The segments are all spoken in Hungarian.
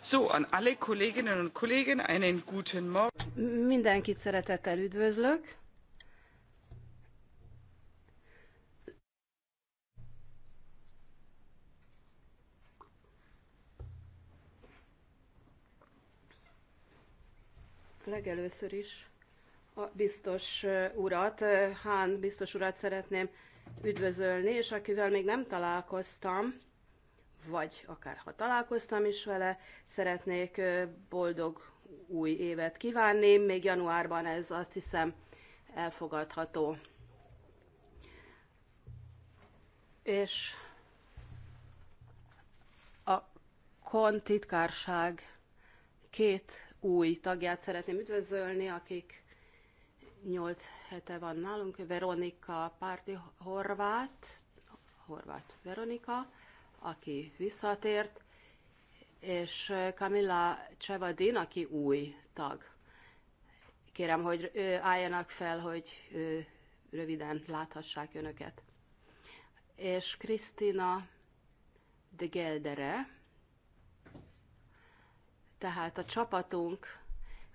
So, an alle Kolleginnen und Kollegen einen guten Morgen. Mindenkit szeretettel üdvözlök. Legelőször is a biztos urat, Hán biztos urat szeretném üdvözölni, és akivel még nem találkoztam, vagy akár ha találkoztam is vele, szeretnék boldog új évet kívánni. Még januárban ez azt hiszem elfogadható. És a KON titkárság két új tagját szeretném üdvözölni, akik nyolc hete van nálunk, Veronika Párti Horvát, Horvát Veronika, aki visszatért, és Camilla Csevadin, aki új tag. Kérem, hogy álljanak fel, hogy röviden láthassák önöket. És Krisztina de Geldere, tehát a csapatunk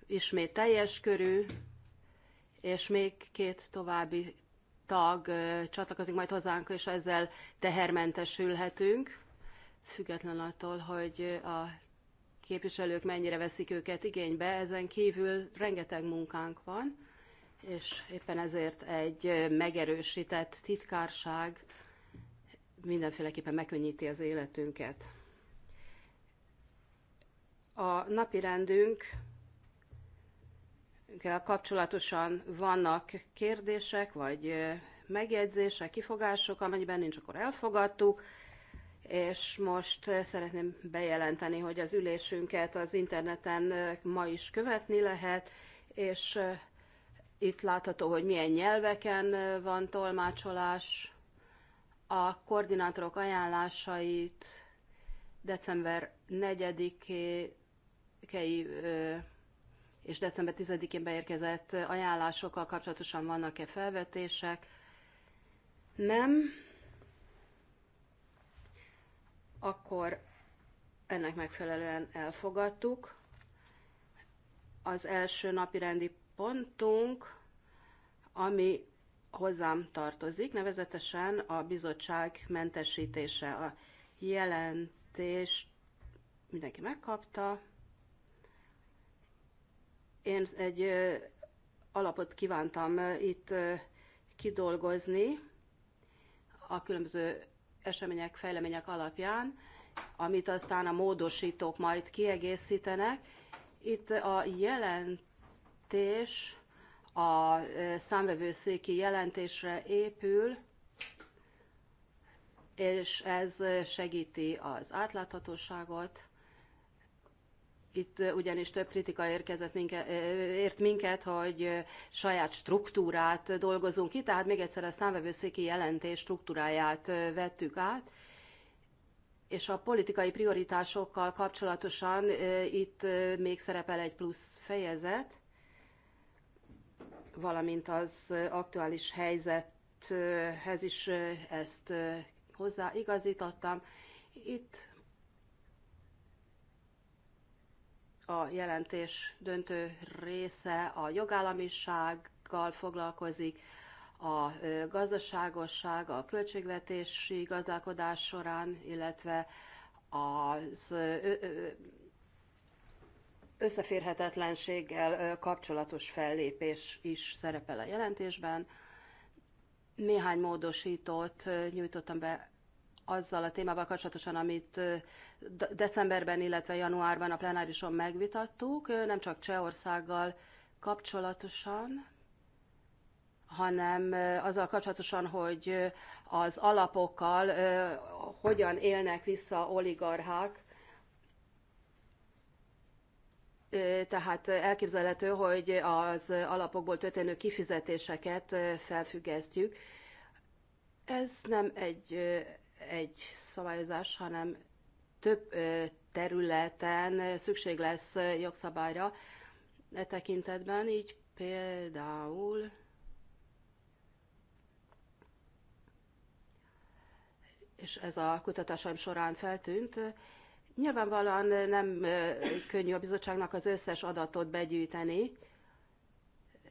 ismét teljes körű, és még két további tag csatlakozik majd hozzánk, és ezzel tehermentesülhetünk, független attól, hogy a képviselők mennyire veszik őket igénybe. Ezen kívül rengeteg munkánk van, és éppen ezért egy megerősített titkárság mindenféleképpen megkönnyíti az életünket. A napi rendünk kapcsolatosan vannak kérdések, vagy megjegyzések, kifogások, amennyiben nincs, akkor elfogadtuk, és most szeretném bejelenteni, hogy az ülésünket az interneten ma is követni lehet, és itt látható, hogy milyen nyelveken van tolmácsolás, a koordinátorok ajánlásait december 4-i és december 10-én beérkezett ajánlásokkal kapcsolatosan vannak-e felvetések? Nem. Akkor ennek megfelelően elfogadtuk. Az első napi rendi pontunk, ami hozzám tartozik, nevezetesen a bizottság mentesítése. A jelentést mindenki megkapta. Én egy alapot kívántam itt kidolgozni a különböző események, fejlemények alapján, amit aztán a módosítók majd kiegészítenek. Itt a jelentés a számvevőszéki jelentésre épül, és ez segíti az átláthatóságot, itt ugyanis több kritika érkezett minket, ért minket, hogy saját struktúrát dolgozunk ki, tehát még egyszer a számvevőszéki jelentés struktúráját vettük át, és a politikai prioritásokkal kapcsolatosan itt még szerepel egy plusz fejezet, valamint az aktuális helyzethez is ezt hozzáigazítottam. Itt a jelentés döntő része a jogállamisággal foglalkozik, a gazdaságosság, a költségvetési gazdálkodás során, illetve az összeférhetetlenséggel kapcsolatos fellépés is szerepel a jelentésben. Néhány módosítót nyújtottam be azzal a témával kapcsolatosan, amit decemberben, illetve januárban a plenárison megvitattuk, nem csak Csehországgal kapcsolatosan, hanem azzal kapcsolatosan, hogy az alapokkal hogyan élnek vissza oligarchák, tehát elképzelhető, hogy az alapokból történő kifizetéseket felfüggesztjük. Ez nem egy egy szabályozás, hanem több területen szükség lesz jogszabályra e tekintetben, így például és ez a kutatásaim során feltűnt, nyilvánvalóan nem könnyű a bizottságnak az összes adatot begyűjteni,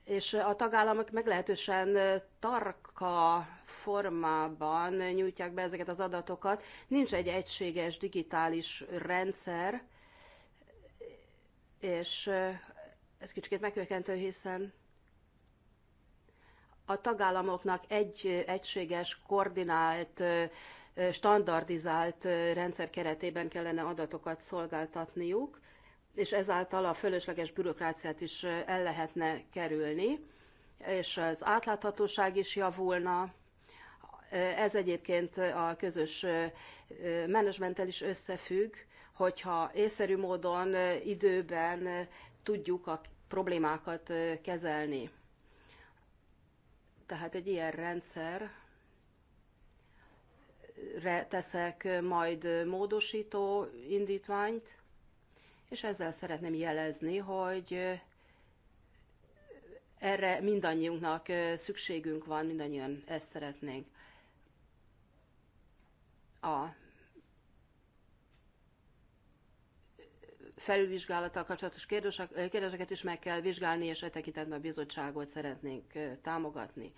és a tagállamok meglehetősen tarka formában nyújtják be ezeket az adatokat. Nincs egy egységes digitális rendszer, és ez kicsit megkökentő, hiszen a tagállamoknak egy egységes, koordinált, standardizált rendszer keretében kellene adatokat szolgáltatniuk, és ezáltal a fölösleges bürokráciát is el lehetne kerülni, és az átláthatóság is javulna. Ez egyébként a közös menedzsmenttel is összefügg, hogyha észszerű módon, időben tudjuk a problémákat kezelni. Tehát egy ilyen rendszer teszek majd módosító indítványt, és ezzel szeretném jelezni, hogy erre mindannyiunknak szükségünk van, mindannyian ezt szeretnénk. A felülvizsgálattal kapcsolatos kérdéseket is meg kell vizsgálni, és e tekintetben a bizottságot szeretnénk támogatni.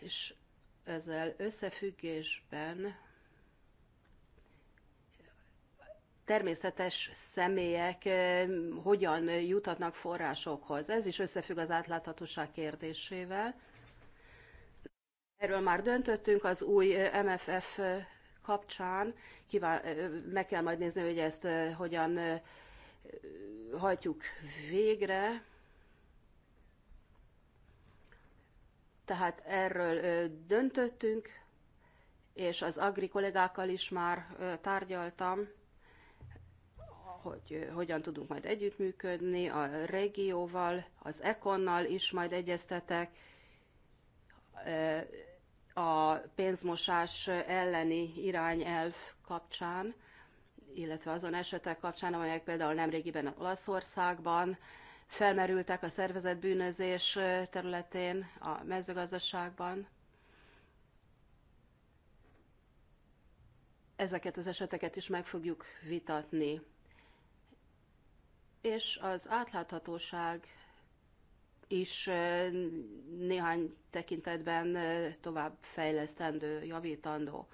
És ezzel összefüggésben természetes személyek hogyan juthatnak forrásokhoz. Ez is összefügg az átláthatóság kérdésével. Erről már döntöttünk az új MFF kapcsán. Kíván, meg kell majd nézni, hogy ezt hogyan hajtjuk végre. Tehát erről döntöttünk, és az agri kollégákkal is már tárgyaltam hogy hogyan tudunk majd együttműködni a régióval, az Ekonnal is majd egyeztetek, a pénzmosás elleni irányelv kapcsán, illetve azon esetek kapcsán, amelyek például nemrégiben Olaszországban felmerültek a szervezetbűnözés bűnözés területén, a mezőgazdaságban. Ezeket az eseteket is meg fogjuk vitatni és az átláthatóság is néhány tekintetben tovább fejlesztendő, javítandó.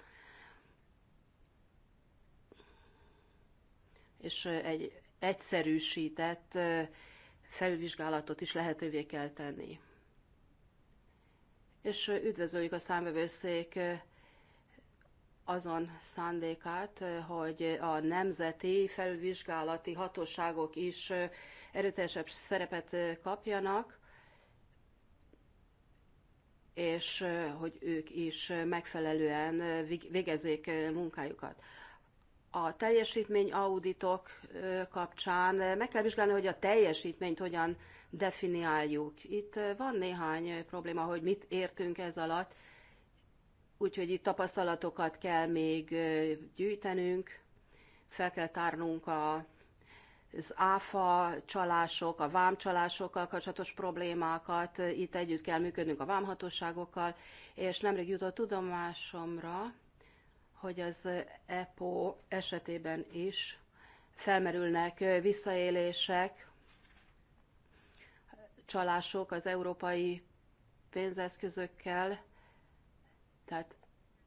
És egy egyszerűsített felvizsgálatot is lehetővé kell tenni. És üdvözöljük a számvevőszék azon szándékát, hogy a nemzeti felvizsgálati hatóságok is erőteljesebb szerepet kapjanak, és hogy ők is megfelelően végezzék munkájukat. A teljesítmény auditok kapcsán meg kell vizsgálni, hogy a teljesítményt hogyan definiáljuk. Itt van néhány probléma, hogy mit értünk ez alatt, úgyhogy itt tapasztalatokat kell még gyűjtenünk, fel kell tárnunk a az áfa csalások, a vámcsalásokkal kapcsolatos problémákat, itt együtt kell működnünk a vámhatóságokkal, és nemrég jutott tudomásomra, hogy az EPO esetében is felmerülnek visszaélések, csalások az európai pénzeszközökkel, tehát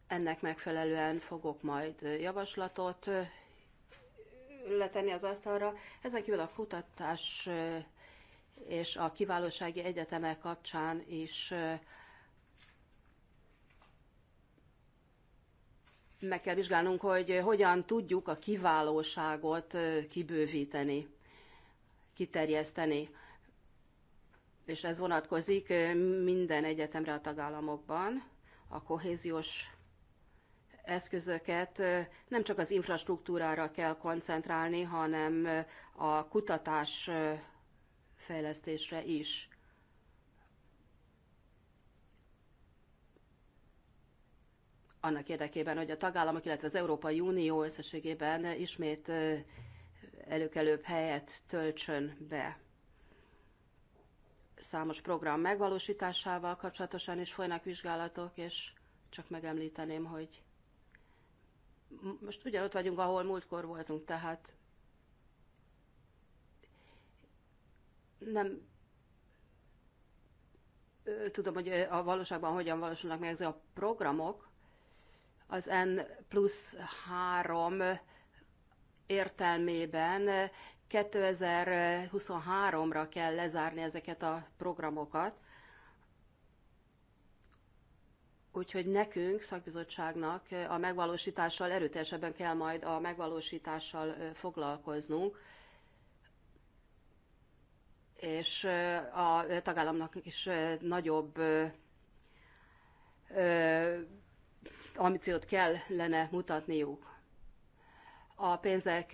ennek megfelelően fogok majd javaslatot letenni az asztalra. Ezen kívül a kutatás és a kiválósági egyetemek kapcsán is meg kell vizsgálnunk, hogy hogyan tudjuk a kiválóságot kibővíteni, kiterjeszteni. És ez vonatkozik minden egyetemre a tagállamokban a kohéziós eszközöket nem csak az infrastruktúrára kell koncentrálni, hanem a kutatás fejlesztésre is. Annak érdekében, hogy a tagállamok, illetve az Európai Unió összességében ismét előkelőbb helyet töltsön be számos program megvalósításával kapcsolatosan is folynak vizsgálatok, és csak megemlíteném, hogy most ugyanott vagyunk, ahol múltkor voltunk, tehát nem tudom, hogy a valóságban hogyan valósulnak meg ezek a programok. Az N plusz három értelmében 2023-ra kell lezárni ezeket a programokat, Úgyhogy nekünk, szakbizottságnak a megvalósítással erőteljesebben kell majd a megvalósítással foglalkoznunk, és a tagállamnak is nagyobb ambíciót kellene mutatniuk. A pénzek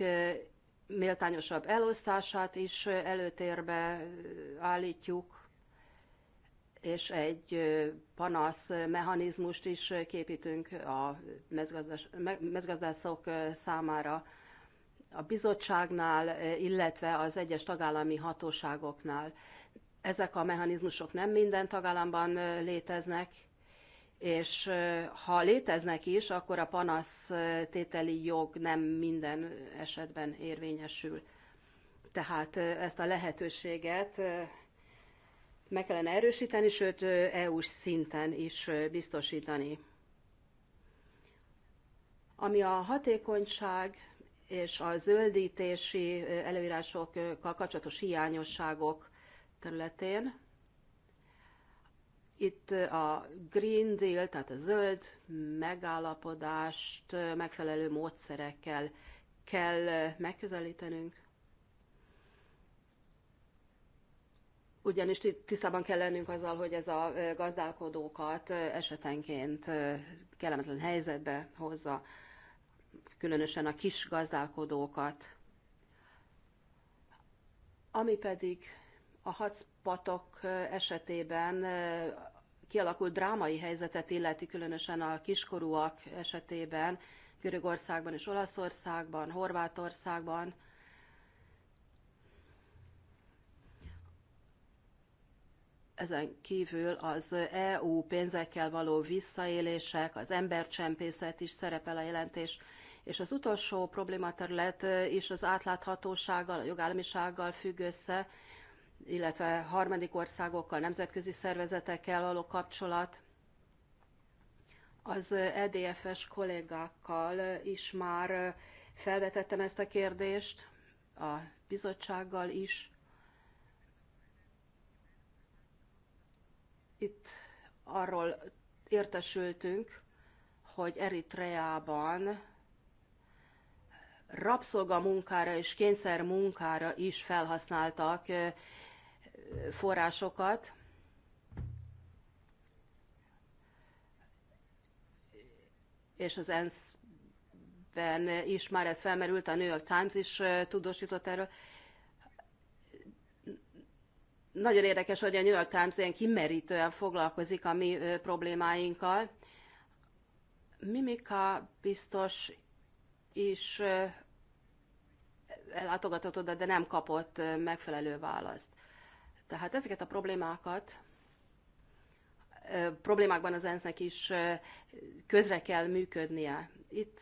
méltányosabb elosztását is előtérbe állítjuk, és egy panasz mechanizmust is képítünk a mezgazdászok számára a bizottságnál, illetve az egyes tagállami hatóságoknál. Ezek a mechanizmusok nem minden tagállamban léteznek, és ha léteznek is, akkor a panasztételi jog nem minden esetben érvényesül. Tehát ezt a lehetőséget meg kellene erősíteni, sőt EU-s szinten is biztosítani. Ami a hatékonyság és a zöldítési előírásokkal kapcsolatos hiányosságok területén, itt a Green Deal, tehát a zöld megállapodást megfelelő módszerekkel kell megközelítenünk. Ugyanis tisztában kell lennünk azzal, hogy ez a gazdálkodókat esetenként kellemetlen helyzetbe hozza, különösen a kis gazdálkodókat. Ami pedig a hatspatok esetében kialakult drámai helyzetet illeti, különösen a kiskorúak esetében, Görögországban és Olaszországban, Horvátországban, ezen kívül az EU pénzekkel való visszaélések, az embercsempészet is szerepel a jelentés, és az utolsó problématerület is az átláthatósággal, a jogállamisággal függ össze, illetve harmadik országokkal, nemzetközi szervezetekkel való kapcsolat. Az EDFS kollégákkal is már felvetettem ezt a kérdést, a bizottsággal is. Itt arról értesültünk, hogy Eritreában munkára és munkára is felhasználtak forrásokat, és az ENSZ-ben is már ez felmerült, a New York Times is tudósított erről. Nagyon érdekes, hogy a New York Times ilyen kimerítően foglalkozik a mi problémáinkkal. Mimika biztos is ellátogatott oda, de nem kapott megfelelő választ. Tehát ezeket a problémákat problémákban az ENSZ-nek is közre kell működnie. Itt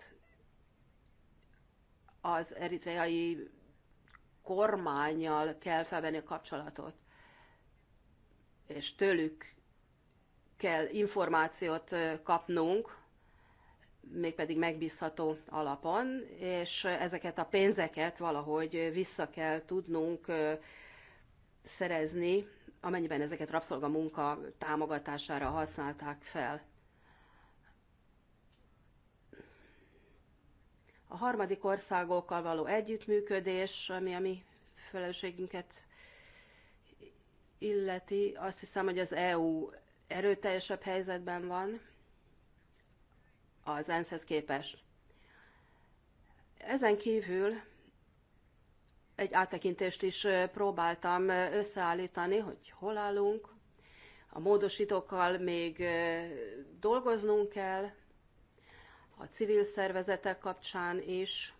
az eritreai kormányjal kell felvenni a kapcsolatot, és tőlük kell információt kapnunk, mégpedig megbízható alapon, és ezeket a pénzeket valahogy vissza kell tudnunk szerezni, amennyiben ezeket rabszolgamunka támogatására használták fel. A harmadik országokkal való együttműködés, ami a mi felelősségünket illeti, azt hiszem, hogy az EU erőteljesebb helyzetben van az ENSZ-hez képest. Ezen kívül egy áttekintést is próbáltam összeállítani, hogy hol állunk. A módosítókkal még dolgoznunk kell, a civil szervezetek kapcsán is,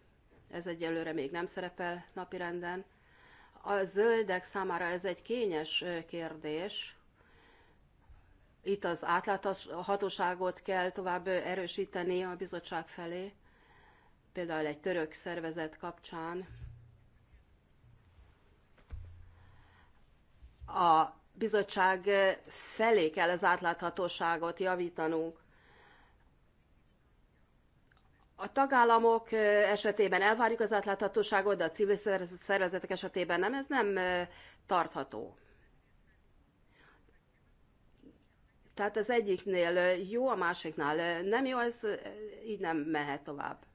ez egyelőre még nem szerepel napirenden. A zöldek számára ez egy kényes kérdés. Itt az átláthatóságot kell tovább erősíteni a bizottság felé, például egy török szervezet kapcsán A bizottság felé kell az átláthatóságot javítanunk. A tagállamok esetében elvárjuk az átláthatóságot, de a civil szervezetek esetében nem, ez nem tartható. Tehát az egyiknél jó, a másiknál nem jó, ez így nem mehet tovább.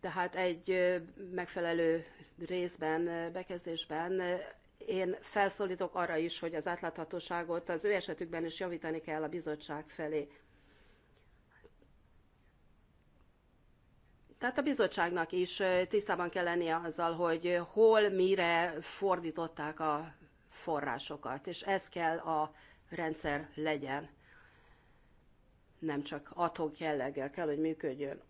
Tehát egy megfelelő részben, bekezdésben én felszólítok arra is, hogy az átláthatóságot az ő esetükben is javítani kell a bizottság felé. Tehát a bizottságnak is tisztában kell lennie azzal, hogy hol, mire fordították a forrásokat, és ez kell a rendszer legyen. Nem csak atom jelleggel kell, hogy működjön.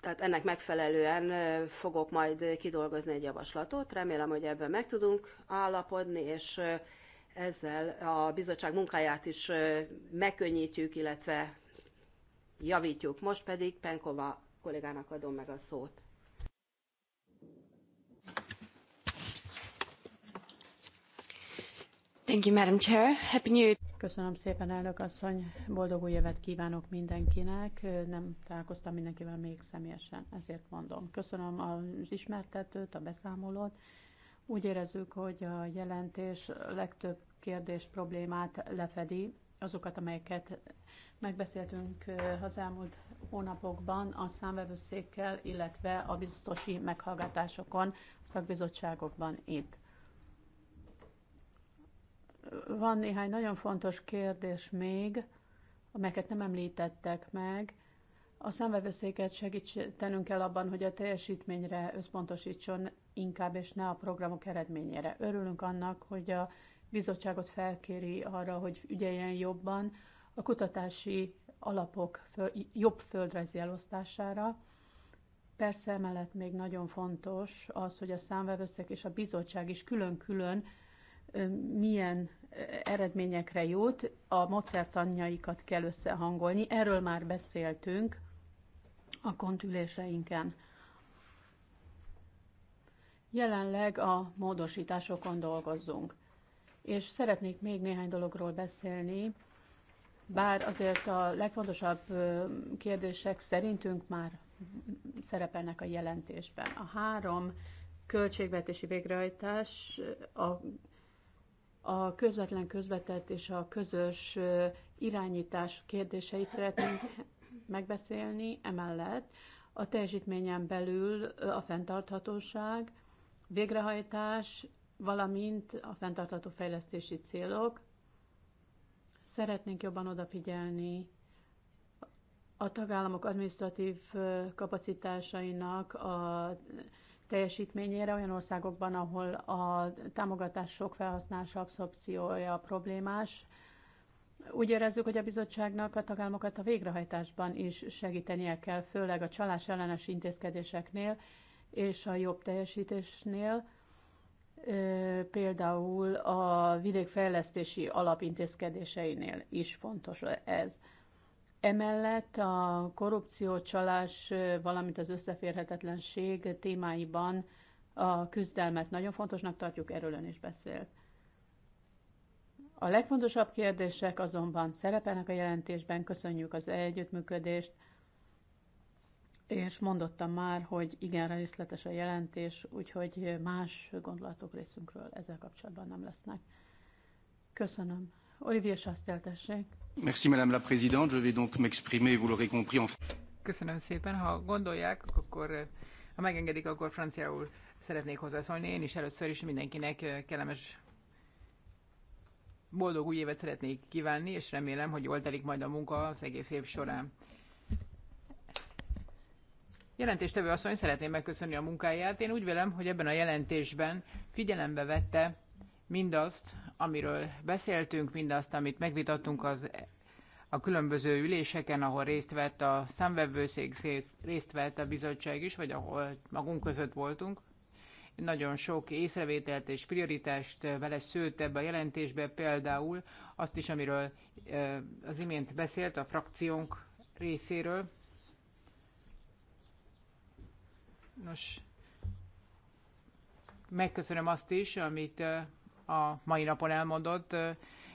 tehát ennek megfelelően fogok majd kidolgozni egy javaslatot. Remélem, hogy ebben meg tudunk állapodni, és ezzel a bizottság munkáját is megkönnyítjük, illetve javítjuk. Most pedig Penkova kollégának adom meg a szót. Thank you, Madam Chair. Happy New Year. Köszönöm szépen, elnök asszony. Boldog új évet kívánok mindenkinek. Nem találkoztam mindenkivel még személyesen, ezért mondom. Köszönöm az ismertetőt, a beszámolót. Úgy érezzük, hogy a jelentés legtöbb kérdés problémát lefedi, azokat, amelyeket megbeszéltünk az elmúlt hónapokban a számvevőszékkel, illetve a biztosi meghallgatásokon, szakbizottságokban itt. Van néhány nagyon fontos kérdés még, amelyeket nem említettek meg. A számvevőszéket segítenünk kell abban, hogy a teljesítményre összpontosítson inkább, és ne a programok eredményére. Örülünk annak, hogy a bizottságot felkéri arra, hogy ügyeljen jobban a kutatási alapok föl, jobb földrajzi elosztására. Persze emellett még nagyon fontos az, hogy a számvevőszék és a bizottság is külön-külön milyen eredményekre jut, a mozertanjaikat kell összehangolni. Erről már beszéltünk a kontüléseinken. Jelenleg a módosításokon dolgozzunk. És szeretnék még néhány dologról beszélni, bár azért a legfontosabb kérdések szerintünk már szerepelnek a jelentésben. A három költségvetési végrehajtás, a a közvetlen közvetett és a közös irányítás kérdéseit szeretnénk megbeszélni, emellett a teljesítményen belül a fenntarthatóság, végrehajtás, valamint a fenntartható fejlesztési célok. Szeretnénk jobban odafigyelni a tagállamok administratív kapacitásainak a teljesítményére olyan országokban, ahol a támogatások felhasználása, abszorpciója problémás. Úgy érezzük, hogy a bizottságnak a tagállamokat a végrehajtásban is segítenie kell, főleg a csalás ellenes intézkedéseknél és a jobb teljesítésnél, például a vidékfejlesztési alapintézkedéseinél is fontos ez. Emellett a korrupció, csalás, valamint az összeférhetetlenség témáiban a küzdelmet nagyon fontosnak tartjuk, erről ön is beszélt. A legfontosabb kérdések azonban szerepelnek a jelentésben, köszönjük az együttműködést, és mondottam már, hogy igen részletes a jelentés, úgyhogy más gondolatok részünkről ezzel kapcsolatban nem lesznek. Köszönöm. Olivier Sastel, tessék. Merci, Madame la Présidente. Je vais donc m'exprimer, vous l'aurez compris, en Köszönöm szépen. Ha gondolják, akkor ha megengedik, akkor franciául szeretnék hozzászólni. Én is először is mindenkinek kellemes boldog új évet szeretnék kívánni, és remélem, hogy jól telik majd a munka az egész év során. Jelentéstevő asszony, szeretném megköszönni a munkáját. Én úgy vélem, hogy ebben a jelentésben figyelembe vette mindazt, amiről beszéltünk, mindazt, amit megvitattunk az e- a különböző üléseken, ahol részt vett a számvevőszék, részt vett a bizottság is, vagy ahol magunk között voltunk. Nagyon sok észrevételt és prioritást eh, vele szőtt ebbe a jelentésbe, például azt is, amiről eh, az imént beszélt a frakciónk részéről. Nos, megköszönöm azt is, amit eh, a mai napon elmondott,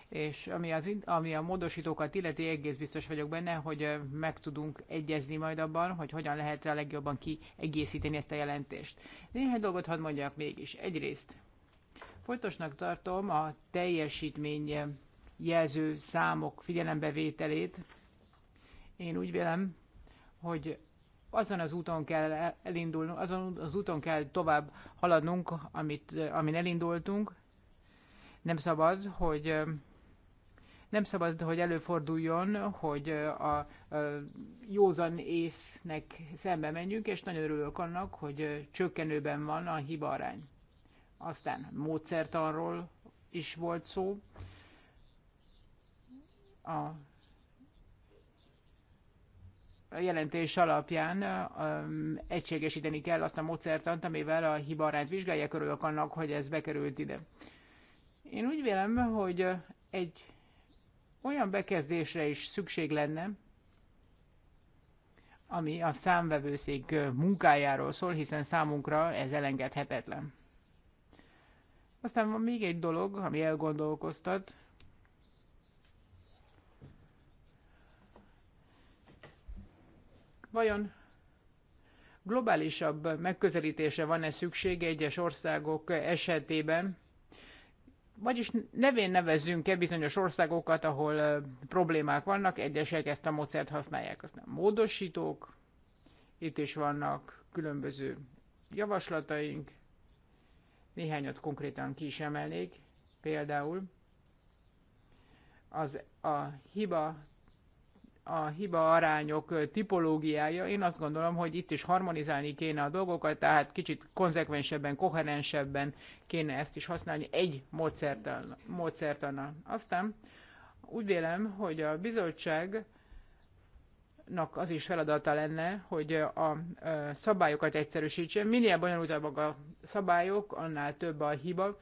és ami, az, ami a módosítókat illeti, egész biztos vagyok benne, hogy meg tudunk egyezni majd abban, hogy hogyan lehet a legjobban kiegészíteni ezt a jelentést. Néhány dolgot hadd mondjak mégis. Egyrészt fontosnak tartom a teljesítmény jelző számok figyelembevételét. Én úgy vélem, hogy azon az úton kell elindulnunk, azon az úton kell tovább haladnunk, amit, amin elindultunk, nem szabad, hogy nem szabad, hogy előforduljon, hogy a józan észnek szembe menjünk, és nagyon örülök annak, hogy csökkenőben van a hiba arány. Aztán módszertanról is volt szó. A a jelentés alapján um, egységesíteni kell azt a módszertant, amivel a arányt vizsgálják. Örülök annak, hogy ez bekerült ide. Én úgy vélem, hogy egy olyan bekezdésre is szükség lenne, ami a számvevőszék munkájáról szól, hiszen számunkra ez elengedhetetlen. Aztán van még egy dolog, ami elgondolkoztat. Vajon globálisabb megközelítése van-e szükség egyes országok esetében, vagyis nevén nevezzünk-e bizonyos országokat, ahol problémák vannak, egyesek ezt a módszert használják, aztán módosítók, itt is vannak különböző javaslataink, néhányat konkrétan ki is emelnék, például az a hiba a hiba arányok tipológiája. Én azt gondolom, hogy itt is harmonizálni kéne a dolgokat, tehát kicsit konzekvensebben, koherensebben kéne ezt is használni egy módszertannal. Aztán úgy vélem, hogy a bizottság az is feladata lenne, hogy a szabályokat egyszerűsítse. Minél bonyolultabbak a szabályok, annál több a hiba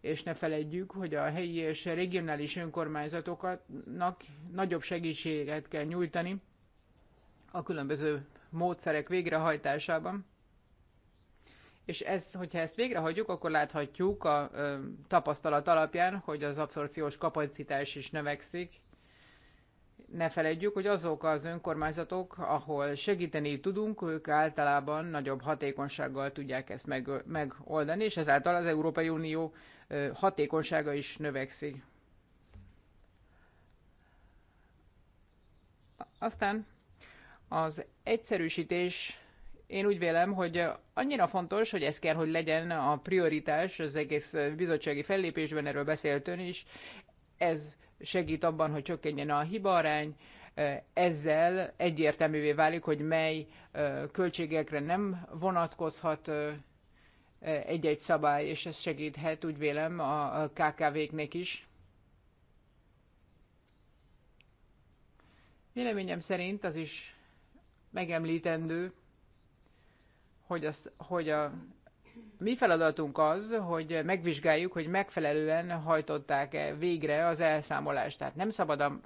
és ne feledjük, hogy a helyi és regionális önkormányzatoknak nagyobb segítséget kell nyújtani a különböző módszerek végrehajtásában. És ezt, hogyha ezt végrehajtjuk, akkor láthatjuk a ö, tapasztalat alapján, hogy az abszorciós kapacitás is növekszik, ne feledjük, hogy azok az önkormányzatok, ahol segíteni tudunk, ők általában nagyobb hatékonysággal tudják ezt meg, megoldani, és ezáltal az Európai Unió hatékonysága is növekszik. Aztán az egyszerűsítés, én úgy vélem, hogy annyira fontos, hogy ez kell, hogy legyen a prioritás az egész bizottsági fellépésben, erről ön is. Ez segít abban, hogy csökkenjen a hibaarány, ezzel egyértelművé válik, hogy mely költségekre nem vonatkozhat egy-egy szabály, és ez segíthet, úgy vélem, a KKV-knek is. Véleményem szerint az is megemlítendő, hogy, az, hogy a mi feladatunk az, hogy megvizsgáljuk, hogy megfelelően hajtották-e végre az elszámolást. Tehát nem szabad a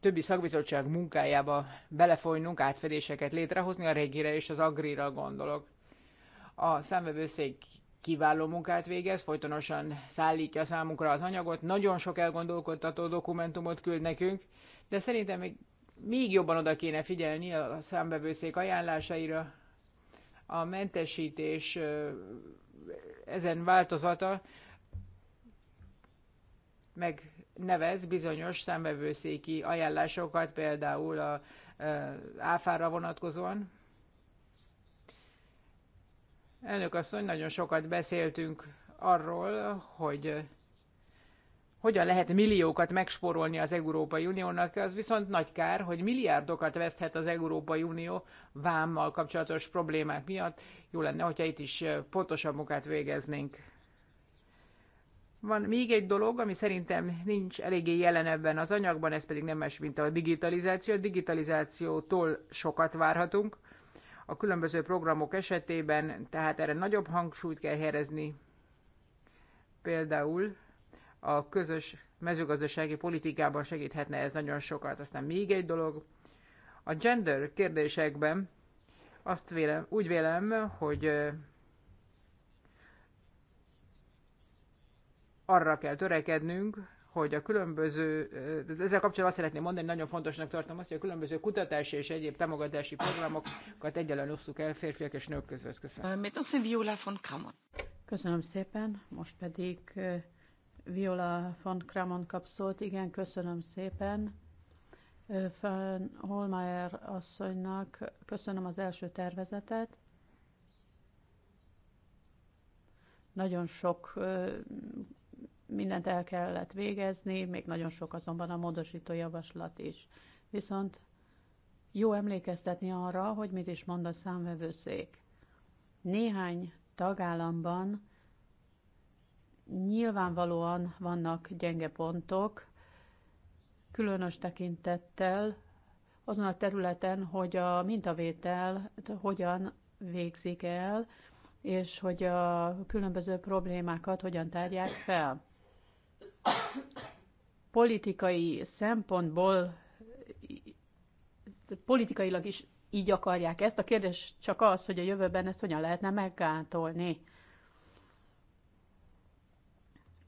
többi szakbizottság munkájába belefolynunk, átfedéseket létrehozni, a régire és az agrira gondolok. A számvevőszék kiváló munkát végez, folytonosan szállítja számunkra az anyagot, nagyon sok elgondolkodtató dokumentumot küld nekünk, de szerintem még, még jobban oda kéne figyelni a számbevőszék ajánlásaira, a mentesítés ezen változata megnevez bizonyos számbevőszéki ajánlásokat, például a áfára vonatkozóan. Elnök asszony, nagyon sokat beszéltünk arról, hogy hogyan lehet milliókat megspórolni az Európai Uniónak, az viszont nagy kár, hogy milliárdokat veszthet az Európai Unió vámmal kapcsolatos problémák miatt. Jó lenne, hogyha itt is pontosabb munkát végeznénk. Van még egy dolog, ami szerintem nincs eléggé jelen ebben az anyagban, ez pedig nem más, mint a digitalizáció. A digitalizációtól sokat várhatunk a különböző programok esetében, tehát erre nagyobb hangsúlyt kell helyezni. Például a közös mezőgazdasági politikában segíthetne ez nagyon sokat. Aztán még egy dolog, a gender kérdésekben azt vélem, úgy vélem, hogy arra kell törekednünk, hogy a különböző, ezzel kapcsolatban azt szeretném mondani, nagyon fontosnak tartom azt, hogy a különböző kutatási és egyéb támogatási programokat egyenlően osszuk el férfiak és nők között. Köszönöm. Viola von Kramon. Köszönöm szépen, most pedig Viola von Kramon kap szót. Igen, köszönöm szépen. Fön Holmeier asszonynak köszönöm az első tervezetet. Nagyon sok mindent el kellett végezni, még nagyon sok azonban a módosító javaslat is. Viszont jó emlékeztetni arra, hogy mit is mond a számvevőszék. Néhány tagállamban Nyilvánvalóan vannak gyenge pontok, különös tekintettel azon a területen, hogy a mintavétel hogyan végzik el, és hogy a különböző problémákat hogyan tárják fel. Politikai szempontból, politikailag is így akarják ezt. A kérdés csak az, hogy a jövőben ezt hogyan lehetne meggátolni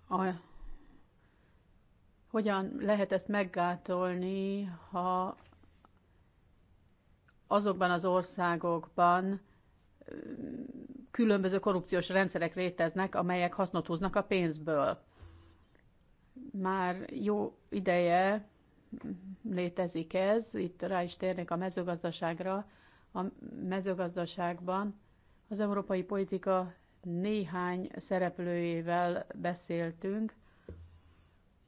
a, hogyan lehet ezt meggátolni, ha azokban az országokban különböző korrupciós rendszerek léteznek, amelyek hasznot húznak a pénzből. Már jó ideje létezik ez, itt rá is térnek a mezőgazdaságra. A mezőgazdaságban az európai politika néhány szereplőjével beszéltünk,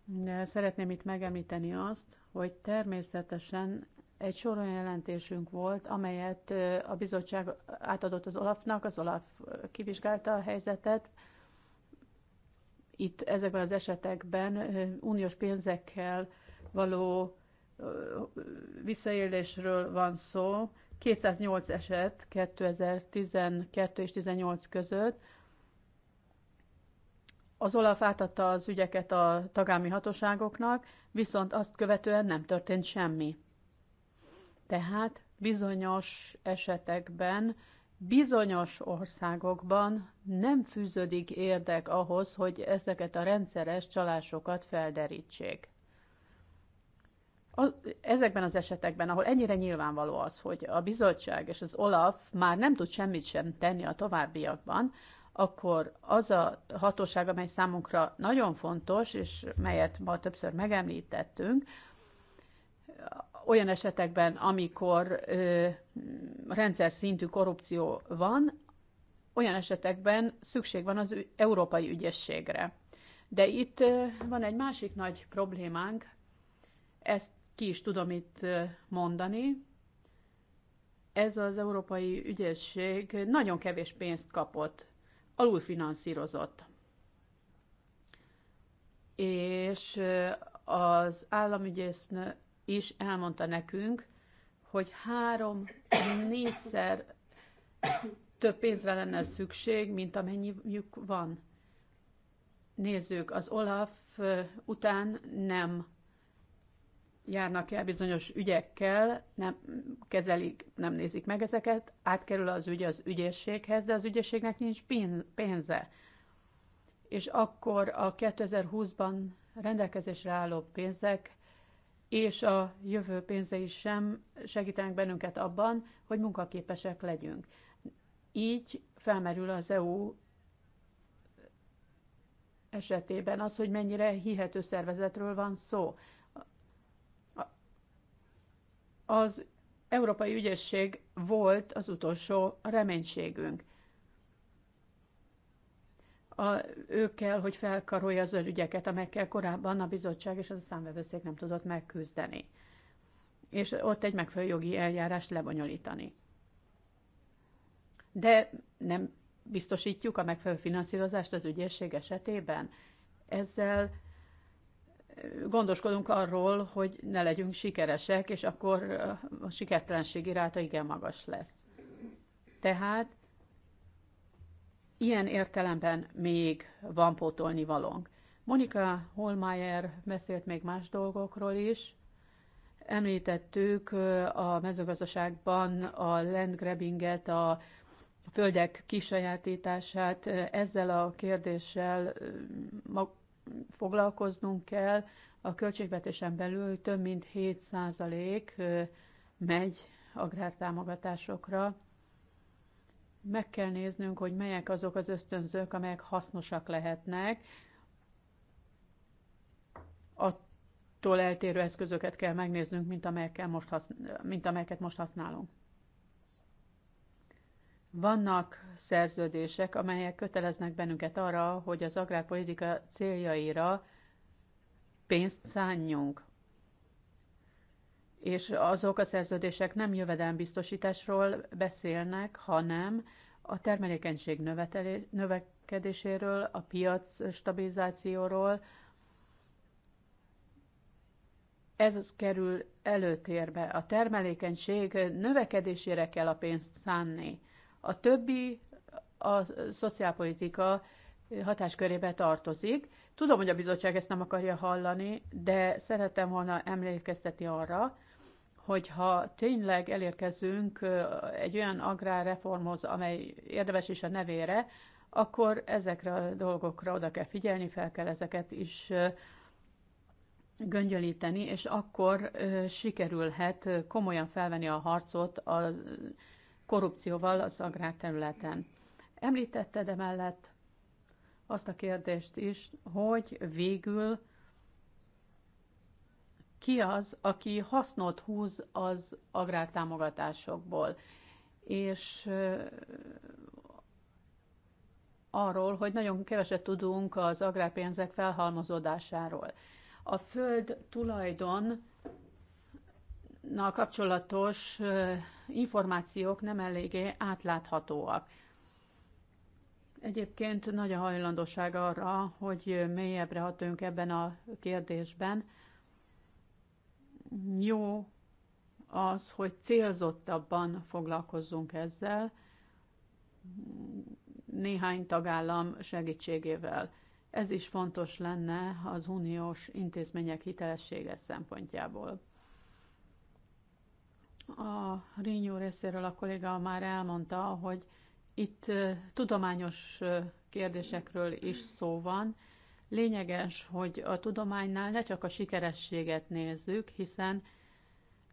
de szeretném itt megemlíteni azt, hogy természetesen egy sor olyan jelentésünk volt, amelyet a bizottság átadott az Olafnak, az Olaf kivizsgálta a helyzetet. Itt ezekben az esetekben uniós pénzekkel való visszaélésről van szó, 208 eset 2012 és 18 között. Az Olaf átadta az ügyeket a tagámi hatóságoknak, viszont azt követően nem történt semmi. Tehát bizonyos esetekben, bizonyos országokban nem fűződik érdek ahhoz, hogy ezeket a rendszeres csalásokat felderítsék. Az, ezekben az esetekben, ahol ennyire nyilvánvaló az, hogy a bizottság és az OLAF már nem tud semmit sem tenni a továbbiakban, akkor az a hatóság, amely számunkra nagyon fontos, és melyet ma többször megemlítettünk, olyan esetekben, amikor ö, rendszer szintű korrupció van, olyan esetekben szükség van az európai ügyességre. De itt ö, van egy másik nagy problémánk, ezt ki is tudom itt mondani, ez az európai ügyesség nagyon kevés pénzt kapott, alulfinanszírozott. És az államügyész is elmondta nekünk, hogy három-négyszer több pénzre lenne szükség, mint amennyiük van. Nézzük, az Olaf után nem járnak el bizonyos ügyekkel, nem kezelik, nem nézik meg ezeket, átkerül az ügy az ügyészséghez, de az ügyészségnek nincs pénze. És akkor a 2020-ban rendelkezésre álló pénzek és a jövő pénze is sem segítenek bennünket abban, hogy munkaképesek legyünk. Így felmerül az EU esetében az, hogy mennyire hihető szervezetről van szó az Európai Ügyesség volt az utolsó reménységünk. A, ők kell, hogy felkarolja az ügyeket, amelyekkel korábban a bizottság és az a számvevőszék nem tudott megküzdeni, és ott egy megfelelő jogi eljárást lebonyolítani. De nem biztosítjuk a megfelelő finanszírozást az ügyészség esetében. Ezzel gondoskodunk arról, hogy ne legyünk sikeresek, és akkor a sikertelenség iráta igen magas lesz. Tehát ilyen értelemben még van pótolni valónk. Monika Holmeyer beszélt még más dolgokról is. Említettük a mezőgazdaságban a landgrabbinget, a földek kisajátítását. Ezzel a kérdéssel foglalkoznunk kell. A költségvetésen belül több mint 7% megy agrártámogatásokra. Meg kell néznünk, hogy melyek azok az ösztönzők, amelyek hasznosak lehetnek. Attól eltérő eszközöket kell megnéznünk, mint, amelyekkel most mint amelyeket most használunk. Vannak szerződések, amelyek köteleznek bennünket arra, hogy az agrárpolitika céljaira pénzt szánjunk. És azok a szerződések nem jövedelembiztosításról beszélnek, hanem a termelékenység növekedéséről, a piac stabilizációról. Ez kerül előtérbe. A termelékenység növekedésére kell a pénzt szánni a többi a szociálpolitika hatáskörébe tartozik. Tudom, hogy a bizottság ezt nem akarja hallani, de szerettem volna emlékeztetni arra, hogy ha tényleg elérkezünk egy olyan agrárreformhoz, amely érdemes is a nevére, akkor ezekre a dolgokra oda kell figyelni, fel kell ezeket is göngyölíteni, és akkor sikerülhet komolyan felvenni a harcot az korrupcióval az agrárterületen. Említetted emellett azt a kérdést is, hogy végül ki az, aki hasznot húz az agrártámogatásokból, és arról, hogy nagyon keveset tudunk az agrárpénzek felhalmozódásáról. A föld tulajdon Na, kapcsolatos információk nem eléggé átláthatóak. Egyébként nagy a hajlandóság arra, hogy mélyebbre hatunk ebben a kérdésben. Jó az, hogy célzottabban foglalkozzunk ezzel, néhány tagállam segítségével. Ez is fontos lenne az uniós intézmények hitelessége szempontjából. A Rinyó részéről a kolléga már elmondta, hogy itt tudományos kérdésekről is szó van. Lényeges, hogy a tudománynál ne csak a sikerességet nézzük, hiszen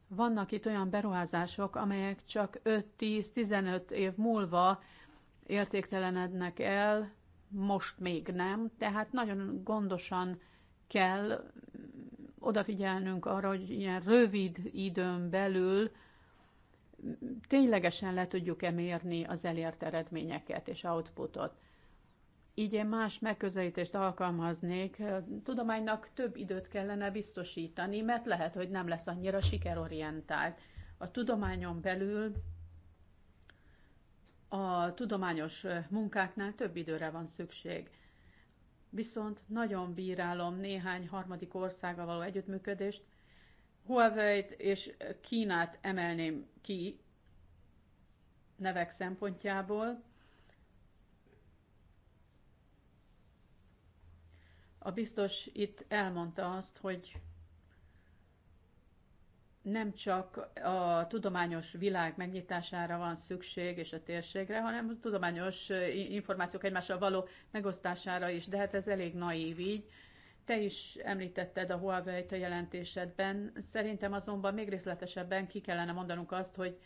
vannak itt olyan beruházások, amelyek csak 5-10-15 év múlva értéktelenednek el, most még nem, tehát nagyon gondosan kell odafigyelnünk arra, hogy ilyen rövid időn belül ténylegesen le tudjuk-e mérni az elért eredményeket és outputot. Így én más megközelítést alkalmaznék. tudománynak több időt kellene biztosítani, mert lehet, hogy nem lesz annyira sikerorientált. A tudományon belül a tudományos munkáknál több időre van szükség. Viszont nagyon bírálom néhány harmadik országa való együttműködést, huawei és Kínát emelném ki nevek szempontjából. A biztos itt elmondta azt, hogy nem csak a tudományos világ megnyitására van szükség és a térségre, hanem a tudományos információk egymással való megosztására is, de hát ez elég naív így. Te is említetted a Huawei-t a jelentésedben, szerintem azonban még részletesebben ki kellene mondanunk azt, hogy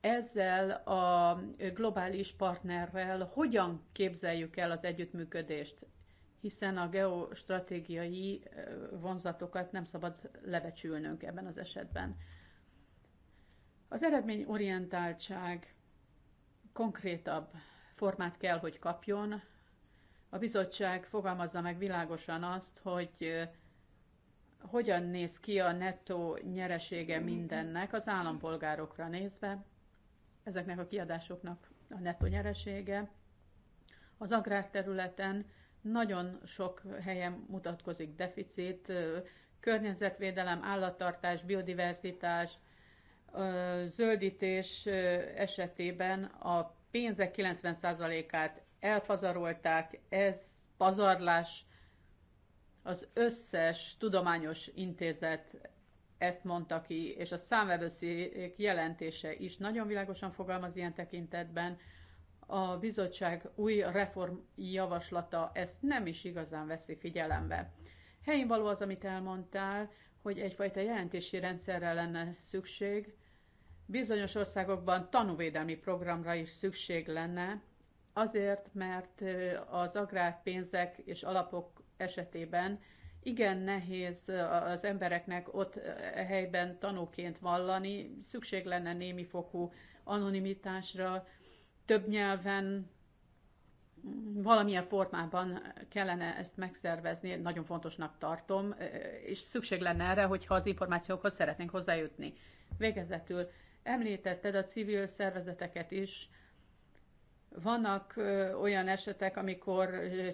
ezzel a globális partnerrel hogyan képzeljük el az együttműködést, hiszen a geostratégiai vonzatokat nem szabad lebecsülnünk ebben az esetben. Az eredményorientáltság konkrétabb formát kell, hogy kapjon, a bizottság fogalmazza meg világosan azt, hogy hogyan néz ki a nettó nyeresége mindennek az állampolgárokra nézve, ezeknek a kiadásoknak a nettó nyeresége. Az agrárterületen nagyon sok helyen mutatkozik deficit, környezetvédelem, állattartás, biodiverzitás, zöldítés esetében a pénzek 90%-át elpazarolták, ez pazarlás, az összes tudományos intézet ezt mondta ki, és a számvevőszék jelentése is nagyon világosan fogalmaz ilyen tekintetben. A bizottság új reform javaslata ezt nem is igazán veszi figyelembe. Helyén való az, amit elmondtál, hogy egyfajta jelentési rendszerre lenne szükség, bizonyos országokban tanúvédelmi programra is szükség lenne, Azért, mert az agrárpénzek és alapok esetében igen nehéz az embereknek ott e helyben tanúként vallani, szükség lenne némi fokú anonimitásra, több nyelven, valamilyen formában kellene ezt megszervezni, nagyon fontosnak tartom, és szükség lenne erre, hogyha az információkhoz szeretnénk hozzájutni. Végezetül említetted a civil szervezeteket is, vannak olyan esetek, amikor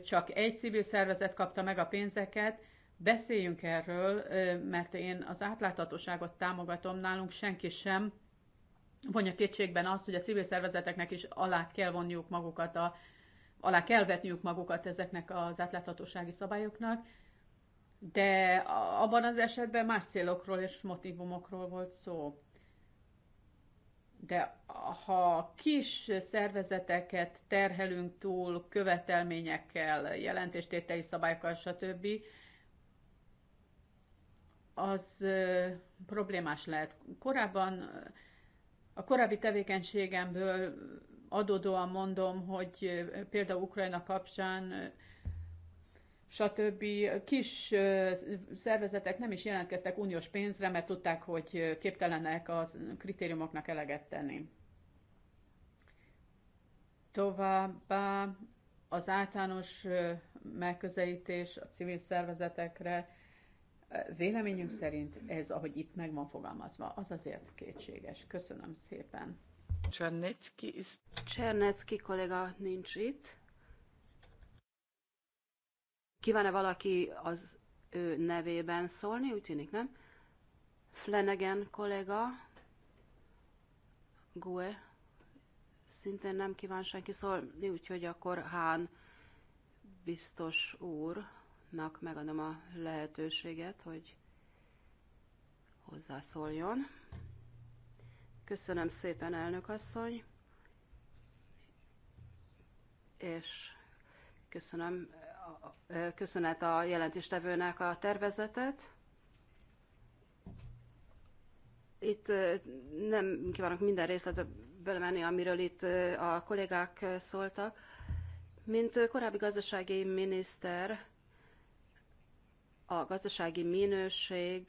csak egy civil szervezet kapta meg a pénzeket, beszéljünk erről, mert én az átláthatóságot támogatom, nálunk senki sem vonja kétségben azt, hogy a civil szervezeteknek is alá kell vonniuk magukat, a, alá kell vetniük magukat ezeknek az átláthatósági szabályoknak, de abban az esetben más célokról és motivumokról volt szó. De ha kis szervezeteket terhelünk túl követelményekkel, jelentéstételi szabályokkal, stb., az problémás lehet. Korábban a korábbi tevékenységemből adódóan mondom, hogy például Ukrajna kapcsán stb. kis szervezetek nem is jelentkeztek uniós pénzre, mert tudták, hogy képtelenek a kritériumoknak eleget tenni. Továbbá az általános megközelítés a civil szervezetekre véleményünk szerint ez, ahogy itt meg van fogalmazva, az azért kétséges. Köszönöm szépen. Csernecki, is... Csernecki kollega nincs itt. Kíván-e valaki az ő nevében szólni? Úgy tűnik, nem? Flanagan kollega, Gue, szintén nem kíván senki szólni, úgyhogy akkor Hán biztos úrnak megadom a lehetőséget, hogy hozzászóljon. Köszönöm szépen, elnök asszony, és köszönöm köszönet a jelentéstevőnek a tervezetet. Itt nem kívánok minden részletbe belemenni, amiről itt a kollégák szóltak. Mint korábbi gazdasági miniszter, a gazdasági minőség,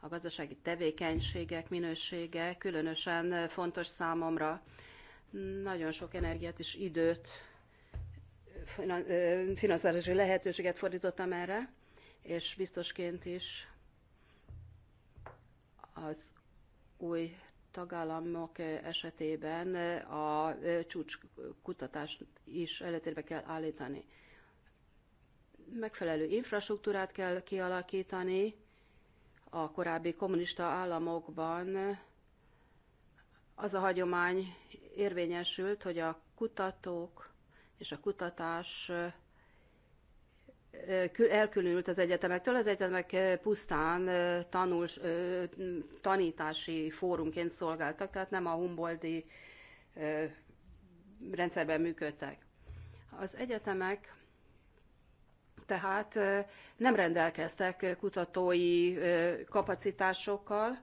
a gazdasági tevékenységek minősége különösen fontos számomra. Nagyon sok energiát és időt finanszírozási lehetőséget fordítottam erre, és biztosként is az új tagállamok esetében a csúcskutatást is előtérbe kell állítani. Megfelelő infrastruktúrát kell kialakítani, a korábbi kommunista államokban az a hagyomány érvényesült, hogy a kutatók és a kutatás elkülönült az egyetemektől, az egyetemek pusztán tanul, tanítási fórumként szolgáltak, tehát nem a Humboldti rendszerben működtek. Az egyetemek tehát nem rendelkeztek kutatói kapacitásokkal,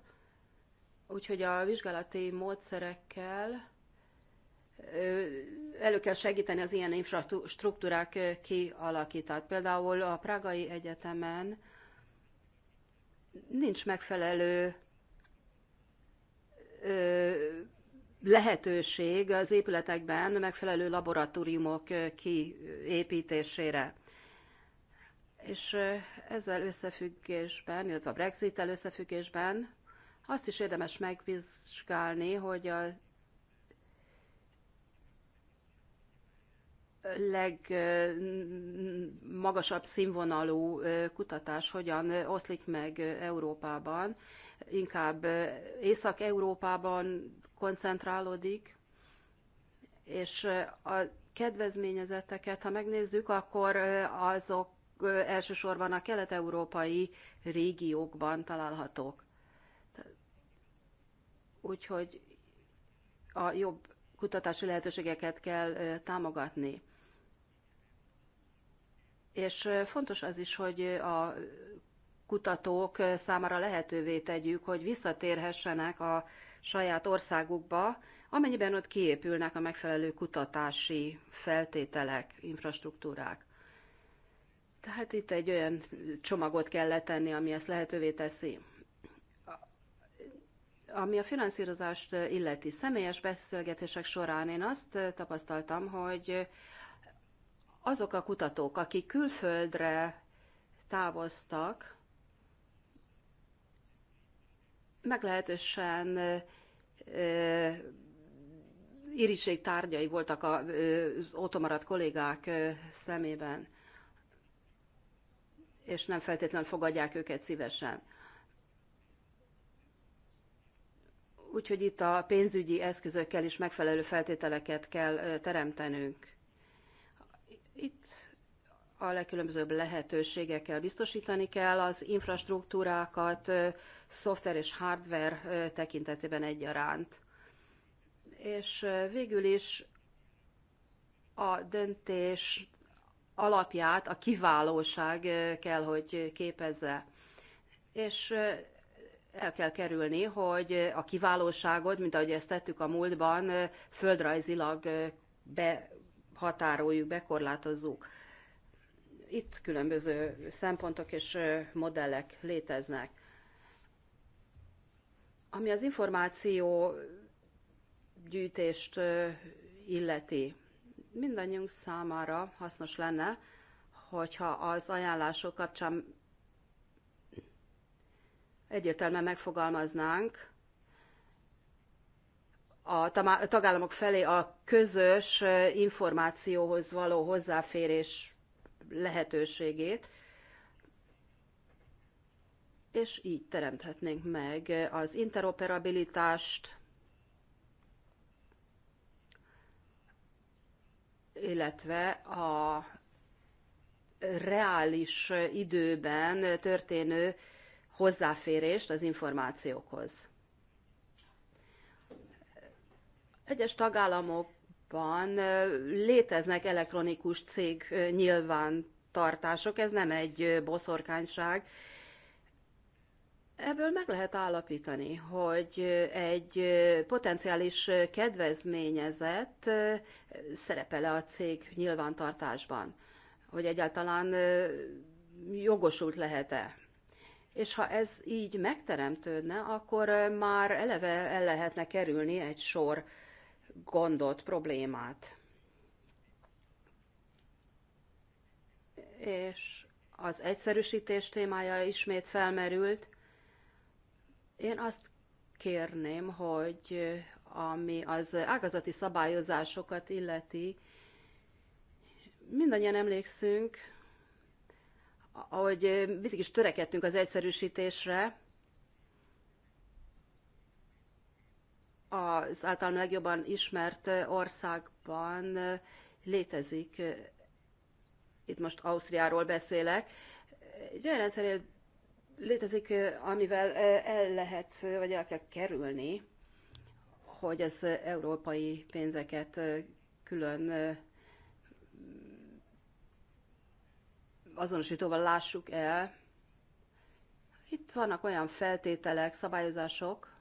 úgyhogy a vizsgálati módszerekkel elő kell segíteni az ilyen infrastruktúrák kialakítását, Például a Prágai Egyetemen nincs megfelelő lehetőség az épületekben megfelelő laboratóriumok kiépítésére. És ezzel összefüggésben, illetve a Brexit-tel összefüggésben azt is érdemes megvizsgálni, hogy a legmagasabb színvonalú kutatás hogyan oszlik meg Európában. Inkább Észak-Európában koncentrálódik, és a kedvezményezetteket, ha megnézzük, akkor azok elsősorban a kelet-európai régiókban találhatók. Úgyhogy a jobb kutatási lehetőségeket kell támogatni. És fontos az is, hogy a kutatók számára lehetővé tegyük, hogy visszatérhessenek a saját országukba, amennyiben ott kiépülnek a megfelelő kutatási feltételek, infrastruktúrák. Tehát itt egy olyan csomagot kell letenni, ami ezt lehetővé teszi. Ami a finanszírozást illeti személyes beszélgetések során én azt tapasztaltam, hogy azok a kutatók, akik külföldre távoztak, meglehetősen irigység tárgyai voltak az ottomaradt kollégák szemében, és nem feltétlenül fogadják őket szívesen. Úgyhogy itt a pénzügyi eszközökkel is megfelelő feltételeket kell teremtenünk. Itt a legkülönbözőbb lehetőségekkel biztosítani kell az infrastruktúrákat, szoftver és hardware tekintetében egyaránt. És végül is a döntés alapját a kiválóság kell, hogy képezze. És el kell kerülni, hogy a kiválóságot, mint ahogy ezt tettük a múltban, földrajzilag be határoljuk, bekorlátozzuk. Itt különböző szempontok és modellek léteznek. Ami az információ gyűjtést illeti, mindannyiunk számára hasznos lenne, hogyha az ajánlások kapcsán egyértelműen megfogalmaznánk, a tagállamok felé a közös információhoz való hozzáférés lehetőségét, és így teremthetnénk meg az interoperabilitást, illetve a reális időben történő hozzáférést az információkhoz. Egyes tagállamokban léteznek elektronikus cég nyilvántartások, ez nem egy boszorkányság. Ebből meg lehet állapítani, hogy egy potenciális kedvezményezett szerepele a cég nyilvántartásban, hogy egyáltalán jogosult lehet-e. És ha ez így megteremtődne, akkor már eleve el lehetne kerülni egy sor gondot, problémát. És az egyszerűsítés témája ismét felmerült. Én azt kérném, hogy ami az ágazati szabályozásokat illeti, mindannyian emlékszünk, hogy mindig is törekedtünk az egyszerűsítésre, az általam legjobban ismert országban létezik, itt most Ausztriáról beszélek, egy olyan rendszer létezik, amivel el lehet, vagy el kell kerülni, hogy az európai pénzeket külön azonosítóval lássuk el. Itt vannak olyan feltételek, szabályozások,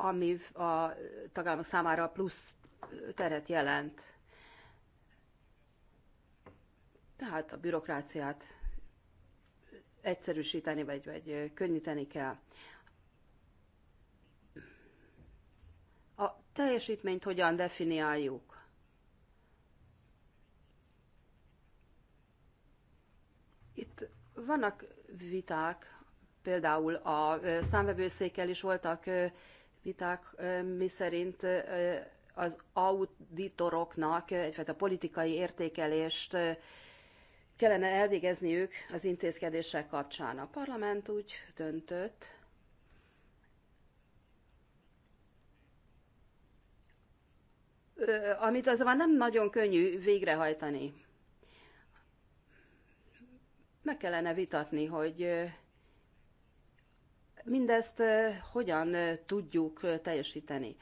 ami a tagállamok számára plusz teret jelent. Tehát a bürokráciát egyszerűsíteni vagy, vagy könnyíteni kell. A teljesítményt hogyan definiáljuk? Itt vannak viták, például a számvevőszékkel is voltak viták, miszerint az auditoroknak egyfajta politikai értékelést kellene elvégezniük az intézkedések kapcsán. A parlament úgy döntött, amit azonban nem nagyon könnyű végrehajtani. Meg kellene vitatni, hogy Mindezt eh, hogyan eh, tudjuk eh, teljesíteni?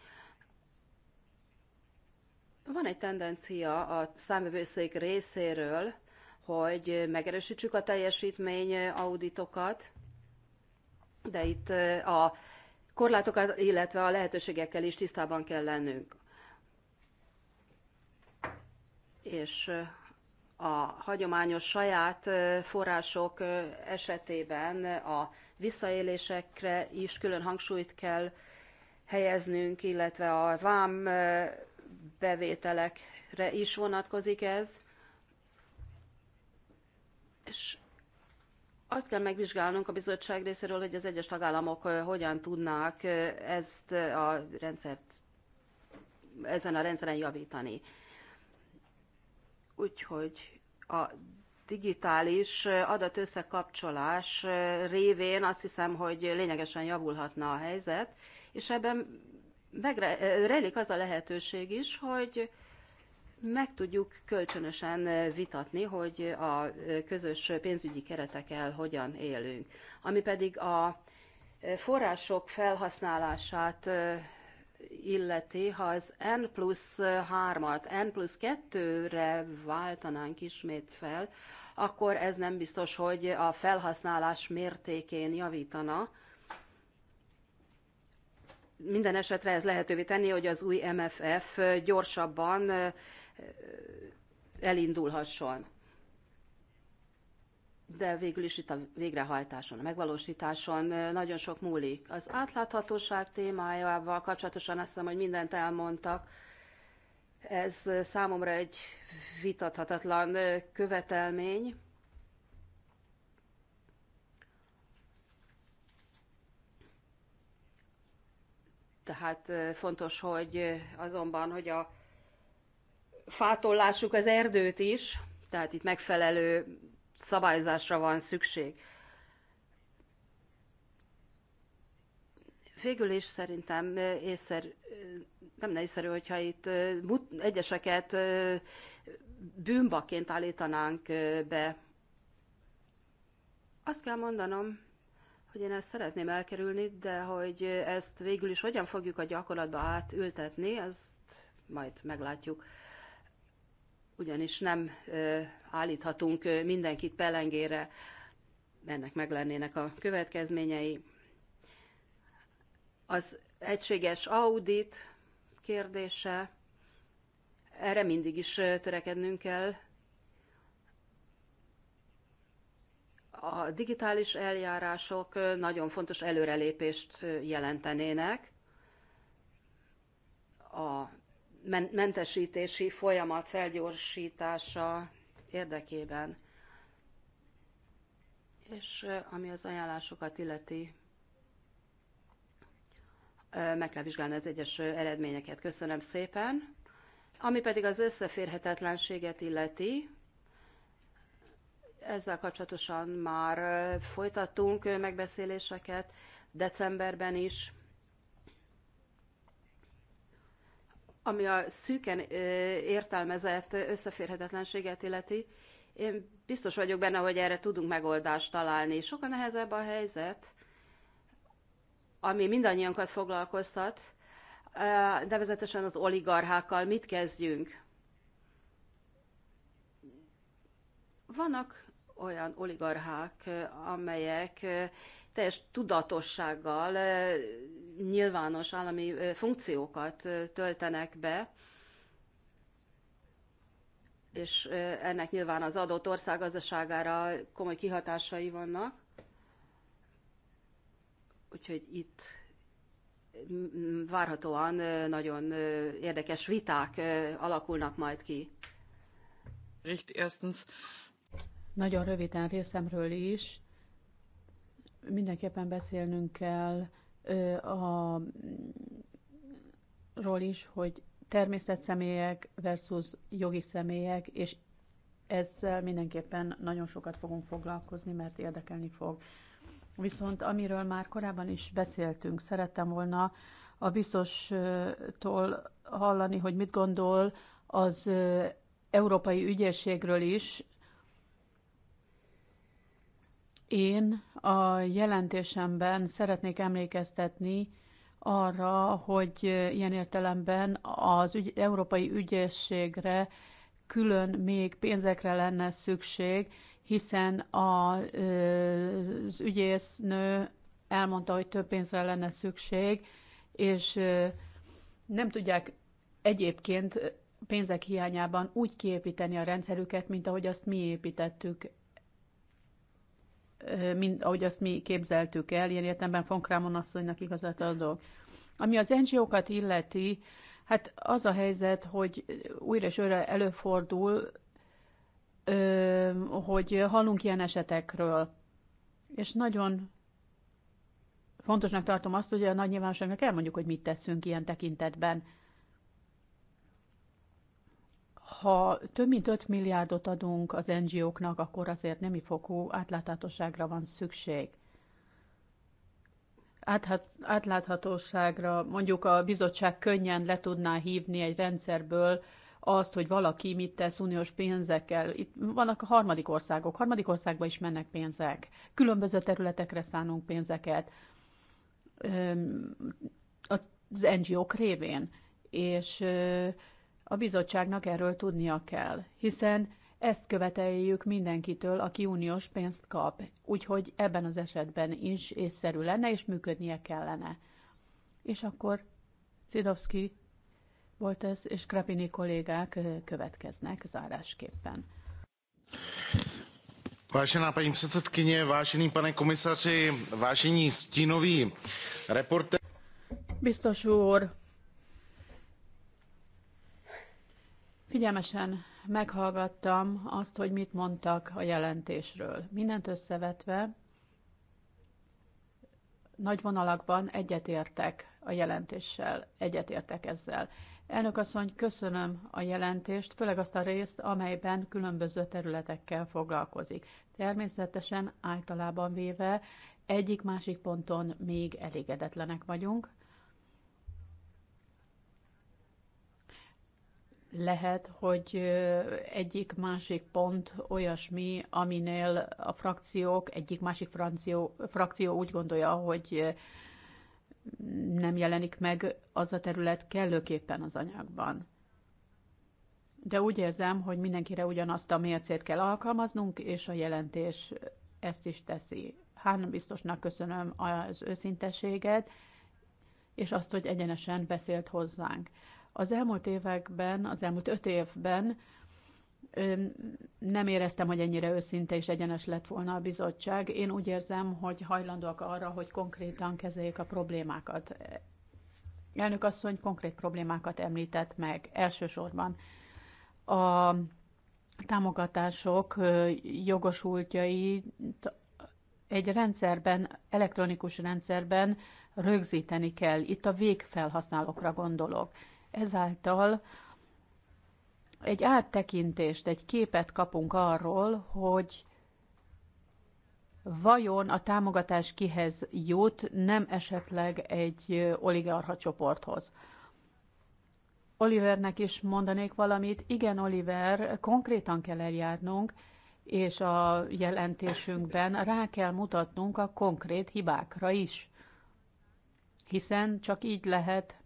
Van egy tendencia a számvevőszék részéről, hogy megerősítsük a teljesítmény auditokat, de itt a korlátokat, illetve a lehetőségekkel is tisztában kell lennünk. És a hagyományos saját források esetében a visszaélésekre is külön hangsúlyt kell helyeznünk, illetve a vám bevételekre is vonatkozik ez. És azt kell megvizsgálnunk a bizottság részéről, hogy az egyes tagállamok hogyan tudnák ezt a rendszert, ezen a rendszeren javítani. Úgyhogy a digitális adatösszekapcsolás révén azt hiszem, hogy lényegesen javulhatna a helyzet, és ebben megrelik az a lehetőség is, hogy meg tudjuk kölcsönösen vitatni, hogy a közös pénzügyi keretekkel hogyan élünk. Ami pedig a források felhasználását illeti, ha az N plusz 3-at N plusz 2-re váltanánk ismét fel, akkor ez nem biztos, hogy a felhasználás mértékén javítana. Minden esetre ez lehetővé tenni, hogy az új MFF gyorsabban elindulhasson de végül is itt a végrehajtáson, a megvalósításon nagyon sok múlik. Az átláthatóság témájával kapcsolatosan azt hiszem, hogy mindent elmondtak. Ez számomra egy vitathatatlan követelmény. Tehát fontos, hogy azonban, hogy a fától lássuk az erdőt is, tehát itt megfelelő szabályozásra van szükség. Végül is szerintem észszer, nem nehézszerű, hogyha itt egyeseket bűnbaként állítanánk be. Azt kell mondanom, hogy én ezt szeretném elkerülni, de hogy ezt végül is hogyan fogjuk a gyakorlatba átültetni, ezt majd meglátjuk. Ugyanis nem állíthatunk mindenkit pelengére, ennek meg lennének a következményei. Az egységes audit kérdése, erre mindig is törekednünk kell. A digitális eljárások nagyon fontos előrelépést jelentenének. A mentesítési folyamat felgyorsítása érdekében. És ami az ajánlásokat illeti, meg kell vizsgálni az egyes eredményeket. Köszönöm szépen. Ami pedig az összeférhetetlenséget illeti, ezzel kapcsolatosan már folytattunk megbeszéléseket decemberben is, Ami a szűken értelmezett összeférhetetlenséget illeti, én biztos vagyok benne, hogy erre tudunk megoldást találni. Sokkal nehezebb a helyzet, ami mindannyiunkat foglalkoztat, nevezetesen az oligarchákkal mit kezdjünk. Vannak olyan oligarchák, amelyek teljes tudatossággal nyilvános állami funkciókat töltenek be, és ennek nyilván az adott ország gazdaságára komoly kihatásai vannak. Úgyhogy itt várhatóan nagyon érdekes viták alakulnak majd ki. Richt erstens. Nagyon röviden részemről is mindenképpen beszélnünk kell a, ról is, hogy természetszemélyek versus jogi személyek, és ezzel mindenképpen nagyon sokat fogunk foglalkozni, mert érdekelni fog. Viszont amiről már korábban is beszéltünk, szerettem volna a biztostól hallani, hogy mit gondol az Európai Ügyészségről is, én a jelentésemben szeretnék emlékeztetni arra, hogy ilyen értelemben az ügy, európai ügyességre külön még pénzekre lenne szükség, hiszen a, az ügyésznő elmondta, hogy több pénzre lenne szükség, és nem tudják egyébként pénzek hiányában úgy kiépíteni a rendszerüket, mint ahogy azt mi építettük mint ahogy azt mi képzeltük el, ilyen értemben Fonkrámon asszonynak igazat adok. Ami az NGO-kat illeti, hát az a helyzet, hogy újra és újra előfordul, hogy hallunk ilyen esetekről. És nagyon fontosnak tartom azt, hogy a nagy nyilvánosságnak elmondjuk, hogy mit teszünk ilyen tekintetben ha több mint 5 milliárdot adunk az NGO-knak, akkor azért nemi fokú átláthatóságra van szükség. Áthat, átláthatóságra mondjuk a bizottság könnyen le tudná hívni egy rendszerből azt, hogy valaki mit tesz uniós pénzekkel. Itt vannak a harmadik országok, harmadik országba is mennek pénzek. Különböző területekre szánunk pénzeket az NGO-k révén. És a bizottságnak erről tudnia kell, hiszen ezt követeljük mindenkitől, aki uniós pénzt kap, úgyhogy ebben az esetben is észszerű lenne, és működnie kellene. És akkor Szidovszki volt ez, és Krapini kollégák következnek zárásképpen. Vážená paní předsedkyně, vážený pane komisaři, vážení stínoví reporter. Biztos úr, Figyelmesen meghallgattam azt, hogy mit mondtak a jelentésről. Mindent összevetve nagy vonalakban egyetértek a jelentéssel, egyetértek ezzel. Elnök asszony, köszönöm a jelentést, főleg azt a részt, amelyben különböző területekkel foglalkozik. Természetesen általában véve egyik-másik ponton még elégedetlenek vagyunk, lehet, hogy egyik másik pont olyasmi, aminél a frakciók, egyik másik frakció, frakció úgy gondolja, hogy nem jelenik meg az a terület kellőképpen az anyagban. De úgy érzem, hogy mindenkire ugyanazt a mércét kell alkalmaznunk, és a jelentés ezt is teszi. Hán biztosnak köszönöm az őszintességet, és azt, hogy egyenesen beszélt hozzánk. Az elmúlt években, az elmúlt öt évben nem éreztem, hogy ennyire őszinte és egyenes lett volna a bizottság. Én úgy érzem, hogy hajlandóak arra, hogy konkrétan kezeljék a problémákat. Elnök asszony konkrét problémákat említett meg elsősorban. A támogatások jogosultjai egy rendszerben, elektronikus rendszerben rögzíteni kell. Itt a végfelhasználókra gondolok ezáltal egy áttekintést, egy képet kapunk arról, hogy vajon a támogatás kihez jut, nem esetleg egy oligarha csoporthoz. Olivernek is mondanék valamit. Igen, Oliver, konkrétan kell eljárnunk, és a jelentésünkben rá kell mutatnunk a konkrét hibákra is. Hiszen csak így lehet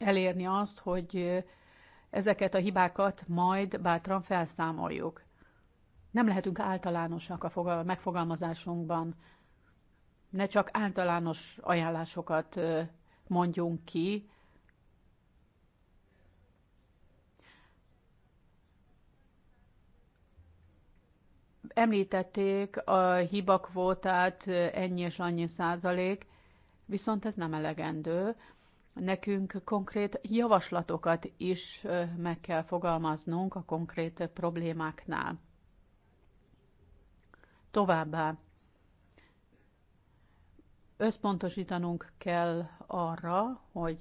elérni azt, hogy ezeket a hibákat majd bátran felszámoljuk. Nem lehetünk általánosak a megfogalmazásunkban. Ne csak általános ajánlásokat mondjunk ki, Említették a hibakvótát ennyi és annyi százalék, viszont ez nem elegendő. Nekünk konkrét javaslatokat is meg kell fogalmaznunk a konkrét problémáknál. Továbbá összpontosítanunk kell arra, hogy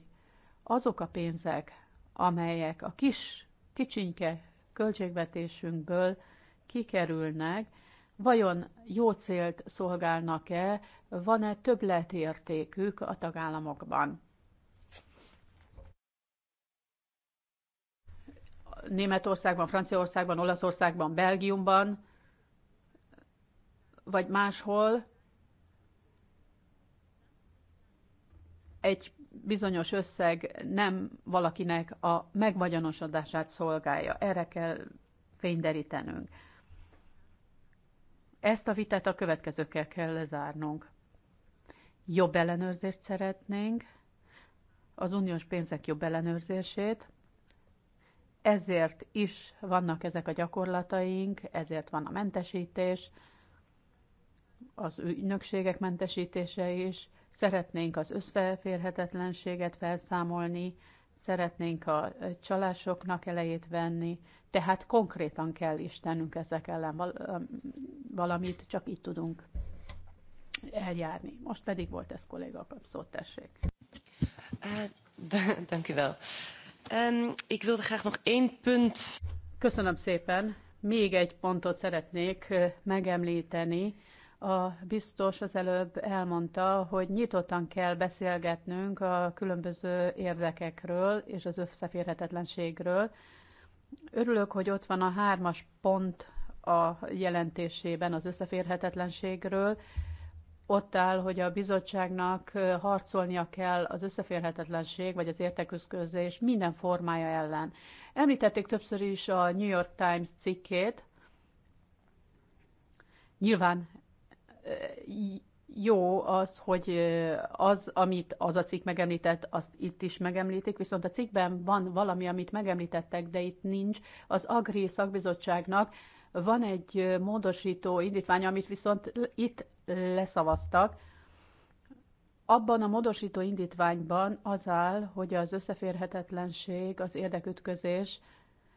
azok a pénzek, amelyek a kis, kicsinke költségvetésünkből kikerülnek, vajon jó célt szolgálnak-e, van-e többletértékük a tagállamokban. Németországban, Franciaországban, Olaszországban, Belgiumban, vagy máshol egy bizonyos összeg nem valakinek a megvagyonosodását szolgálja. Erre kell fényderítenünk. Ezt a vitát a következőkkel kell lezárnunk. Jobb ellenőrzést szeretnénk, az uniós pénzek jobb ellenőrzését, ezért is vannak ezek a gyakorlataink, ezért van a mentesítés, az ügynökségek mentesítése is. Szeretnénk az összeférhetetlenséget felszámolni, szeretnénk a csalásoknak elejét venni, tehát konkrétan kell is tennünk ezek ellen valamit, csak így tudunk eljárni. Most pedig volt ez kolléga kap szót, tessék. Uh, Um, ik wilde graag nog één punt. Köszönöm szépen. Még egy pontot szeretnék eh, megemlíteni. A biztos az előbb elmondta, hogy nyitottan kell beszélgetnünk a különböző érdekekről és az összeférhetetlenségről. Örülök, hogy ott van a hármas pont a jelentésében az összeférhetetlenségről, ott áll, hogy a bizottságnak harcolnia kell az összeférhetetlenség vagy az érteküszközés minden formája ellen. Említették többször is a New York Times cikkét. Nyilván jó az, hogy az, amit az a cikk megemlített, azt itt is megemlítik, viszont a cikkben van valami, amit megemlítettek, de itt nincs. Az Agri szakbizottságnak van egy módosító indítvány, amit viszont itt leszavaztak. Abban a módosító indítványban az áll, hogy az összeférhetetlenség, az érdekütközés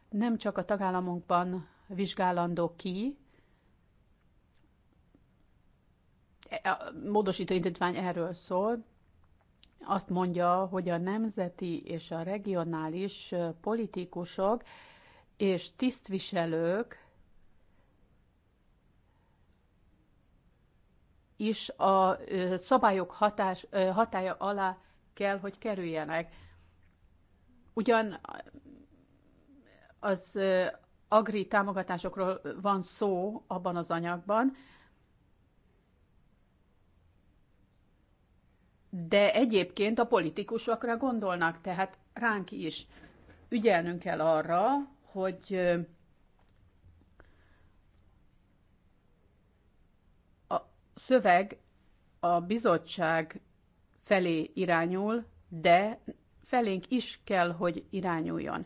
nem csak a tagállamunkban vizsgálandó ki, e, a módosító indítvány erről szól, azt mondja, hogy a nemzeti és a regionális politikusok és tisztviselők is a szabályok hatás, hatája alá kell, hogy kerüljenek. Ugyan az agri támogatásokról van szó abban az anyagban, de egyébként a politikusokra gondolnak, tehát ránk is ügyelnünk kell arra, hogy szöveg a bizottság felé irányul, de felénk is kell, hogy irányuljon.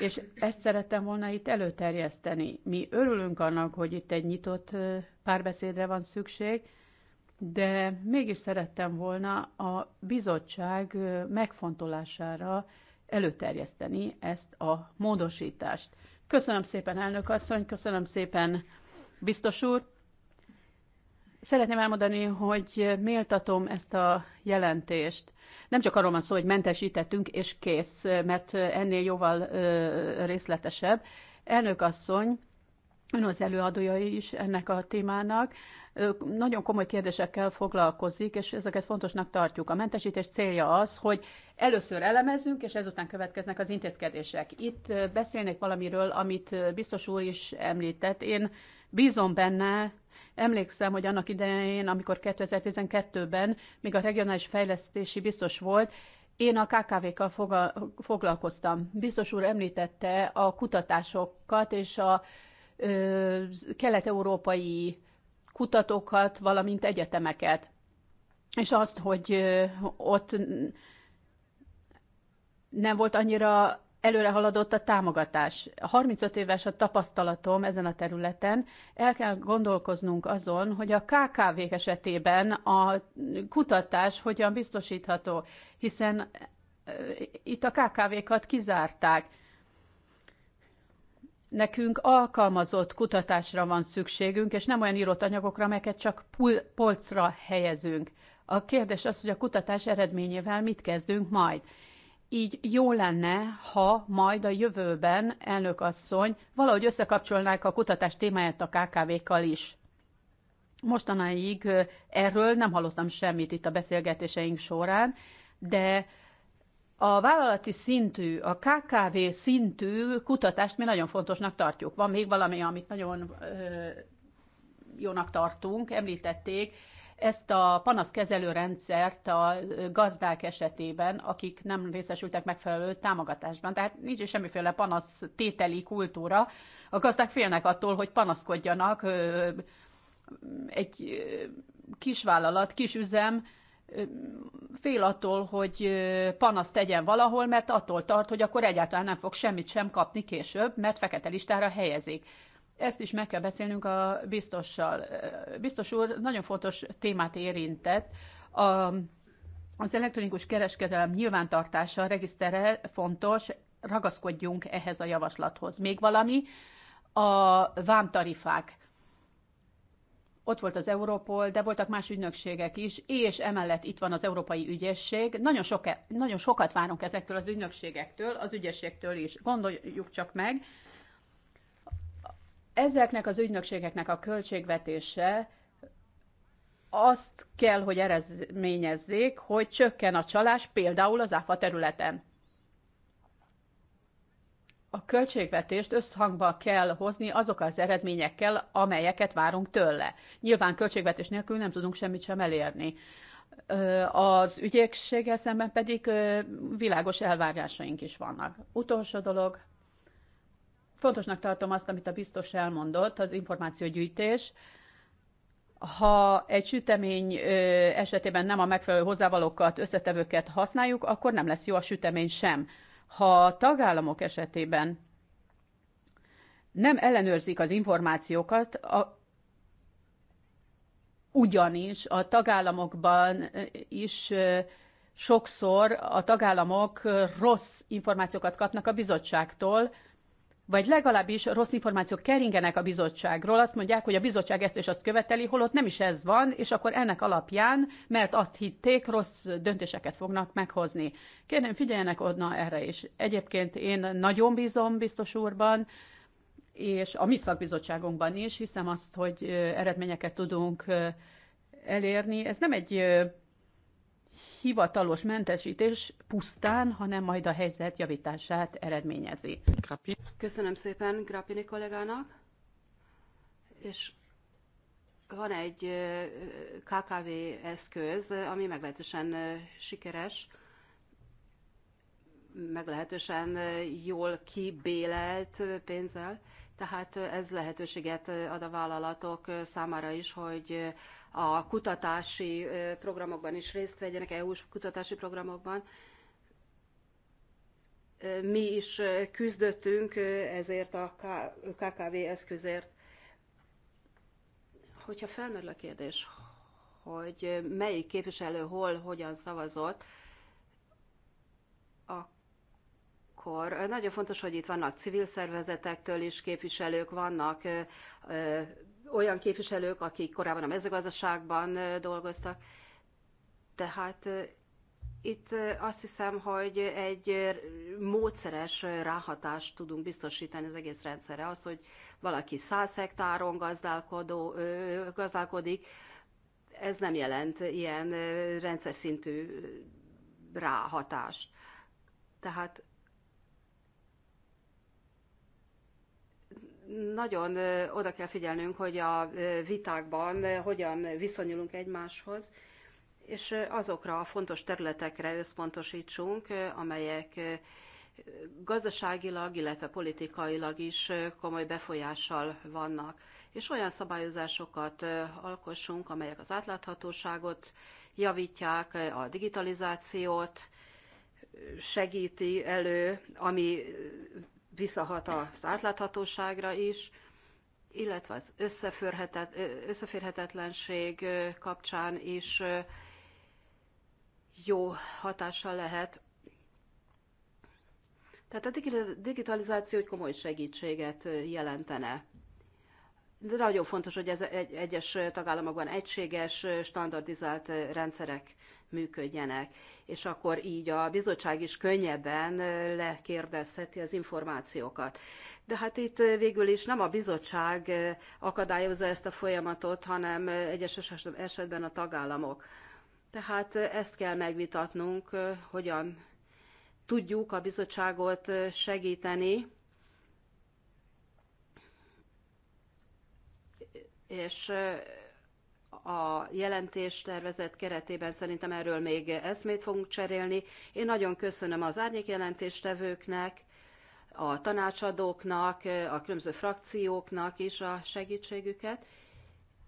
És ezt szerettem volna itt előterjeszteni. Mi örülünk annak, hogy itt egy nyitott párbeszédre van szükség, de mégis szerettem volna a bizottság megfontolására előterjeszteni ezt a módosítást. Köszönöm szépen, elnök asszony, köszönöm szépen, biztos úr. Szeretném elmondani, hogy méltatom ezt a jelentést. Nem csak arról van szó, hogy mentesítettünk és kész, mert ennél jóval részletesebb. Elnök asszony, ön az előadója is ennek a témának, nagyon komoly kérdésekkel foglalkozik, és ezeket fontosnak tartjuk. A mentesítés célja az, hogy először elemezzünk, és ezután következnek az intézkedések. Itt beszélnék valamiről, amit biztos úr is említett. Én bízom benne, Emlékszem, hogy annak idején, amikor 2012-ben még a regionális fejlesztési biztos volt, én a KKV-kkal foglalkoztam. Biztos úr említette a kutatásokat és a kelet-európai kutatókat, valamint egyetemeket. És azt, hogy ott nem volt annyira előre haladott a támogatás. 35 éves a tapasztalatom ezen a területen. El kell gondolkoznunk azon, hogy a kkv esetében a kutatás hogyan biztosítható, hiszen itt a KKV-kat kizárták. Nekünk alkalmazott kutatásra van szükségünk, és nem olyan írott anyagokra, amelyeket csak polcra helyezünk. A kérdés az, hogy a kutatás eredményével mit kezdünk majd. Így jó lenne, ha majd a jövőben, elnök asszony, valahogy összekapcsolnák a kutatás témáját a KKV-kkal is. Mostanáig erről nem hallottam semmit itt a beszélgetéseink során, de a vállalati szintű, a KKV szintű kutatást mi nagyon fontosnak tartjuk. Van még valami, amit nagyon ö, jónak tartunk, említették, ezt a panaszkezelő rendszert a gazdák esetében, akik nem részesültek megfelelő támogatásban. Tehát nincs semmiféle panasz tételi kultúra. A gazdák félnek attól, hogy panaszkodjanak egy kisvállalat, kisüzem, fél attól, hogy panaszt tegyen valahol, mert attól tart, hogy akkor egyáltalán nem fog semmit sem kapni később, mert fekete listára helyezik. Ezt is meg kell beszélnünk a biztossal. Biztos úr nagyon fontos témát érintett. A, az elektronikus kereskedelem nyilvántartása, regisztere fontos, ragaszkodjunk ehhez a javaslathoz. Még valami, a vámtarifák. Ott volt az Európol, de voltak más ügynökségek is, és emellett itt van az Európai Ügyesség. Nagyon, soke, nagyon sokat várunk ezektől az ügynökségektől, az ügyességtől is. Gondoljuk csak meg, Ezeknek az ügynökségeknek a költségvetése azt kell, hogy eredményezzék, hogy csökken a csalás például az áfa területen. A költségvetést összhangba kell hozni azok az eredményekkel, amelyeket várunk tőle. Nyilván költségvetés nélkül nem tudunk semmit sem elérni. Az ügyészséggel szemben pedig világos elvárásaink is vannak. Utolsó dolog, Fontosnak tartom azt, amit a biztos elmondott, az információgyűjtés. Ha egy sütemény esetében nem a megfelelő hozzávalókat, összetevőket használjuk, akkor nem lesz jó a sütemény sem. Ha a tagállamok esetében nem ellenőrzik az információkat, a, ugyanis a tagállamokban is sokszor a tagállamok rossz információkat kapnak a bizottságtól, vagy legalábbis rossz információk keringenek a bizottságról, azt mondják, hogy a bizottság ezt és azt követeli, holott nem is ez van, és akkor ennek alapján, mert azt hitték, rossz döntéseket fognak meghozni. Kérném, figyeljenek odna erre is. Egyébként én nagyon bízom biztos úrban, és a mi szakbizottságunkban is, hiszem azt, hogy eredményeket tudunk elérni. Ez nem egy hivatalos mentesítés pusztán, hanem majd a helyzet javítását eredményezi. Köszönöm szépen Grappini kollégának, és van egy KKV eszköz, ami meglehetősen sikeres, meglehetősen jól kibélelt pénzzel, tehát ez lehetőséget ad a vállalatok számára is, hogy a kutatási programokban is részt vegyenek, EU-s kutatási programokban. Mi is küzdöttünk ezért a KKV eszközért. Hogyha felmerül a kérdés, hogy melyik képviselő hol, hogyan szavazott, akkor nagyon fontos, hogy itt vannak civil szervezetektől is képviselők, vannak olyan képviselők, akik korábban a mezőgazdaságban dolgoztak. Tehát itt azt hiszem, hogy egy módszeres ráhatást tudunk biztosítani az egész rendszerre. Az, hogy valaki száz hektáron gazdálkodó, gazdálkodik, ez nem jelent ilyen rendszer szintű ráhatást. Tehát nagyon oda kell figyelnünk, hogy a vitákban hogyan viszonyulunk egymáshoz, és azokra a fontos területekre összpontosítsunk, amelyek gazdaságilag, illetve politikailag is komoly befolyással vannak. És olyan szabályozásokat alkossunk, amelyek az átláthatóságot javítják, a digitalizációt segíti elő, ami visszahat az átláthatóságra is, illetve az összeférhetetlenség kapcsán is jó hatással lehet. Tehát a digitalizáció egy komoly segítséget jelentene de nagyon fontos, hogy ez egy, egyes tagállamokban egységes, standardizált rendszerek működjenek, és akkor így a bizottság is könnyebben lekérdezheti az információkat. De hát itt végül is nem a bizottság akadályozza ezt a folyamatot, hanem egyes esetben a tagállamok. Tehát ezt kell megvitatnunk, hogyan tudjuk a bizottságot segíteni, és a jelentés tervezett keretében szerintem erről még eszmét fogunk cserélni. Én nagyon köszönöm az árnyék jelentéstevőknek, a tanácsadóknak, a különböző frakcióknak is a segítségüket,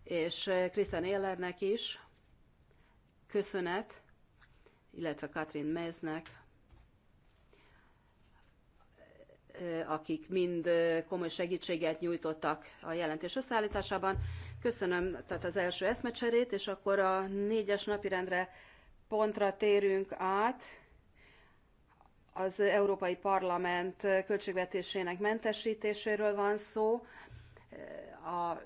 és Krisztán Ellernek is köszönet, illetve Katrin Meznek akik mind komoly segítséget nyújtottak a jelentés összeállításában. Köszönöm tehát az első eszmecserét, és akkor a négyes napirendre pontra térünk át az Európai Parlament költségvetésének mentesítéséről van szó. A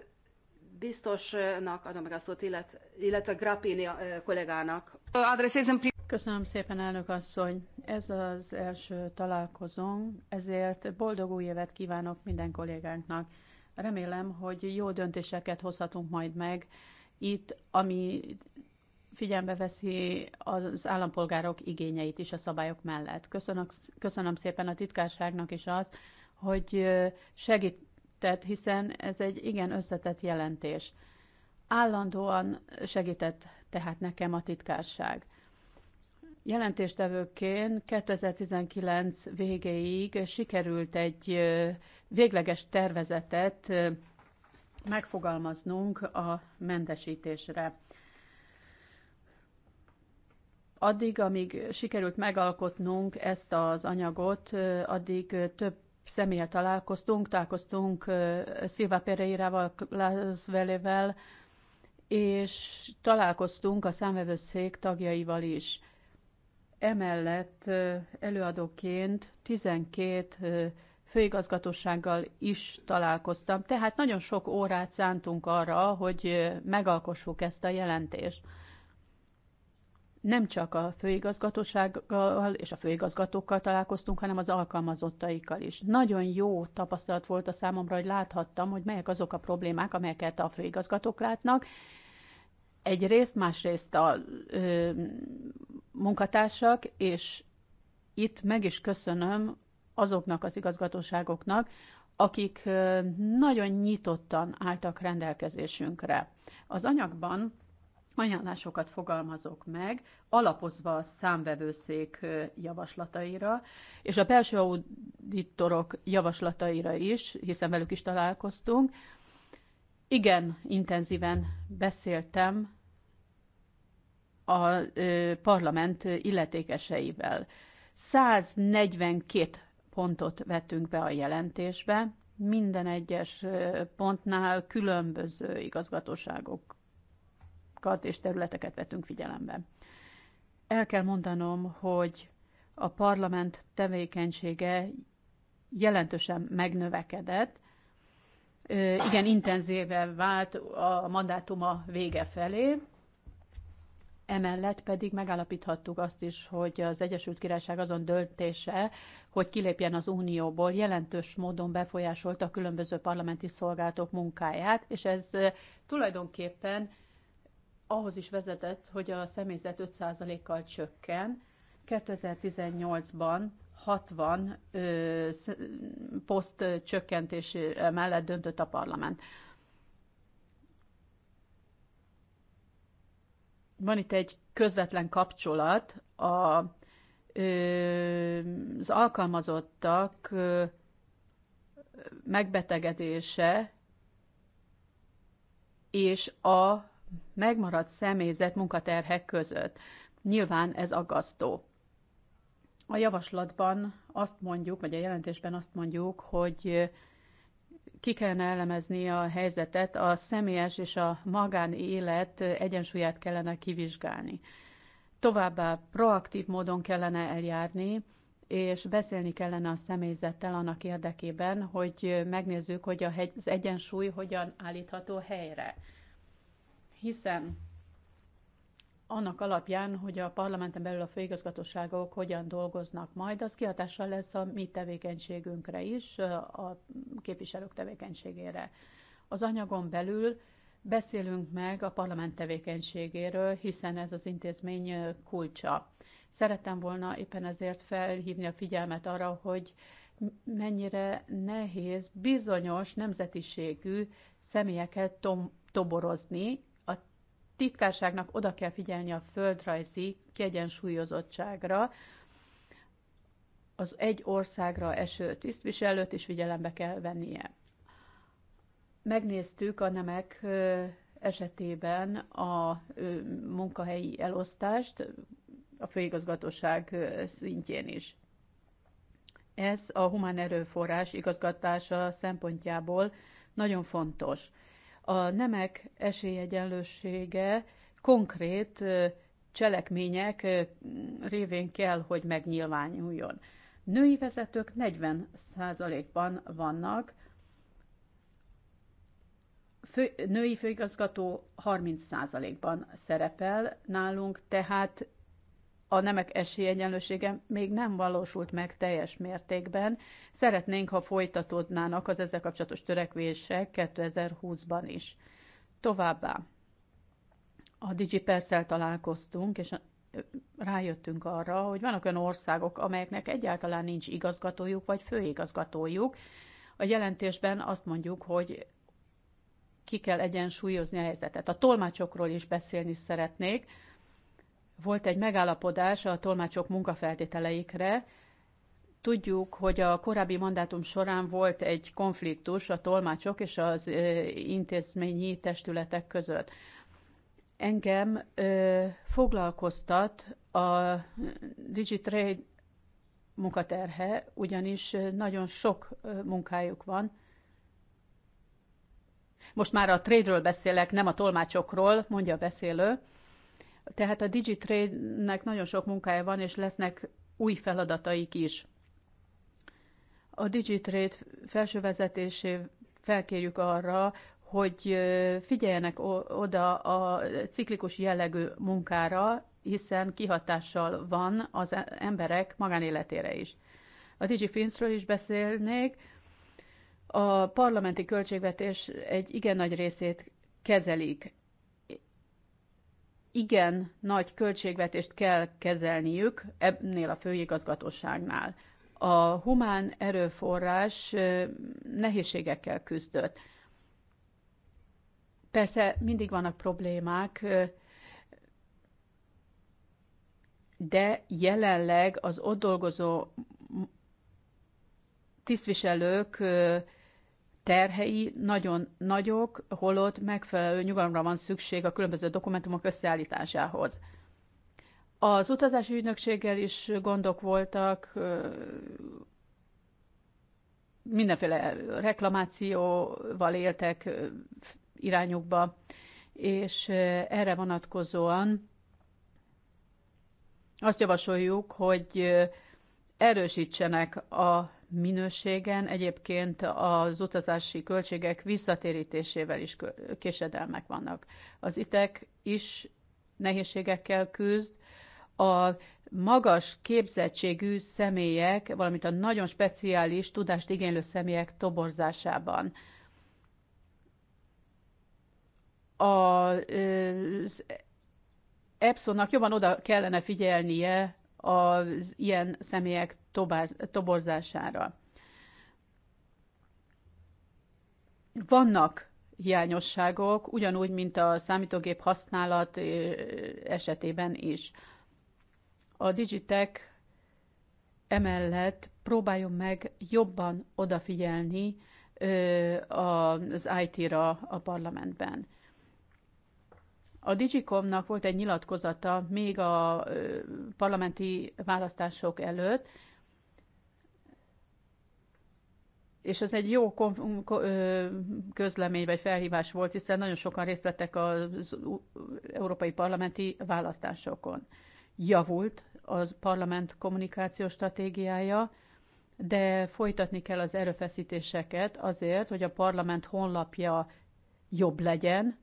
biztosnak adom meg a szót, illetve, illetve Grappini kollégának. Adresszézem Köszönöm szépen, elnök asszony. Ez az első találkozón, ezért boldog új évet kívánok minden kollégánknak. Remélem, hogy jó döntéseket hozhatunk majd meg itt, ami figyelembe veszi az állampolgárok igényeit is a szabályok mellett. Köszönöm, köszönöm szépen a titkárságnak is az, hogy segített, hiszen ez egy igen összetett jelentés. Állandóan segített tehát nekem a titkárság. Jelentéstevőként 2019 végéig sikerült egy végleges tervezetet megfogalmaznunk a mentesítésre. Addig, amíg sikerült megalkotnunk ezt az anyagot, addig több személyel találkoztunk, találkoztunk Szilva Pereirával, Lászvelével, és találkoztunk a számvevőszék tagjaival is. Emellett előadóként 12 főigazgatósággal is találkoztam, tehát nagyon sok órát szántunk arra, hogy megalkossuk ezt a jelentést. Nem csak a főigazgatósággal és a főigazgatókkal találkoztunk, hanem az alkalmazottaikkal is. Nagyon jó tapasztalat volt a számomra, hogy láthattam, hogy melyek azok a problémák, amelyeket a főigazgatók látnak, egyrészt, másrészt a munkatársak, és itt meg is köszönöm azoknak az igazgatóságoknak, akik nagyon nyitottan álltak rendelkezésünkre. Az anyagban ajánlásokat fogalmazok meg, alapozva a számvevőszék javaslataira, és a belső auditorok javaslataira is, hiszen velük is találkoztunk. Igen, intenzíven beszéltem a parlament illetékeseivel. 142 pontot vettünk be a jelentésbe, minden egyes pontnál különböző igazgatóságokat és területeket vettünk figyelembe. El kell mondanom, hogy a parlament tevékenysége jelentősen megnövekedett, igen intenzíve vált a mandátuma vége felé, Emellett pedig megállapíthattuk azt is, hogy az Egyesült Királyság azon döntése, hogy kilépjen az Unióból, jelentős módon befolyásolta a különböző parlamenti szolgálatok munkáját, és ez tulajdonképpen ahhoz is vezetett, hogy a személyzet 5%-kal csökken. 2018-ban 60 ö, poszt csökkentés mellett döntött a parlament. van itt egy közvetlen kapcsolat a, az alkalmazottak megbetegedése és a megmaradt személyzet munkaterhek között. Nyilván ez aggasztó. A javaslatban azt mondjuk, vagy a jelentésben azt mondjuk, hogy ki kellene elemezni a helyzetet, a személyes és a magánélet egyensúlyát kellene kivizsgálni. Továbbá proaktív módon kellene eljárni, és beszélni kellene a személyzettel annak érdekében, hogy megnézzük, hogy az egyensúly hogyan állítható helyre. Hiszen annak alapján, hogy a parlamenten belül a főigazgatóságok hogyan dolgoznak majd, az kihatással lesz a mi tevékenységünkre is, a képviselők tevékenységére. Az anyagon belül beszélünk meg a parlament tevékenységéről, hiszen ez az intézmény kulcsa. Szerettem volna éppen ezért felhívni a figyelmet arra, hogy mennyire nehéz bizonyos nemzetiségű személyeket tom- toborozni, titkárságnak oda kell figyelni a földrajzi kiegyensúlyozottságra, az egy országra eső tisztviselőt is figyelembe kell vennie. Megnéztük a nemek esetében a munkahelyi elosztást a főigazgatóság szintjén is. Ez a humán erőforrás igazgatása szempontjából nagyon fontos. A nemek esélyegyenlősége konkrét cselekmények révén kell, hogy megnyilvánuljon. Női vezetők 40%-ban vannak, fő, női főigazgató 30%-ban szerepel nálunk, tehát a nemek esélyegyenlősége még nem valósult meg teljes mértékben. Szeretnénk, ha folytatódnának az ezzel kapcsolatos törekvések 2020-ban is. Továbbá a DigiPerszel találkoztunk, és rájöttünk arra, hogy vannak olyan országok, amelyeknek egyáltalán nincs igazgatójuk vagy főigazgatójuk. A jelentésben azt mondjuk, hogy ki kell egyensúlyozni a helyzetet. A tolmácsokról is beszélni szeretnék volt egy megállapodás a tolmácsok munkafeltételeikre. Tudjuk, hogy a korábbi mandátum során volt egy konfliktus a tolmácsok és az intézményi testületek között. Engem ö, foglalkoztat a Digitrade munkaterhe, ugyanis nagyon sok munkájuk van. Most már a trade-ről beszélek, nem a tolmácsokról, mondja a beszélő. Tehát a Digitrade-nek nagyon sok munkája van, és lesznek új feladataik is. A Digitrade felső vezetését felkérjük arra, hogy figyeljenek oda a ciklikus jellegű munkára, hiszen kihatással van az e-, emberek magánéletére is. A DigiFinszről is beszélnék. A parlamenti költségvetés egy igen nagy részét kezelik igen nagy költségvetést kell kezelniük ebnél a főigazgatóságnál. A humán erőforrás nehézségekkel küzdött. Persze mindig vannak problémák, de jelenleg az ott dolgozó tisztviselők terhei nagyon nagyok, holott megfelelő nyugalomra van szükség a különböző dokumentumok összeállításához. Az utazási ügynökséggel is gondok voltak, mindenféle reklamációval éltek irányukba, és erre vonatkozóan azt javasoljuk, hogy erősítsenek a minőségen, egyébként az utazási költségek visszatérítésével is késedelmek vannak. Az ITEK is nehézségekkel küzd, a magas képzettségű személyek, valamint a nagyon speciális tudást igénylő személyek toborzásában. Az EPSZON-nak jobban oda kellene figyelnie az ilyen személyek toborzására. Vannak hiányosságok, ugyanúgy, mint a számítógép használat esetében is. A Digitech emellett próbáljon meg jobban odafigyelni az IT-ra a parlamentben. A Digicomnak volt egy nyilatkozata még a parlamenti választások előtt, és ez egy jó közlemény vagy felhívás volt, hiszen nagyon sokan részt vettek az európai parlamenti választásokon. Javult az parlament kommunikációs stratégiája, de folytatni kell az erőfeszítéseket azért, hogy a parlament honlapja jobb legyen,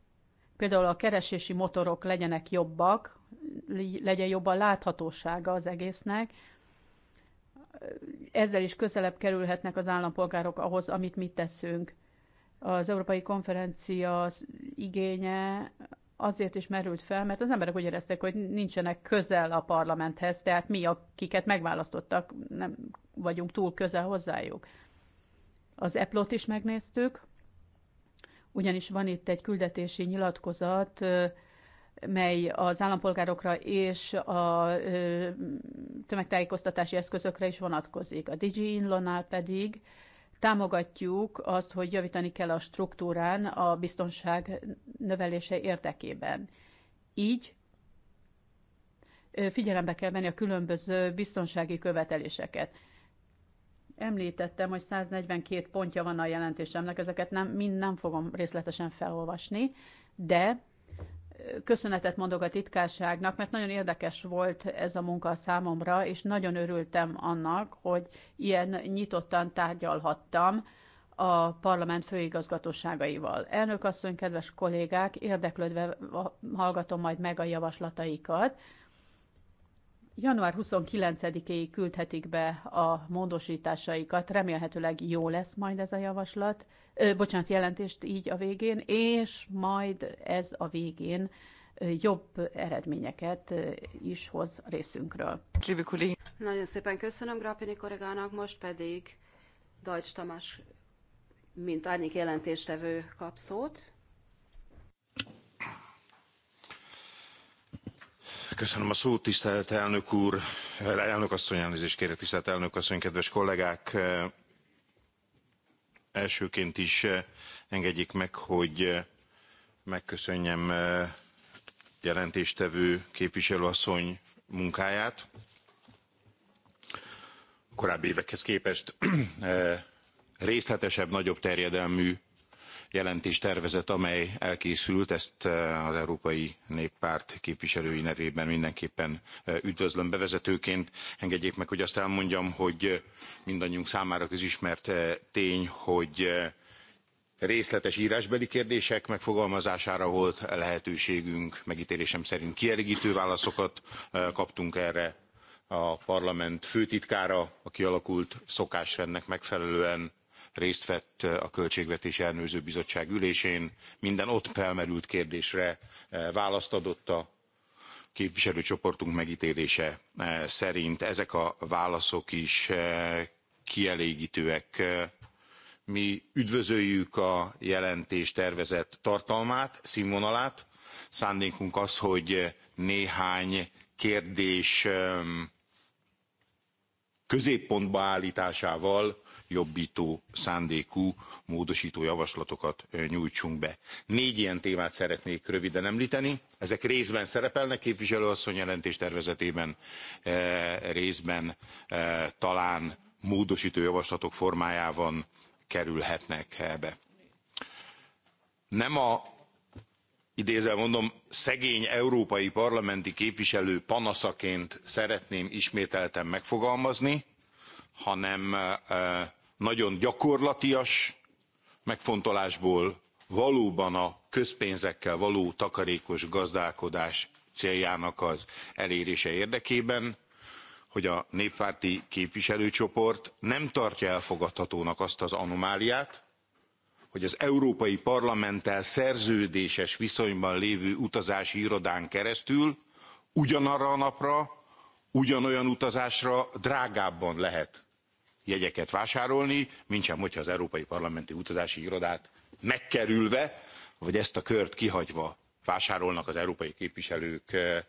például a keresési motorok legyenek jobbak, legyen jobban láthatósága az egésznek, ezzel is közelebb kerülhetnek az állampolgárok ahhoz, amit mi teszünk. Az Európai Konferencia az igénye azért is merült fel, mert az emberek úgy érezték, hogy nincsenek közel a parlamenthez, tehát mi, akiket megválasztottak, nem vagyunk túl közel hozzájuk. Az eplot is megnéztük, ugyanis van itt egy küldetési nyilatkozat, mely az állampolgárokra és a tömegtájékoztatási eszközökre is vonatkozik. A Digi Inlonál pedig támogatjuk azt, hogy javítani kell a struktúrán a biztonság növelése érdekében. Így figyelembe kell venni a különböző biztonsági követeléseket. Említettem, hogy 142 pontja van a jelentésemnek, ezeket nem, mind nem fogom részletesen felolvasni, de köszönetet mondok a titkárságnak, mert nagyon érdekes volt ez a munka a számomra, és nagyon örültem annak, hogy ilyen nyitottan tárgyalhattam a parlament főigazgatóságaival. Elnök asszony, kedves kollégák, érdeklődve hallgatom majd meg a javaslataikat, január 29-éig küldhetik be a módosításaikat, remélhetőleg jó lesz majd ez a javaslat, ö, bocsánat, jelentést így a végén, és majd ez a végén jobb eredményeket is hoz részünkről. Nagyon szépen köszönöm Grappini kollégának, most pedig Dajcs Tamás, mint árnyék jelentéstevő kap szót. Köszönöm a szót, tisztelt elnök úr, elnök asszony, elnézést kérek, tisztelt elnök asszony, kedves kollégák. Elsőként is engedjék meg, hogy megköszönjem jelentéstevő képviselőasszony munkáját. Korábbi évekhez képest részletesebb, nagyobb terjedelmű jelentéstervezet, amely elkészült, ezt eh, az Európai Néppárt képviselői nevében mindenképpen eh, üdvözlöm bevezetőként. Engedjék meg, hogy azt elmondjam, hogy eh, mindannyiunk számára közismert tény, hogy részletes írásbeli kérdések megfogalmazására volt lehetőségünk, megítélésem szerint kielégítő válaszokat kaptunk erre a parlament főtitkára a kialakult szokásrendnek megfelelően részt vett eh, a Költségvetési Ellenőrző Bizottság ülésén, minden ott felmerült kérdésre eh, választ adott a képviselőcsoportunk megítélése eh, szerint. Ezek a válaszok is kielégítőek. Mi üdvözöljük a jelentés tervezett tartalmát, színvonalát. Szándékunk az, hogy néhány kérdés ehm, középpontba állításával jobbító szándékú módosító javaslatokat nyújtsunk be. Négy ilyen témát szeretnék röviden említeni. Ezek részben szerepelnek képviselőasszony jelentés tervezetében, részben talán módosító javaslatok formájában kerülhetnek be. Nem a idézel mondom, szegény európai parlamenti képviselő panaszaként szeretném ismételten megfogalmazni, hanem nagyon gyakorlatias megfontolásból valóban a közpénzekkel való takarékos gazdálkodás céljának az elérése érdekében, hogy a néppárti képviselőcsoport nem tartja elfogadhatónak azt az anomáliát, hogy az Európai Parlamenttel szerződéses viszonyban lévő utazási irodán keresztül ugyanarra a napra, ugyanolyan utazásra drágábban lehet jegyeket vásárolni, mintsem, hogyha az Európai Parlamenti Utazási Irodát megkerülve, vagy ezt a kört kihagyva vásárolnak az európai képviselők eh,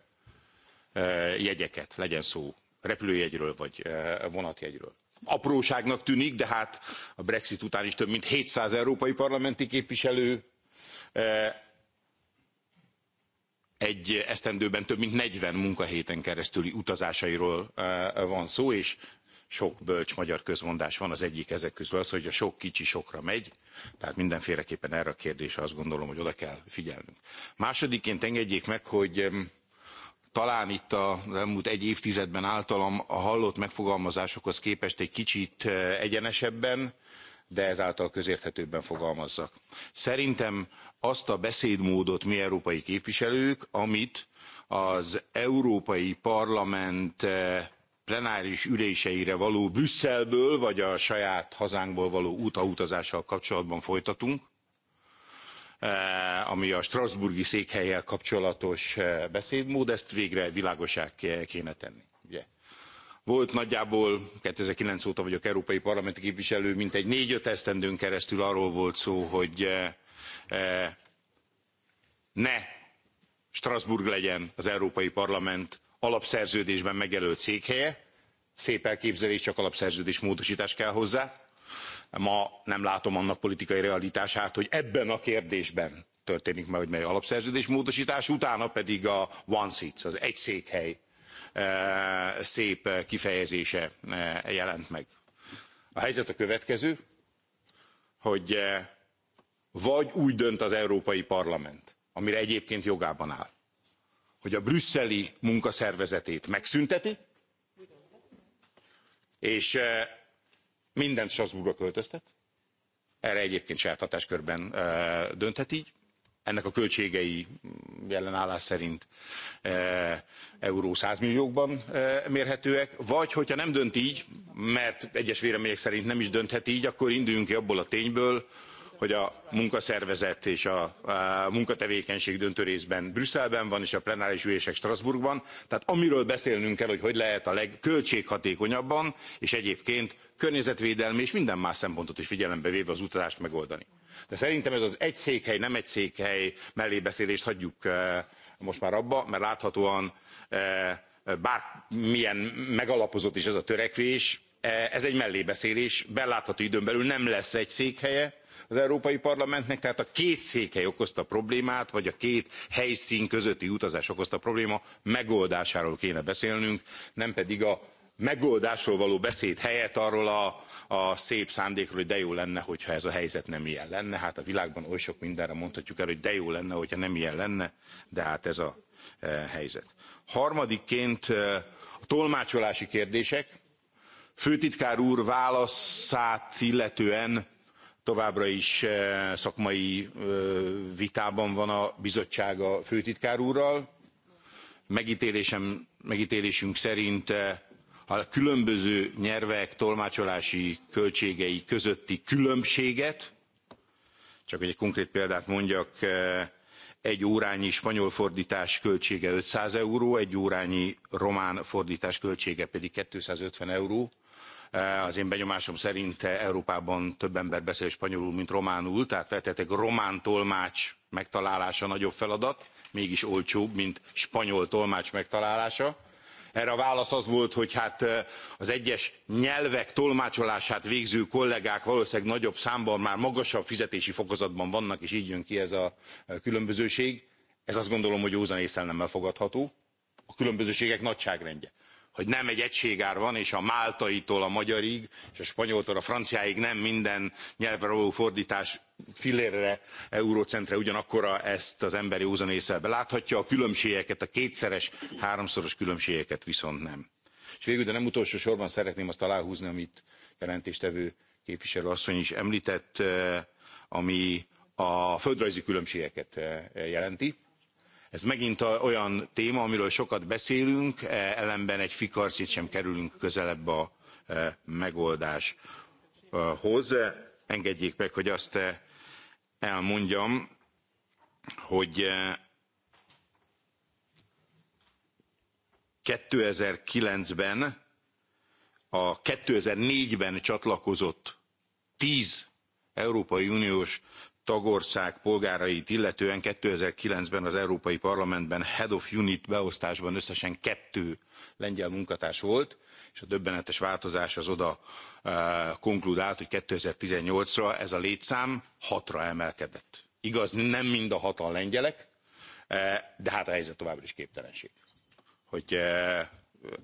eh, jegyeket, legyen szó repülőjegyről vagy eh, vonatjegyről. Apróságnak tűnik, de hát a Brexit után is több mint 700 európai parlamenti képviselő egy esztendőben több mint 40 munkahéten keresztüli utazásairól van szó, és sok bölcs magyar közmondás van, az egyik ezek közül az, hogy a sok kicsi sokra megy, tehát mindenféleképpen erre a kérdésre azt gondolom, hogy oda kell figyelnünk. Másodiként engedjék meg, hogy talán itt az elmúlt egy évtizedben általam a hallott megfogalmazásokhoz képest egy kicsit eh, egyenesebben, de ezáltal közérthetőbben fogalmazzak. Szerintem azt a beszédmódot mi európai képviselők, amit az Európai Parlament eh, plenáris üléseire való Brüsszelből, vagy a saját hazánkból való útautazással kapcsolatban folytatunk, eh, ami a Strasburgi székhelyel kapcsolatos eh, beszédmód, ezt végre világosá kéne tenni. Ugye? Volt nagyjából, 2009 óta vagyok európai parlamenti képviselő, mintegy négy-öt esztendőn keresztül arról volt szó, hogy eh, ne Strasbourg legyen az Európai Parlament alapszerződésben megjelölt székhelye. Szép elképzelés, csak alapszerződés módosítás kell hozzá. Ma nem látom annak politikai realitását, hogy ebben a kérdésben történik meg, hogy mely alapszerződés módosítás, utána pedig a one seats, az egy székhely e, szép kifejezése e, jelent meg. A helyzet a következő, hogy e, vagy úgy dönt az Európai Parlament, amire egyébként jogában áll, hogy a brüsszeli munkaszervezetét megszünteti, és eh, mindent Strasbourgba költöztet. Erre egyébként saját hatáskörben eh, dönthet így. Ennek a költségei mm, állás szerint eh, euró 100 milliókban mérhetőek, vagy hogyha nem dönt így, mert egyes vélemények szerint nem is dönthet így, akkor induljunk ki abból a tényből, hogy a munkaszervezet és a, a munkatevékenység döntő részben Brüsszelben van, és a plenáris ülések Strasbourgban. Tehát amiről beszélnünk kell, hogy hogy lehet a legköltséghatékonyabban, és egyébként környezetvédelmi és minden más szempontot is figyelembe véve az utazást megoldani. De szerintem ez az egy székhely, nem egy székhely mellébeszélést hagyjuk eh, most már abba, mert láthatóan e, bármilyen megalapozott is ez a törekvés, eh, ez egy mellébeszélés, belátható időn belül nem lesz egy székhelye, az Európai Parlamentnek, tehát a két székhely okozta problémát, vagy a két helyszín közötti utazás okozta probléma megoldásáról kéne beszélnünk, nem pedig a megoldásról való beszéd helyett arról a, a szép szándékról, hogy de jó lenne, hogyha ez a helyzet nem ilyen lenne. Hát a világban oly sok mindenre mondhatjuk el, hogy de jó lenne, hogyha nem ilyen lenne, de hát ez a e, helyzet. Harmadikként e, a tolmácsolási kérdések. Főtitkár úr válaszát illetően továbbra is eh, szakmai eh, vitában van a bizottság a főtitkár úrral. Megítélésem, megítélésünk szerint eh, a különböző nyelvek tolmácsolási költségei közötti különbséget, csak hogy egy konkrét példát mondjak, egy órányi spanyol fordítás költsége 500 euró, egy órányi román fordítás költsége pedig 250 euró Eh, az én benyomásom szerint eh, Európában több ember beszél spanyolul, mint románul, tehát vetetek román tolmács megtalálása nagyobb feladat, mégis olcsóbb, mint spanyol tolmács megtalálása. Erre a válasz az volt, hogy hát eh, az egyes nyelvek tolmácsolását végző kollégák valószínűleg nagyobb számban már magasabb fizetési fokozatban vannak, és így jön ki ez a különbözőség. Ez azt gondolom, hogy józan nem elfogadható. A különbözőségek nagyságrendje hogy nem egy egységár van, és a máltaitól a magyarig, és a spanyoltól a franciáig nem minden nyelvre való fordítás fillérre, eurócentre ugyanakkora ezt az emberi józan észre láthatja, a különbségeket, a kétszeres, háromszoros különbségeket viszont nem. És végül, de nem utolsó sorban szeretném azt aláhúzni, amit jelentéstevő képviselő asszony is említett, eh, ami a földrajzi különbségeket eh, jelenti ez megint olyan téma, amiről sokat beszélünk, e, ellenben egy fikarcit sem kerülünk közelebb a e, megoldáshoz. Engedjék meg, hogy azt e, elmondjam, hogy 2009-ben a 2004-ben csatlakozott 10 Európai Uniós tagország polgárait illetően 2009-ben az Európai Parlamentben Head of Unit beosztásban összesen kettő lengyel munkatárs volt, és a döbbenetes változás az oda uh, eh, konkludált, hogy 2018-ra ez a létszám hatra emelkedett. Igaz, nem mind a hatan lengyelek, eh, de hát a helyzet továbbra is képtelenség, hogy eh,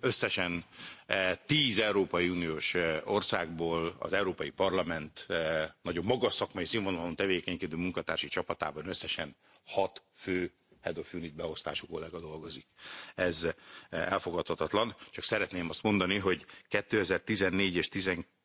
összesen eh, tíz Európai Uniós eh, országból az Európai Parlament eh, nagyon magas szakmai színvonalon tevékenykedő munkatársi csapatában összesen hat fő head of unit beosztású kollega dolgozik. Ez elfogadhatatlan, csak szeretném azt mondani, hogy 2014 és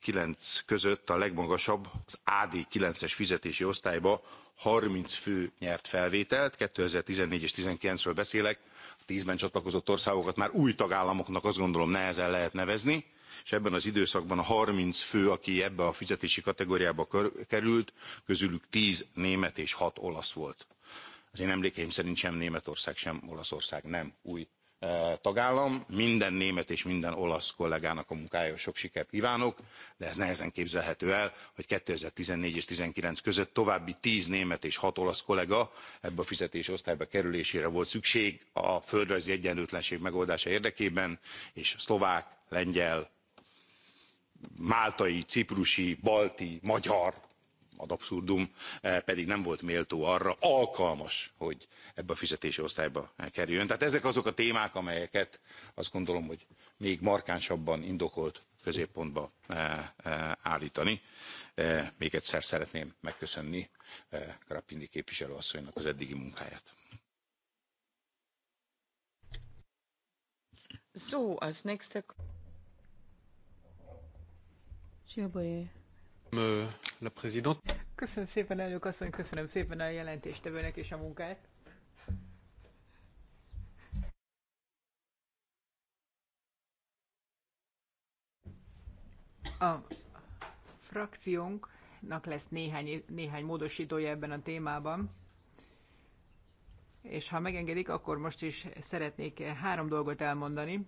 9 között a legmagasabb, az AD 9-es fizetési osztályba 30 fő nyert felvételt, 2014 és 19-ről beszélek, a 10-ben csatlakozott országokat már új tagállamoknak azt gondolom nehezen lehet nevezni, és ebben az időszakban a 30 fő, aki ebbe a fizetési kategóriába került, közülük 10 német és 6 olasz volt. Az én emlékeim szerint sem Németország, sem Olaszország nem új tagállam. Minden német és minden olasz kollégának a munkájához sok sikert kívánok, de ez nehezen képzelhető el, hogy 2014 és 19 között további 10 német és 6 olasz kollega ebbe a fizetési osztályba kerülésére volt szükség a földrajzi egyenlőtlenség megoldása érdekében, és szlovák, lengyel, máltai, ciprusi, balti, magyar ad abszurdum, eh, pedig nem volt méltó arra, alkalmas, hogy ebbe a fizetési osztályba kerüljön. Tehát ezek azok a témák, amelyeket azt gondolom, hogy még markánsabban indokolt középpontba eh, eh, állítani. Még egyszer szeretném megköszönni Grappindi képviselőasszonynak az eddigi munkáját. So, als nächster. Euh, köszönöm szépen, elnök asszony, köszönöm szépen a jelentéstevőnek és a munkát. A frakciónknak lesz néhány, néhány módosítója ebben a témában, és ha megengedik, akkor most is szeretnék három dolgot elmondani.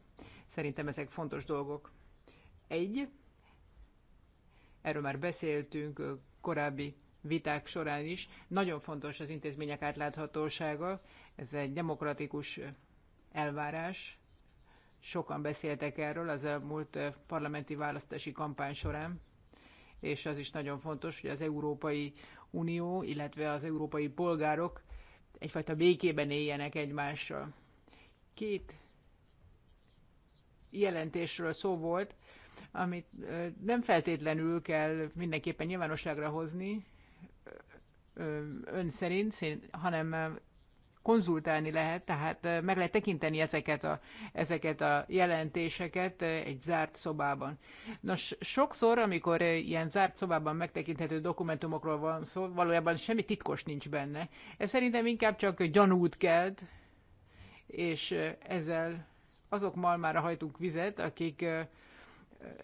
Szerintem ezek fontos dolgok. Egy, erről már beszéltünk korábbi viták során is. Nagyon fontos az intézmények átláthatósága, ez egy demokratikus elvárás. Sokan beszéltek erről az elmúlt parlamenti választási kampány során, és az is nagyon fontos, hogy az Európai Unió, illetve az európai polgárok egyfajta békében éljenek egymással. Két jelentésről szó volt, amit nem feltétlenül kell mindenképpen nyilvánosságra hozni ön szerint, hanem konzultálni lehet, tehát meg lehet tekinteni ezeket a, ezeket a jelentéseket egy zárt szobában. Nos, sokszor, amikor ilyen zárt szobában megtekinthető dokumentumokról van szó, valójában semmi titkos nincs benne. Ez szerintem inkább csak gyanút kelt, és ezzel azok malmára hajtunk vizet, akik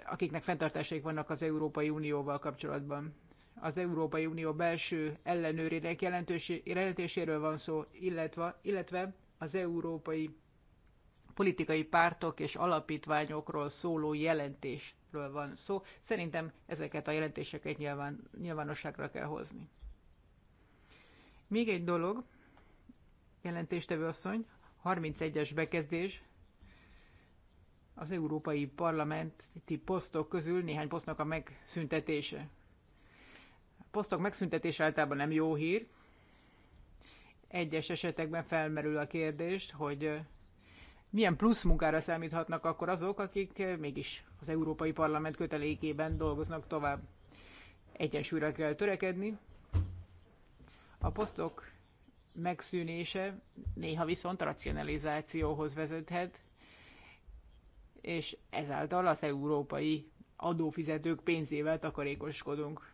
akiknek fenntartásaik vannak az Európai Unióval kapcsolatban. Az Európai Unió belső ellenőrének jelentéséről van szó, illetve, illetve az európai politikai pártok és alapítványokról szóló jelentésről van szó. Szerintem ezeket a jelentéseket nyilván, nyilvánosságra kell hozni. Még egy dolog, jelentéstevő asszony, 31-es bekezdés, az európai parlamenti posztok közül néhány posztnak a megszüntetése. A posztok megszüntetése általában nem jó hír. Egyes esetekben felmerül a kérdés, hogy milyen plusz munkára számíthatnak akkor azok, akik mégis az Európai Parlament kötelékében dolgoznak tovább. Egyensúlyra kell törekedni. A posztok megszűnése néha viszont racionalizációhoz vezethet, és ezáltal az európai adófizetők pénzével takarékoskodunk.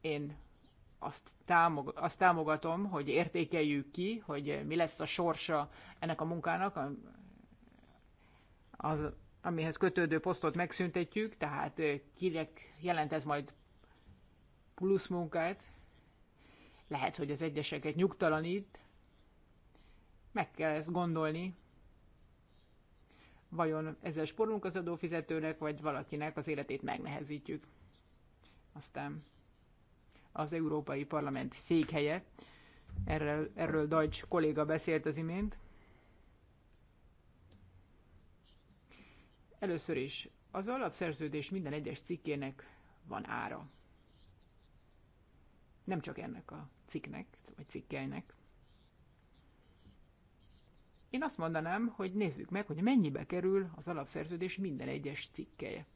Én azt, támog, azt támogatom, hogy értékeljük ki, hogy mi lesz a sorsa ennek a munkának, az, amihez kötődő posztot megszüntetjük, tehát kinek jelent ez majd plusz munkát. Lehet, hogy az egyeseket nyugtalanít, meg kell ezt gondolni, vajon ezzel sporunk az adófizetőnek, vagy valakinek az életét megnehezítjük. Aztán az Európai Parlament székhelye, erről, erről Deutsch kolléga beszélt az imént. Először is, az alapszerződés minden egyes cikkének van ára. Nem csak ennek a cikknek, vagy cikkelynek. Én azt mondanám, hogy nézzük meg, hogy mennyibe kerül az alapszerződés minden egyes cikkeje.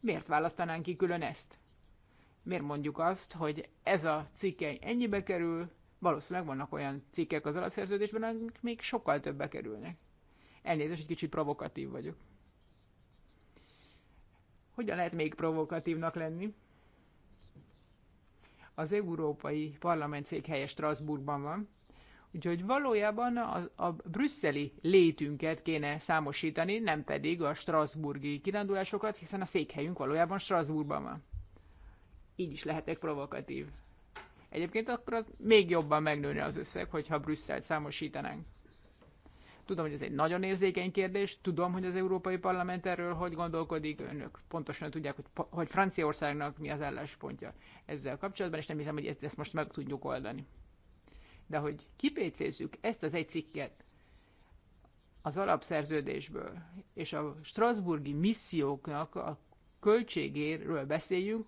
Miért választanánk ki külön ezt? Miért mondjuk azt, hogy ez a cikke ennyibe kerül, valószínűleg vannak olyan cikkek az alapszerződésben, amik még sokkal többbe kerülnek. Elnézést, egy kicsit provokatív vagyok. Hogyan lehet még provokatívnak lenni? Az Európai Parlament székhelye Strasbourgban van, Úgyhogy valójában a, a brüsszeli létünket kéne számosítani, nem pedig a strasburgi kirándulásokat, hiszen a székhelyünk valójában Strasbourgban van. Így is lehetek provokatív. Egyébként akkor az még jobban megnőne az összeg, hogyha Brüsszelt számosítanánk. Tudom, hogy ez egy nagyon érzékeny kérdés, tudom, hogy az Európai Parlament erről hogy gondolkodik, önök pontosan tudják, hogy, hogy Franciaországnak mi az álláspontja ezzel kapcsolatban, és nem hiszem, hogy ezt most meg tudjuk oldani. De hogy kipécézzük ezt az egy cikket az alapszerződésből, és a Strasburgi misszióknak a költségéről beszéljünk,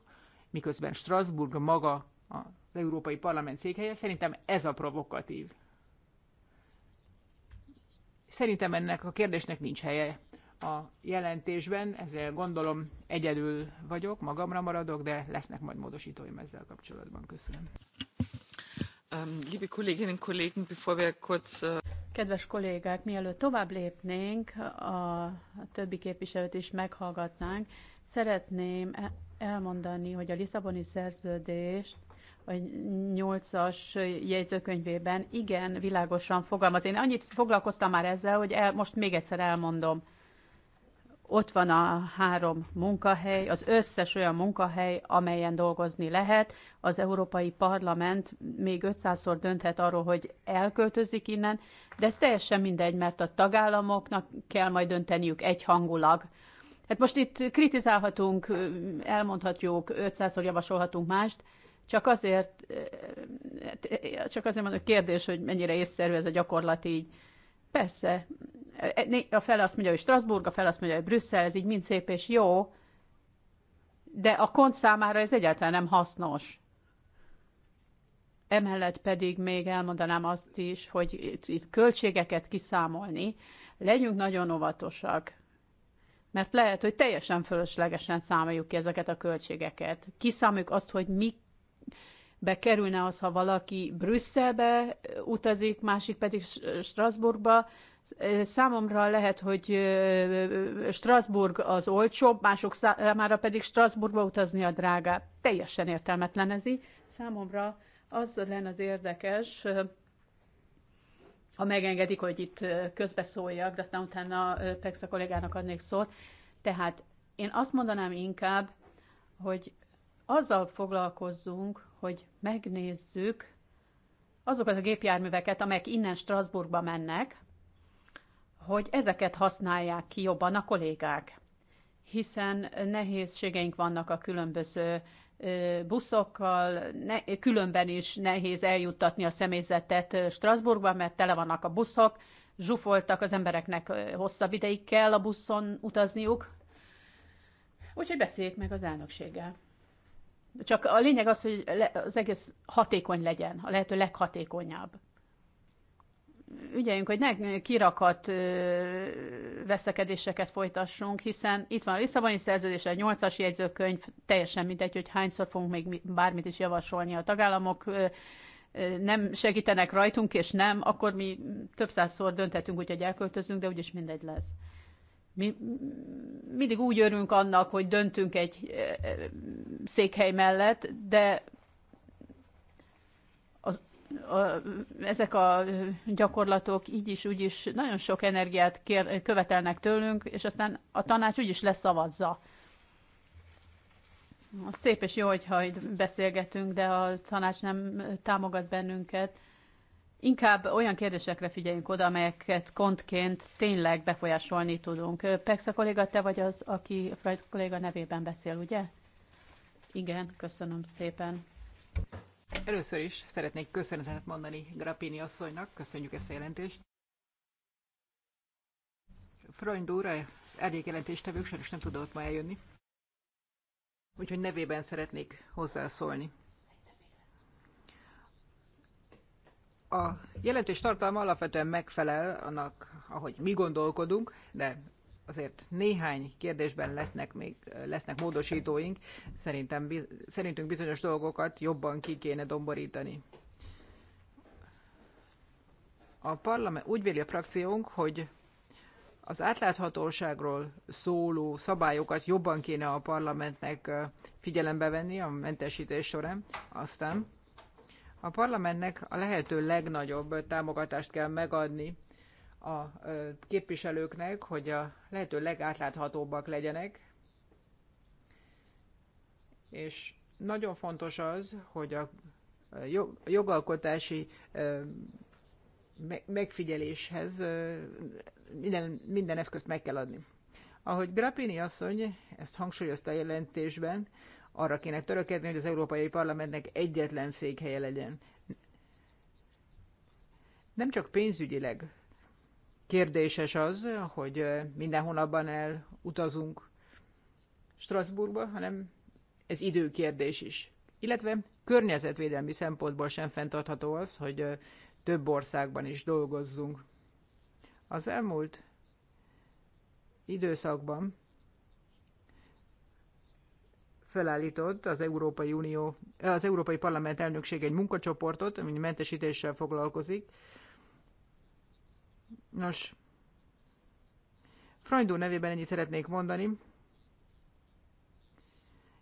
miközben Strasbourg maga az Európai Parlament székhelye, szerintem ez a provokatív. Szerintem ennek a kérdésnek nincs helye a jelentésben, ezzel gondolom egyedül vagyok, magamra maradok, de lesznek majd módosítóim ezzel kapcsolatban. Köszönöm. Ähm, liebe Kolleginnen und Kollegen, bevor wir kurz... Äh, Kedves kollégák, mielőtt tovább lépnénk, a többi képviselőt is meghallgatnánk, szeretném e- elmondani, hogy a Lisszaboni szerződést a 8-as jegyzőkönyvében igen világosan fogalmaz. Én annyit foglalkoztam már ezzel, hogy el, most még egyszer elmondom. Ott van a három munkahely, az összes olyan munkahely, amelyen dolgozni lehet. Az Európai Parlament még 500-szor dönthet arról, hogy elköltözik innen, de ez teljesen mindegy, mert a tagállamoknak kell majd dönteniük egyhangulag. Hát most itt kritizálhatunk, elmondhatjuk, 500-szor javasolhatunk mást, csak azért, eh, eh, csak azért van a kérdés, hogy mennyire észszerű ez a gyakorlat így. Persze, a fele azt mondja, hogy Strasbourg, a fele azt mondja, hogy Brüsszel, ez így mind szép és jó, de a kont számára ez egyáltalán nem hasznos. Emellett pedig még elmondanám azt is, hogy itt, itt költségeket kiszámolni, legyünk nagyon óvatosak, mert lehet, hogy teljesen fölöslegesen számoljuk ki ezeket a költségeket. Kiszámoljuk azt, hogy mi bekerülne az, ha valaki Brüsszelbe utazik, másik pedig Strasbourgba, Számomra lehet, hogy Strasbourg az olcsóbb, mások számára pedig Strasbourgba utazni a drágább. Teljesen értelmetlen ez így. Számomra az lenne az érdekes, ha megengedik, hogy itt közbeszóljak, de aztán utána Pexa kollégának adnék szót. Tehát én azt mondanám inkább, hogy azzal foglalkozzunk, hogy megnézzük azokat a gépjárműveket, amelyek innen Strasbourgba mennek, hogy ezeket használják ki jobban a kollégák, hiszen nehézségeink vannak a különböző buszokkal, ne, különben is nehéz eljuttatni a személyzetet Strasbourgba, mert tele vannak a buszok, zsufoltak az embereknek hosszabb ideig kell a buszon utazniuk. Úgyhogy beszéljék meg az elnökséggel. Csak a lényeg az, hogy az egész hatékony legyen, a lehető leghatékonyabb ügyeljünk, hogy ne kirakat veszekedéseket folytassunk, hiszen itt van a Lisszaboni szerződés, a 8-as jegyzőkönyv, teljesen mindegy, hogy hányszor fogunk még bármit is javasolni a tagállamok, nem segítenek rajtunk, és nem, akkor mi több százszor döntetünk, hogy elköltözünk, de úgyis mindegy lesz. Mi mindig úgy örülünk annak, hogy döntünk egy székhely mellett, de az a, ezek a gyakorlatok így is, úgy is nagyon sok energiát kér, követelnek tőlünk, és aztán a tanács úgy is leszavazza. Szép és jó, hogyha itt beszélgetünk, de a tanács nem támogat bennünket. Inkább olyan kérdésekre figyeljünk oda, amelyeket kontként tényleg befolyásolni tudunk. Pexa kolléga, te vagy az, aki Freud kolléga nevében beszél, ugye? Igen, köszönöm szépen. Először is szeretnék köszönetet mondani Grappini asszonynak, köszönjük ezt a jelentést. Freund úr, elég jelentéstevők sajnos nem tudott ma eljönni, úgyhogy nevében szeretnék hozzászólni. A jelentés tartalma alapvetően megfelel annak, ahogy mi gondolkodunk, de azért néhány kérdésben lesznek még lesznek módosítóink, szerintem, szerintünk bizonyos dolgokat jobban ki kéne domborítani. A parlament, úgy véli a frakciónk, hogy az átláthatóságról szóló szabályokat jobban kéne a parlamentnek figyelembe venni a mentesítés során. Aztán a parlamentnek a lehető legnagyobb támogatást kell megadni a képviselőknek, hogy a lehető legátláthatóbbak legyenek, és nagyon fontos az, hogy a jogalkotási megfigyeléshez minden, minden eszközt meg kell adni. Ahogy Grappini asszony ezt hangsúlyozta a jelentésben, arra kéne törekedni, hogy az Európai Parlamentnek egyetlen székhelye legyen. Nem csak pénzügyileg kérdéses az, hogy minden hónapban elutazunk Strasbourgba, hanem ez időkérdés is. Illetve környezetvédelmi szempontból sem fenntartható az, hogy több országban is dolgozzunk. Az elmúlt időszakban felállított az Európai Unió, az Európai Parlament elnökség egy munkacsoportot, ami mentesítéssel foglalkozik, Nos, Freud úr nevében ennyit szeretnék mondani,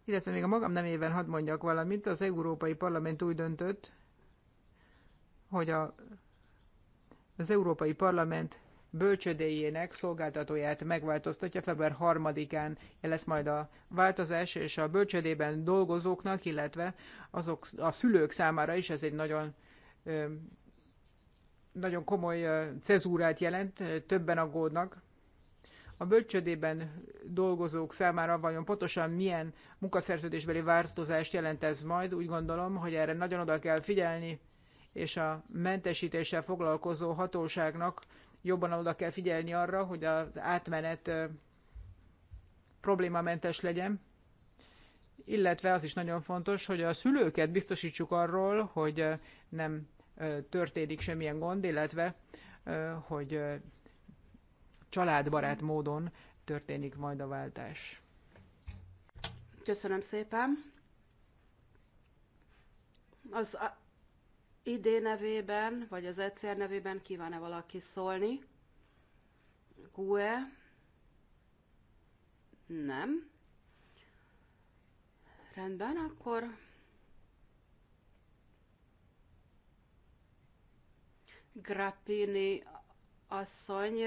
illetve még a magam nevében hadd mondjak valamit. Az Európai Parlament úgy döntött, hogy a, az Európai Parlament bölcsödéjének szolgáltatóját megváltoztatja. Február 3-án lesz majd a változás, és a bölcsödében dolgozóknak, illetve azok a szülők számára is ez egy nagyon nagyon komoly cezúrát jelent, többen aggódnak. A bölcsödében dolgozók számára vajon pontosan milyen munkaszerződésbeli változást jelent ez majd? Úgy gondolom, hogy erre nagyon oda kell figyelni, és a mentesítéssel foglalkozó hatóságnak jobban oda kell figyelni arra, hogy az átmenet problémamentes legyen, illetve az is nagyon fontos, hogy a szülőket biztosítsuk arról, hogy nem történik semmilyen gond, illetve hogy családbarát módon történik majd a váltás. Köszönöm szépen. Az ID nevében, vagy az ECR nevében kíván-e valaki szólni? Gue? Nem. Rendben, akkor Grappini asszony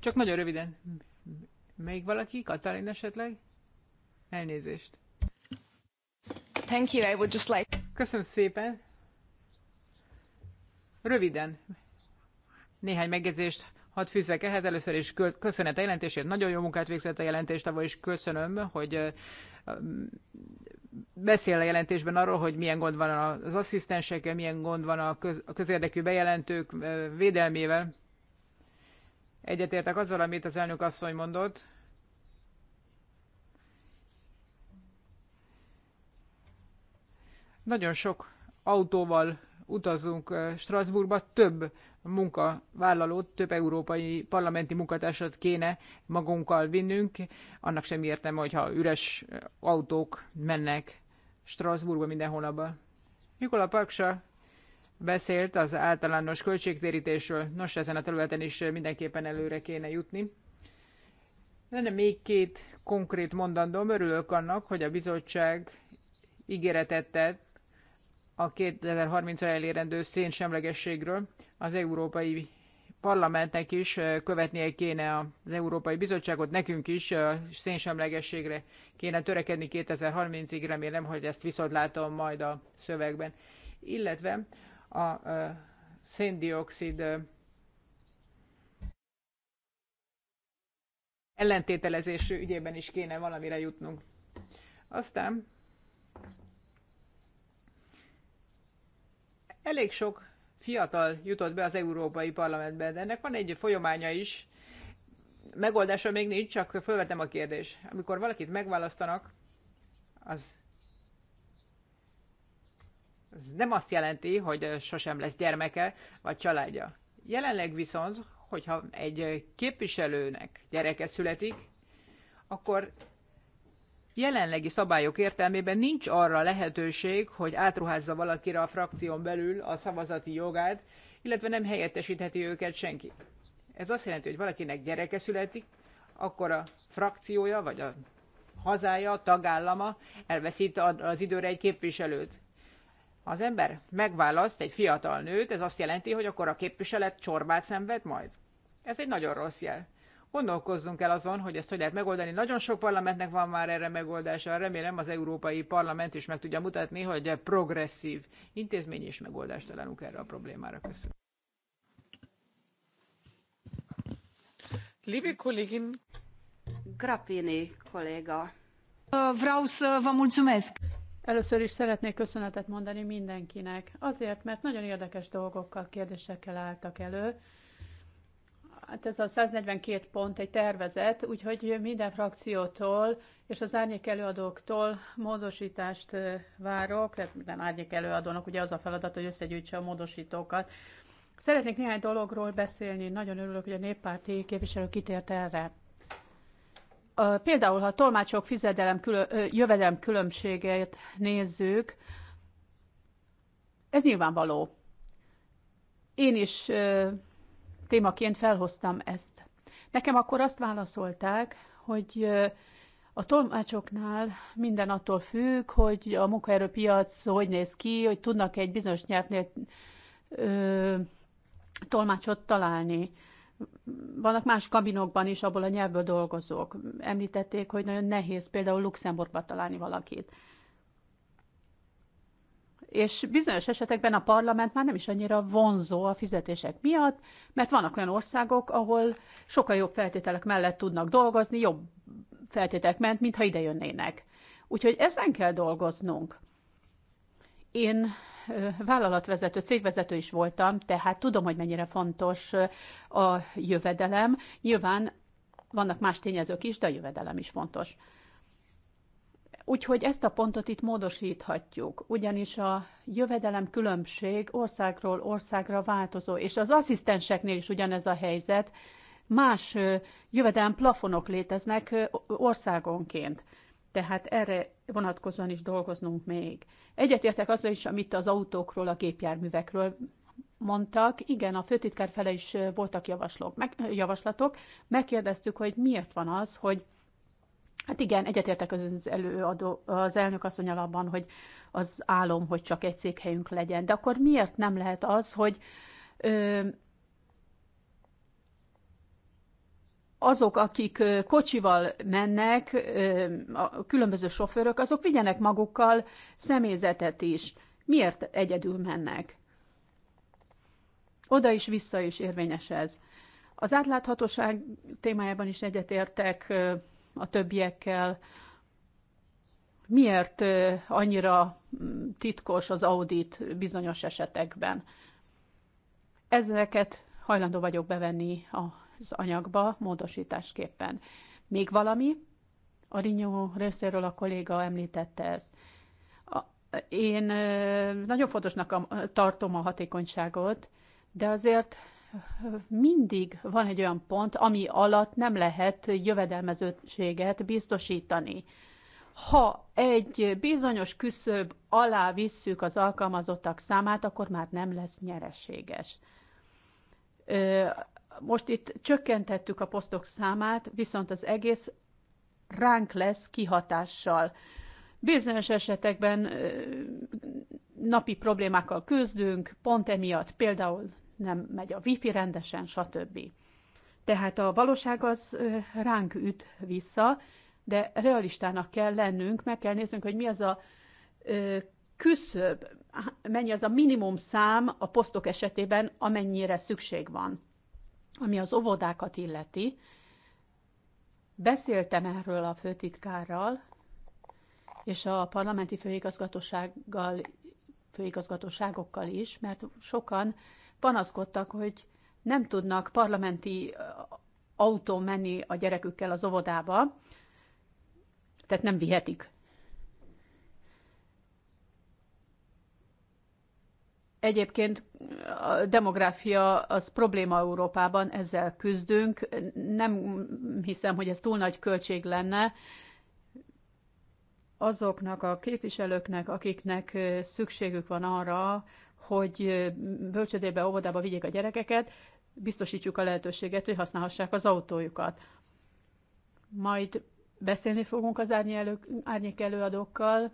Csak nagyon röviden. Még valaki? Katalin esetleg? Elnézést. Thank you, I would just like... Köszönöm szépen. Röviden. Néhány megjegyzést Hadd fűzzek ehhez először is köszönet a jelentésért, nagyon jó munkát végzett a jelentéstevő, és köszönöm, hogy beszél a jelentésben arról, hogy milyen gond van az asszisztensekkel, milyen gond van a, köz, a közérdekű bejelentők védelmével. Egyetértek azzal, amit az elnök asszony mondott. Nagyon sok autóval utazunk eh, Strasbourgba, több munkavállalót, több európai parlamenti munkatársat kéne magunkkal vinnünk. Annak sem értem, hogyha üres eh, autók mennek Strasbourgba minden hónapban. Nikola Paksa beszélt az általános költségtérítésről. Nos, ezen a területen is mindenképpen előre kéne jutni. Lenne még két konkrét mondandóm. Örülök annak, hogy a bizottság ígéretet tett a 2030-ra elérendő szénsemlegességről. Az Európai Parlamentnek is követnie kéne az Európai Bizottságot, nekünk is szénsemlegességre kéne törekedni 2030-ig, remélem, hogy ezt viszont látom majd a szövegben. Illetve a széndiokszid ellentételezés ügyében is kéne valamire jutnunk. Aztán Elég sok fiatal jutott be az Európai Parlamentbe, de ennek van egy folyamánya is. Megoldása még nincs, csak felvetem a kérdés. Amikor valakit megválasztanak, az, az nem azt jelenti, hogy sosem lesz gyermeke vagy családja. Jelenleg viszont, hogyha egy képviselőnek gyereke születik, akkor jelenlegi szabályok értelmében nincs arra lehetőség, hogy átruházza valakire a frakción belül a szavazati jogát, illetve nem helyettesítheti őket senki. Ez azt jelenti, hogy valakinek gyereke születik, akkor a frakciója, vagy a hazája, a tagállama elveszít az időre egy képviselőt. Ha az ember megválaszt egy fiatal nőt, ez azt jelenti, hogy akkor a képviselet csorbát szenved majd. Ez egy nagyon rossz jel. Gondolkozzunk el azon, hogy ezt hogy lehet megoldani. Nagyon sok parlamentnek van már erre megoldása. Remélem az Európai Parlament is meg tudja mutatni, hogy progresszív intézmény és megoldást találunk erre a problémára. Köszönöm. Liebe Kollegin Grappini kolléga. Vraus va vă mulțumesc. Először is szeretnék köszönetet mondani mindenkinek, azért, mert nagyon érdekes dolgokkal, kérdésekkel álltak elő, Hát ez a 142 pont egy tervezet, úgyhogy minden frakciótól és az árnyék előadóktól módosítást várok. Hát minden árnyék előadónak ugye az a feladat, hogy összegyűjtse a módosítókat. Szeretnék néhány dologról beszélni. Nagyon örülök, hogy a néppárti képviselő kitért erre. Például, ha a tolmácsok fizedelem jövedelem különbségét nézzük, ez nyilvánvaló. Én is témaként felhoztam ezt. Nekem akkor azt válaszolták, hogy a tolmácsoknál minden attól függ, hogy a munkaerőpiac hogy néz ki, hogy tudnak egy bizonyos nyelvnél ö, tolmácsot találni. Vannak más kabinokban is abból a nyelvből dolgozók. Említették, hogy nagyon nehéz például Luxemburgba találni valakit és bizonyos esetekben a parlament már nem is annyira vonzó a fizetések miatt, mert vannak olyan országok, ahol sokkal jobb feltételek mellett tudnak dolgozni, jobb feltételek ment, mintha ide jönnének. Úgyhogy ezen kell dolgoznunk. Én vállalatvezető, cégvezető is voltam, tehát tudom, hogy mennyire fontos a jövedelem. Nyilván vannak más tényezők is, de a jövedelem is fontos. Úgyhogy ezt a pontot itt módosíthatjuk, ugyanis a jövedelem különbség országról országra változó, és az asszisztenseknél is ugyanez a helyzet, más jövedelem plafonok léteznek országonként. Tehát erre vonatkozóan is dolgoznunk még. Egyetértek azzal is, amit az autókról, a gépjárművekről mondtak. Igen, a főtitkár fele is voltak javaslók, meg, javaslatok. Megkérdeztük, hogy miért van az, hogy Hát igen, egyetértek az előadó, az elnök asszonyal abban, hogy az álom, hogy csak egy székhelyünk legyen. De akkor miért nem lehet az, hogy ö, azok, akik kocsival mennek, ö, a különböző sofőrök, azok vigyenek magukkal személyzetet is. Miért egyedül mennek? Oda is vissza is érvényes ez. Az átláthatóság témájában is egyetértek a többiekkel. Miért annyira mm, titkos az audit bizonyos esetekben? Ezeket hajlandó vagyok bevenni az anyagba módosításképpen. Még valami? A Rinyó részéről a kolléga említette ezt. Én nagyon fontosnak tartom a hatékonyságot, de azért mindig van egy olyan pont, ami alatt nem lehet jövedelmezőséget biztosítani. Ha egy bizonyos küszöb alá visszük az alkalmazottak számát, akkor már nem lesz nyereséges. Most itt csökkentettük a posztok számát, viszont az egész ránk lesz kihatással. Bizonyos esetekben napi problémákkal küzdünk, pont emiatt például nem megy a wifi rendesen, stb. Tehát a valóság az ránk üt vissza, de realistának kell lennünk, meg kell néznünk, hogy mi az a küszöb, mennyi az a minimum szám a posztok esetében, amennyire szükség van. Ami az óvodákat illeti, beszéltem erről a főtitkárral, és a parlamenti főigazgatósággal, főigazgatóságokkal is, mert sokan panaszkodtak, hogy nem tudnak parlamenti autó menni a gyerekükkel az óvodába, tehát nem vihetik. Egyébként a demográfia az probléma Európában, ezzel küzdünk. Nem hiszem, hogy ez túl nagy költség lenne azoknak a képviselőknek, akiknek szükségük van arra, hogy bölcsödébe, óvodába vigyék a gyerekeket, biztosítsuk a lehetőséget, hogy használhassák az autójukat. Majd beszélni fogunk az árnyék előadókkal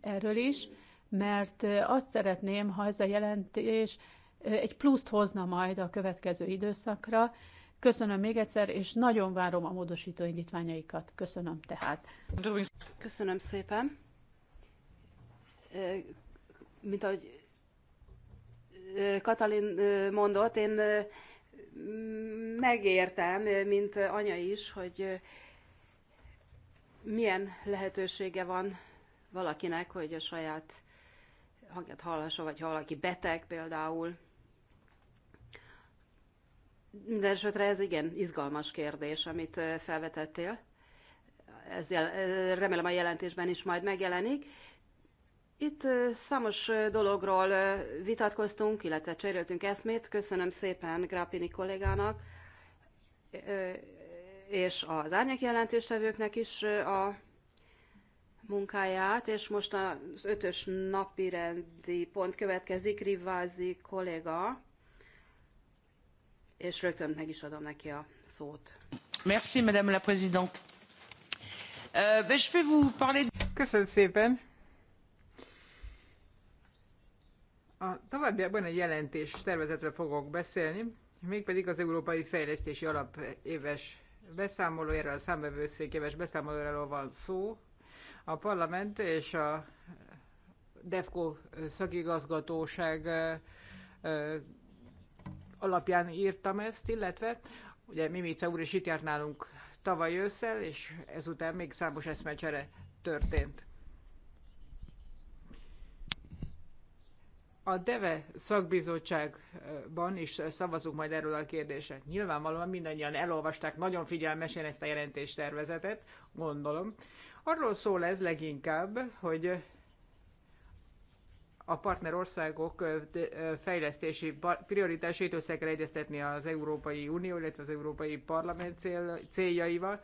erről is, mert azt szeretném, ha ez a jelentés egy pluszt hozna majd a következő időszakra. Köszönöm még egyszer, és nagyon várom a módosító indítványaikat. Köszönöm tehát. Köszönöm szépen. Mint ahogy Katalin mondott, én megértem, mint anya is, hogy milyen lehetősége van valakinek, hogy a saját hangját hallhassa, vagy ha valaki beteg például. Mindenesetre ez igen izgalmas kérdés, amit felvetettél. Ez remélem a jelentésben is majd megjelenik. Itt számos dologról vitatkoztunk, illetve cseréltünk eszmét. Köszönöm szépen Grappini kollégának és az árnyék jelentéstevőknek is a munkáját, és most az ötös napi rendi pont következik, Rivázi kolléga, és rögtön meg is adom neki a szót. Merci, Madame la Présidente. Uh, je vais vous parler... Köszönöm szépen. A továbbiakban egy jelentés tervezetről fogok beszélni, mégpedig az Európai Fejlesztési Alap éves beszámolójáról, a számbevőszék éves beszámolójáról van szó. A parlament és a DEFCO szakigazgatóság alapján írtam ezt, illetve ugye Mimica úr is itt járt nálunk tavaly ősszel, és ezután még számos eszmecsere történt. A DEVE szakbizottságban is szavazunk majd erről a kérdésre. Nyilvánvalóan mindannyian elolvasták nagyon figyelmesen ezt a jelentéstervezetet, gondolom. Arról szól ez leginkább, hogy a partnerországok fejlesztési prioritásait össze kell egyeztetni az Európai Unió, illetve az Európai Parlament cél, céljaival.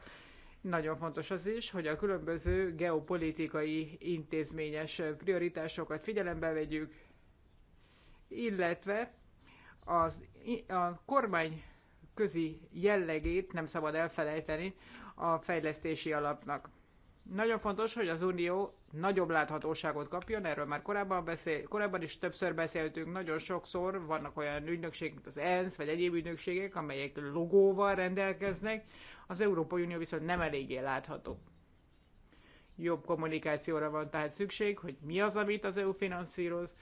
Nagyon fontos az is, hogy a különböző geopolitikai intézményes prioritásokat figyelembe vegyük, illetve az, a kormány közi jellegét nem szabad elfelejteni a fejlesztési alapnak. Nagyon fontos, hogy az Unió nagyobb láthatóságot kapjon, erről már korábban, beszél, korábban is többször beszéltünk, nagyon sokszor vannak olyan ügynökségek, mint az ENSZ, vagy egyéb ügynökségek, amelyek logóval rendelkeznek, az Európai Unió viszont nem eléggé látható. Jobb kommunikációra van tehát szükség, hogy mi az, amit az EU finanszíroz,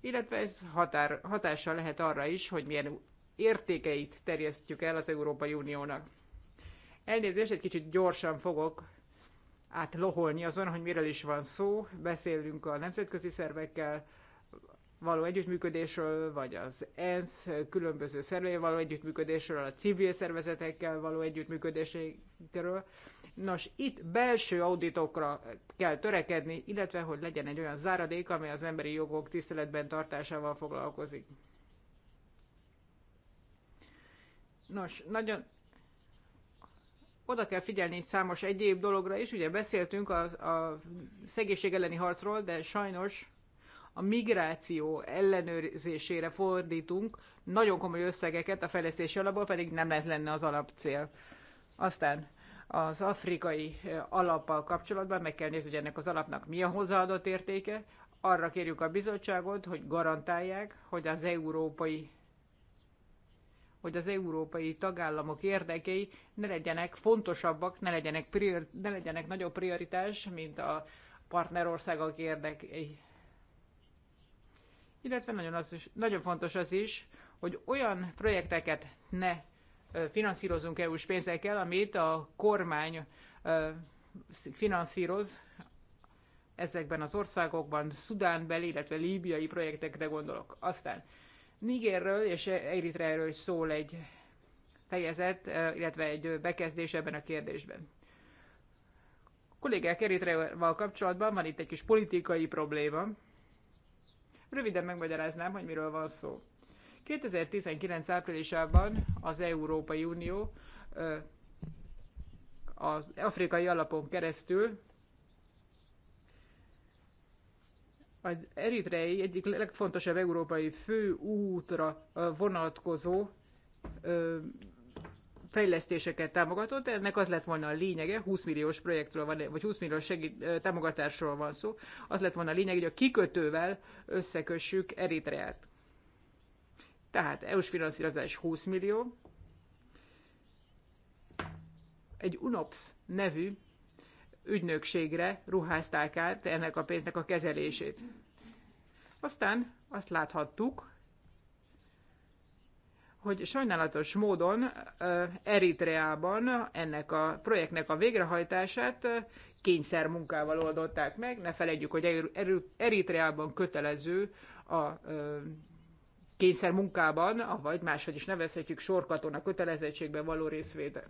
illetve ez határ, hatással lehet arra is, hogy milyen értékeit terjesztjük el az Európai Uniónak. Elnézést, egy kicsit gyorsan fogok átloholni azon, hogy miről is van szó. Beszélünk a nemzetközi szervekkel való együttműködésről, vagy az ENSZ különböző szervei való együttműködésről, a civil szervezetekkel való együttműködésről, Nos, itt belső auditokra kell törekedni, illetve hogy legyen egy olyan záradék, amely az emberi jogok tiszteletben tartásával foglalkozik. Nos, nagyon oda kell figyelni számos egyéb dologra is. Ugye beszéltünk a, a szegénység elleni harcról, de sajnos a migráció ellenőrzésére fordítunk nagyon komoly összegeket, a fejlesztési alapból pedig nem ez lenne az alapcél. Aztán az afrikai alappal kapcsolatban, meg kell nézni, hogy ennek az alapnak mi a hozzáadott értéke. Arra kérjük a bizottságot, hogy garantálják, hogy az európai hogy az európai tagállamok érdekei ne legyenek fontosabbak, ne legyenek, prior, ne legyenek nagyobb prioritás, mint a partnerországok érdekei. Illetve nagyon, az is, nagyon fontos az is, hogy olyan projekteket ne finanszírozunk EU-s pénzekkel, amit a kormány finanszíroz ezekben az országokban, Szudánbeli, illetve líbiai projektekre gondolok. Aztán Nigerről és Eritreáról is szól egy fejezet, illetve egy bekezdés ebben a kérdésben. A kollégák Eritreával kapcsolatban van itt egy kis politikai probléma. Röviden megmagyaráznám, hogy miről van szó. 2019. áprilisában az Európai Unió az afrikai alapon keresztül az eritrei egyik legfontosabb európai főútra vonatkozó fejlesztéseket támogatott. Ennek az lett volna a lényege, 20 milliós projektről van, vagy 20 milliós segít, támogatásról van szó, az lett volna a lényeg, hogy a kikötővel összekössük Eritreát. Tehát EU-s finanszírozás 20 millió, egy UNOPS nevű ügynökségre ruházták át ennek a pénznek a kezelését. Aztán azt láthattuk, hogy sajnálatos módon Eritreában ennek a projektnek a végrehajtását kényszer munkával oldották meg. Ne felejtjük, hogy Eritreában kötelező a kényszer munkában, vagy máshogy is nevezhetjük a kötelezettségben való részvéde.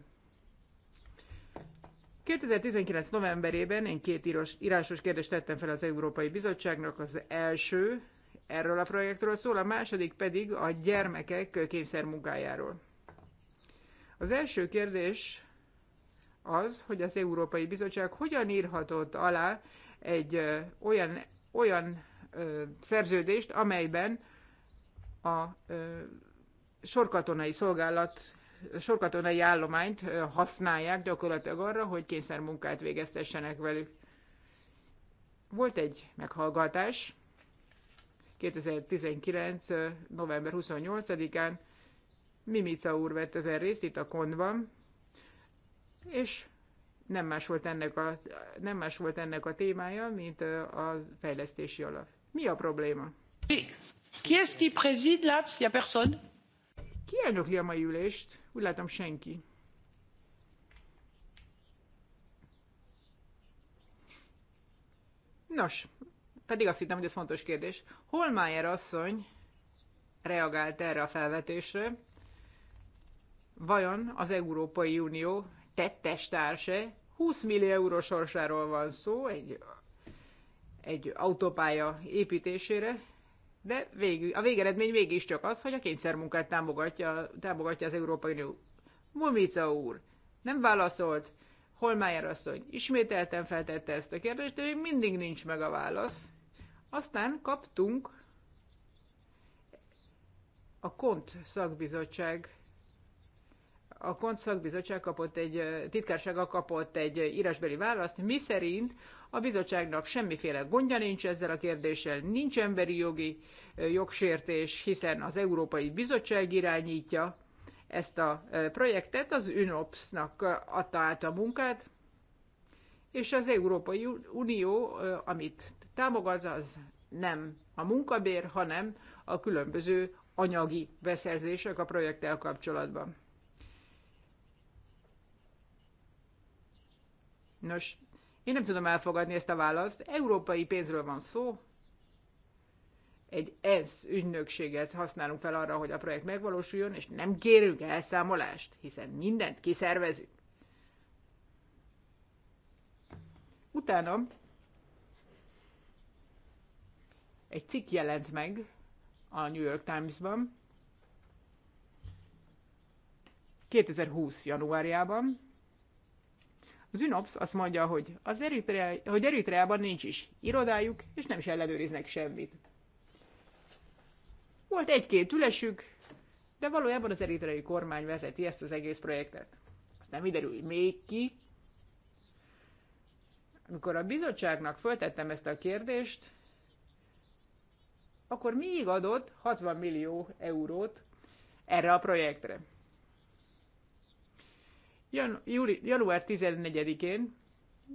2019. novemberében én két írós, írásos kérdést tettem fel az Európai Bizottságnak. Az első erről a projektről szól, a második pedig a gyermekek munkájáról. Az első kérdés az, hogy az Európai Bizottság hogyan írhatott alá egy olyan, olyan ö, szerződést, amelyben a sorkatonai szolgálat, sorkatonai állományt használják gyakorlatilag arra, hogy kényszermunkát végeztessenek velük. Volt egy meghallgatás 2019. november 28-án, Mimica úr vett ezen részt itt a kondban, és nem más volt ennek a, nem más volt ennek a témája, mint a fejlesztési alap. Mi a probléma? Ki ez ki prezid lábsz? Ja, person? Ki elnökli a mai ülést? Úgy látom senki. Nos, pedig azt hittem, hogy ez fontos kérdés. Holmájer asszony reagált erre a felvetésre. Vajon az Európai Unió tettes társe 20 millió euró sorsáról van szó egy, egy autópálya építésére, de végül, a végeredmény végig is csak az, hogy a kényszermunkát támogatja, támogatja az Európai Unió. Mumica úr nem válaszolt, Holmájer asszony ismételten feltette ezt a kérdést, de még mindig nincs meg a válasz. Aztán kaptunk a KONT szakbizottság a Kontszak bizottság kapott egy, titkársága kapott egy írásbeli választ, mi szerint a bizottságnak semmiféle gondja nincs ezzel a kérdéssel, nincs emberi jogi jogsértés, hiszen az Európai Bizottság irányítja ezt a projektet, az UNOPS-nak adta át a munkát, és az Európai Unió, amit támogat, az nem a munkabér, hanem a különböző anyagi beszerzések a projekttel kapcsolatban. Nos, én nem tudom elfogadni ezt a választ. Európai pénzről van szó. Egy ENSZ ügynökséget használunk fel arra, hogy a projekt megvalósuljon, és nem kérünk elszámolást, hiszen mindent kiszervezünk. Utána egy cikk jelent meg a New York Times-ban, 2020. januárjában, az Ünops azt mondja, hogy, az Eritrea, hogy Eritreában nincs is irodájuk, és nem is ellenőriznek semmit. Volt egy-két ülesük, de valójában az eritreai kormány vezeti ezt az egész projektet. Azt nem derül még ki. Amikor a bizottságnak föltettem ezt a kérdést, akkor még adott 60 millió eurót erre a projektre. Jan, júli, január 14-én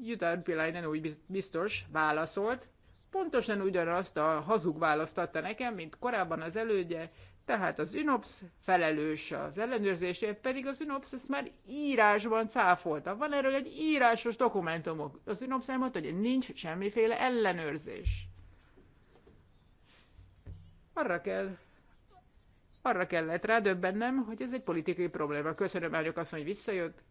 Jutta Urpilainen úgy biztos válaszolt, pontosan ugyanazt a hazug választ adta nekem, mint korábban az elődje, tehát az ünops felelős az ellenőrzésért, pedig az ünops ezt már írásban cáfolta. Van erről egy írásos dokumentumok. Az ünops elmondta, hogy nincs semmiféle ellenőrzés. Arra kell arra kellett rádöbbennem, hogy ez egy politikai probléma. Köszönöm, elnök azt, hogy visszajött.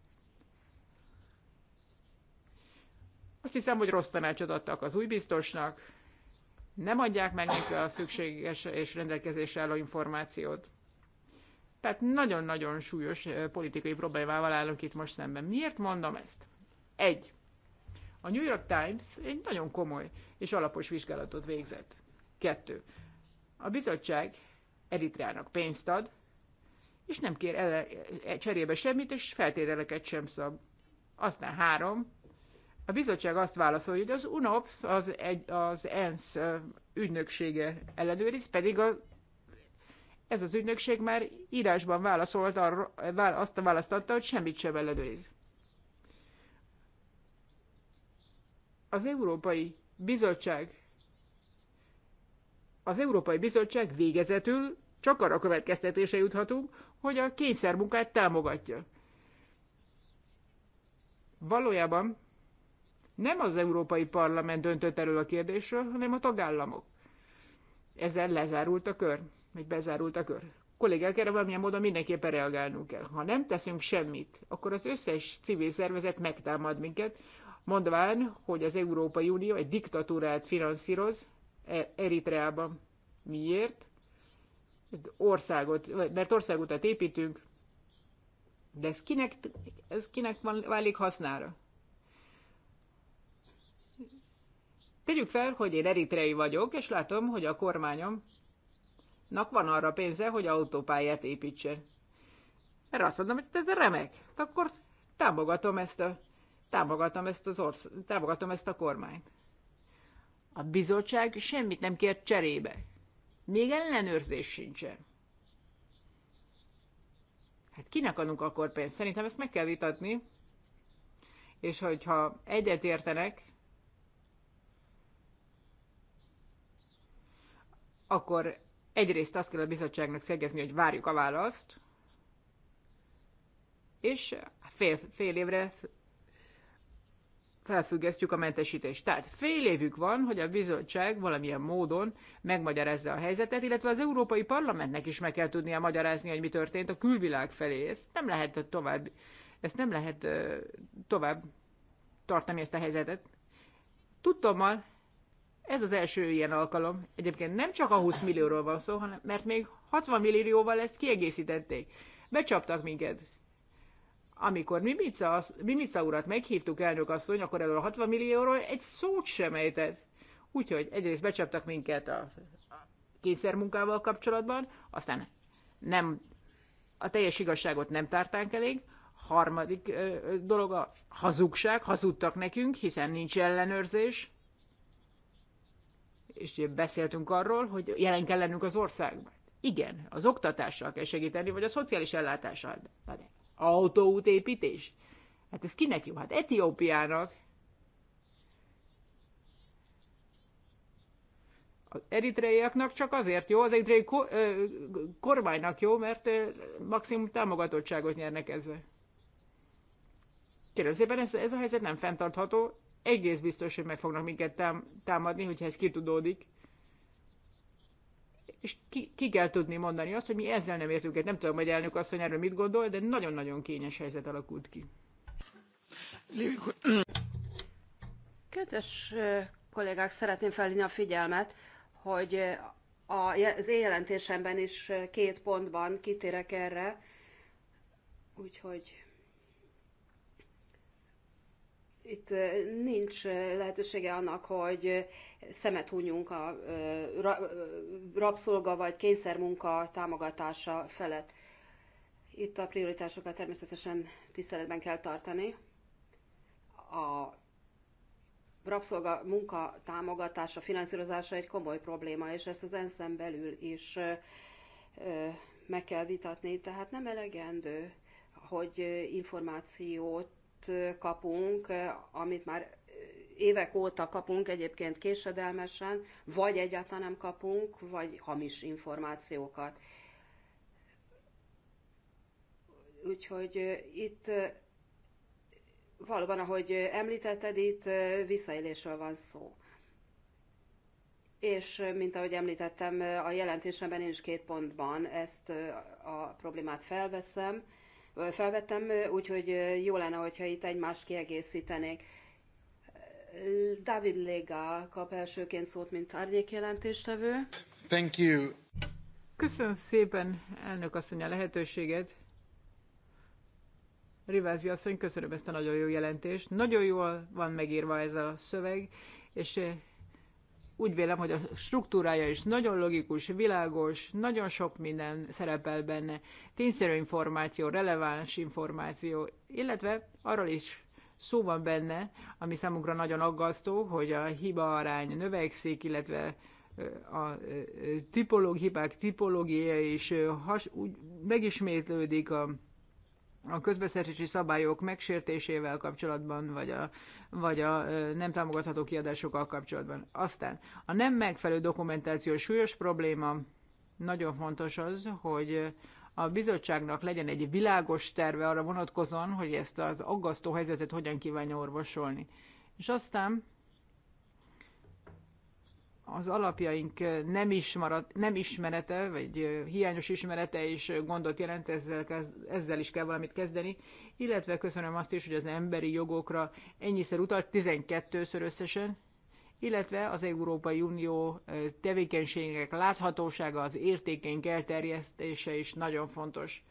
Azt hiszem, hogy rossz tanácsot adtak az új biztosnak. Nem adják meg nekik a szükséges és rendelkezésre álló információt. Tehát nagyon-nagyon súlyos politikai problémával állunk itt most szemben. Miért mondom ezt? Egy. A New York Times egy nagyon komoly és alapos vizsgálatot végzett. Kettő. A bizottság Eritreának pénzt ad, és nem kér ele, e, cserébe semmit, és feltételeket sem szab. Aztán három, a bizottság azt válaszolja, hogy az UNOPS, az, egy, az ENSZ ügynöksége ellenőriz, pedig a, ez az ügynökség már írásban válaszolt arra, azt a választ adta, hogy semmit sem ellenőriz. Az Európai Bizottság az Európai Bizottság végezetül csak arra következtetése juthatunk, hogy a kényszermunkát támogatja. Valójában nem az Európai Parlament döntött erről a kérdésről, hanem a tagállamok. Ezzel lezárult a kör, vagy bezárult a kör. Kollégák, erre valamilyen módon mindenképpen reagálnunk kell. Ha nem teszünk semmit, akkor az összes civil szervezet megtámad minket, mondván, hogy az Európai Unió egy diktatúrát finanszíroz, E, Eritreában. Miért? Országot, mert országutat építünk, de ez kinek, ez kinek van, válik hasznára? Tegyük fel, hogy én eritrei vagyok, és látom, hogy a kormányomnak van arra pénze, hogy autópályát építsen. Erre azt mondom, hogy ez remek. Hát akkor támogatom ezt a, támogatom ezt, az orsz, támogatom ezt a kormányt. A bizottság semmit nem kért cserébe. Még ellenőrzés sincsen. Hát kinek adunk akkor pénzt? Szerintem ezt meg kell vitatni. És hogyha egyet értenek, akkor egyrészt azt kell a bizottságnak szegezni, hogy várjuk a választ, és fél, fél évre felfüggesztjük a mentesítést. Tehát fél évük van, hogy a bizottság valamilyen módon megmagyarázza a helyzetet, illetve az Európai Parlamentnek is meg kell tudnia magyarázni, hogy mi történt a külvilág felé. Ezt nem lehet tovább, ezt nem lehet uh, tovább tartani ezt a helyzetet. Tudtommal, ez az első ilyen alkalom. Egyébként nem csak a 20 millióról van szó, hanem mert még 60 millióval ezt kiegészítették. Becsaptak minket. Amikor Mimica, Mimica urat meghívtuk elnök asszony, akkor erről a 60 millióról egy szót sem ejtett. Úgyhogy egyrészt becsaptak minket a kényszermunkával kapcsolatban, aztán nem, a teljes igazságot nem tártánk elég, harmadik ö, dolog a hazugság, hazudtak nekünk, hiszen nincs ellenőrzés, és beszéltünk arról, hogy jelen kell lennünk az országban. Igen, az oktatással kell segíteni, vagy a szociális ellátással. de autóútépítés? Hát ez kinek jó? Hát Etiópiának. Az eritreiaknak csak azért jó, az eritrei ko- ö, kormánynak jó, mert ö, maximum támogatottságot nyernek ezzel. Kérem szépen, ez, ez a helyzet nem fenntartható. Egész biztos, hogy meg fognak minket tám- támadni, hogyha ez kitudódik és ki, ki kell tudni mondani azt, hogy mi ezzel nem értünk egyet. Nem tudom, hogy elnök asszony erről mit gondol, de nagyon-nagyon kényes helyzet alakult ki. Kedves kollégák, szeretném felhívni a figyelmet, hogy az én jelentésemben is két pontban kitérek erre, úgyhogy itt nincs lehetősége annak, hogy szemet hunyunk a rabszolga vagy kényszermunka támogatása felett. Itt a prioritásokat természetesen tiszteletben kell tartani. A rabszolga munka támogatása, finanszírozása egy komoly probléma, és ezt az ensz belül is meg kell vitatni. Tehát nem elegendő, hogy információt kapunk, amit már évek óta kapunk, egyébként késedelmesen, vagy egyáltalán nem kapunk, vagy hamis információkat. Úgyhogy itt valóban, ahogy említetted, itt visszaélésről van szó. És, mint ahogy említettem, a jelentésemben én is két pontban ezt a problémát felveszem, felvettem, úgyhogy jó lenne, hogyha itt egymást kiegészítenék. David Lega kap elsőként szót, mint árnyékjelentéstevő. Thank you. Köszönöm szépen, elnök asszony, a lehetőséget. Rivázi asszony, köszönöm ezt a nagyon jó jelentést. Nagyon jól van megírva ez a szöveg, és úgy vélem, hogy a struktúrája is nagyon logikus, világos, nagyon sok minden szerepel benne. Tényszerű információ, releváns információ, illetve arról is szó van benne, ami számunkra nagyon aggasztó, hogy a hiba arány növekszik, illetve a tipológ, hibák tipológiai is has, úgy megismétlődik a a közbeszerzési szabályok megsértésével kapcsolatban, vagy a, vagy a nem támogatható kiadásokkal kapcsolatban. Aztán a nem megfelelő dokumentáció súlyos probléma, nagyon fontos az, hogy a bizottságnak legyen egy világos terve arra vonatkozóan, hogy ezt az aggasztó helyzetet hogyan kívánja orvosolni. És aztán az alapjaink nem, marad, nem ismerete, vagy hiányos ismerete is gondot jelent, ezzel, ezzel is kell valamit kezdeni, illetve köszönöm azt is, hogy az emberi jogokra ennyiszer utalt, 12-ször összesen, illetve az Európai Unió tevékenységek láthatósága, az értékeink elterjesztése is nagyon fontos.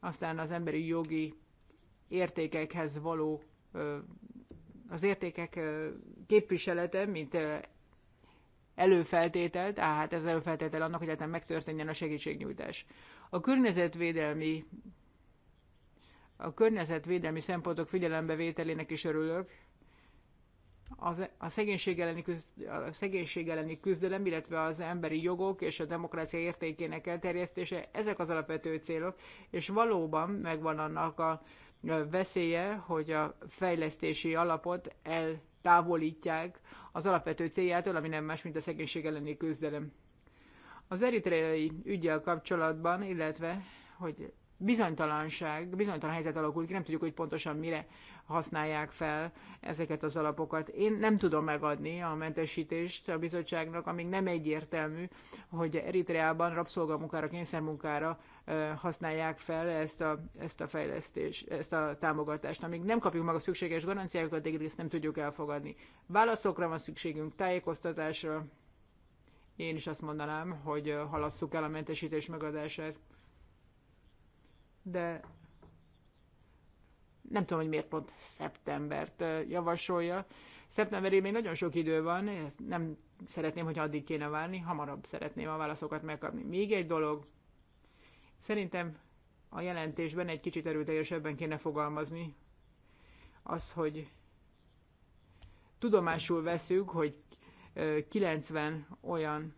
Aztán az emberi jogi értékekhez való az értékek képviselete, mint előfeltétel, tehát ez előfeltétel annak, hogy egyáltalán megtörténjen a segítségnyújtás. A környezetvédelmi a környezetvédelmi szempontok figyelembevételének is örülök. Az, a, szegénység elleni küzd, a szegénység elleni küzdelem, illetve az emberi jogok és a demokrácia értékének elterjesztése, ezek az alapvető célok, és valóban megvan annak a veszélye, hogy a fejlesztési alapot el távolítják az alapvető céljától, ami nem más, mint a szegénység elleni küzdelem. Az eritreai ügyel kapcsolatban, illetve, hogy bizonytalanság, bizonytalan helyzet alakult ki, nem tudjuk, hogy pontosan mire használják fel ezeket az alapokat. Én nem tudom megadni a mentesítést a bizottságnak, amíg nem egyértelmű, hogy Eritreában rabszolgamunkára, kényszermunkára használják fel ezt a, ezt a fejlesztést, ezt a támogatást. Amíg nem kapjuk meg a szükséges garanciákat, addig ezt nem tudjuk elfogadni. Válaszokra van szükségünk, tájékoztatásra. Én is azt mondanám, hogy halasszuk el a mentesítés megadását. De nem tudom, hogy miért pont szeptembert javasolja. Szeptemberi még nagyon sok idő van, ezt nem szeretném, hogy addig kéne várni, hamarabb szeretném a válaszokat megkapni. Még egy dolog, szerintem a jelentésben egy kicsit erőteljesebben kéne fogalmazni az, hogy tudomásul veszük, hogy 90 olyan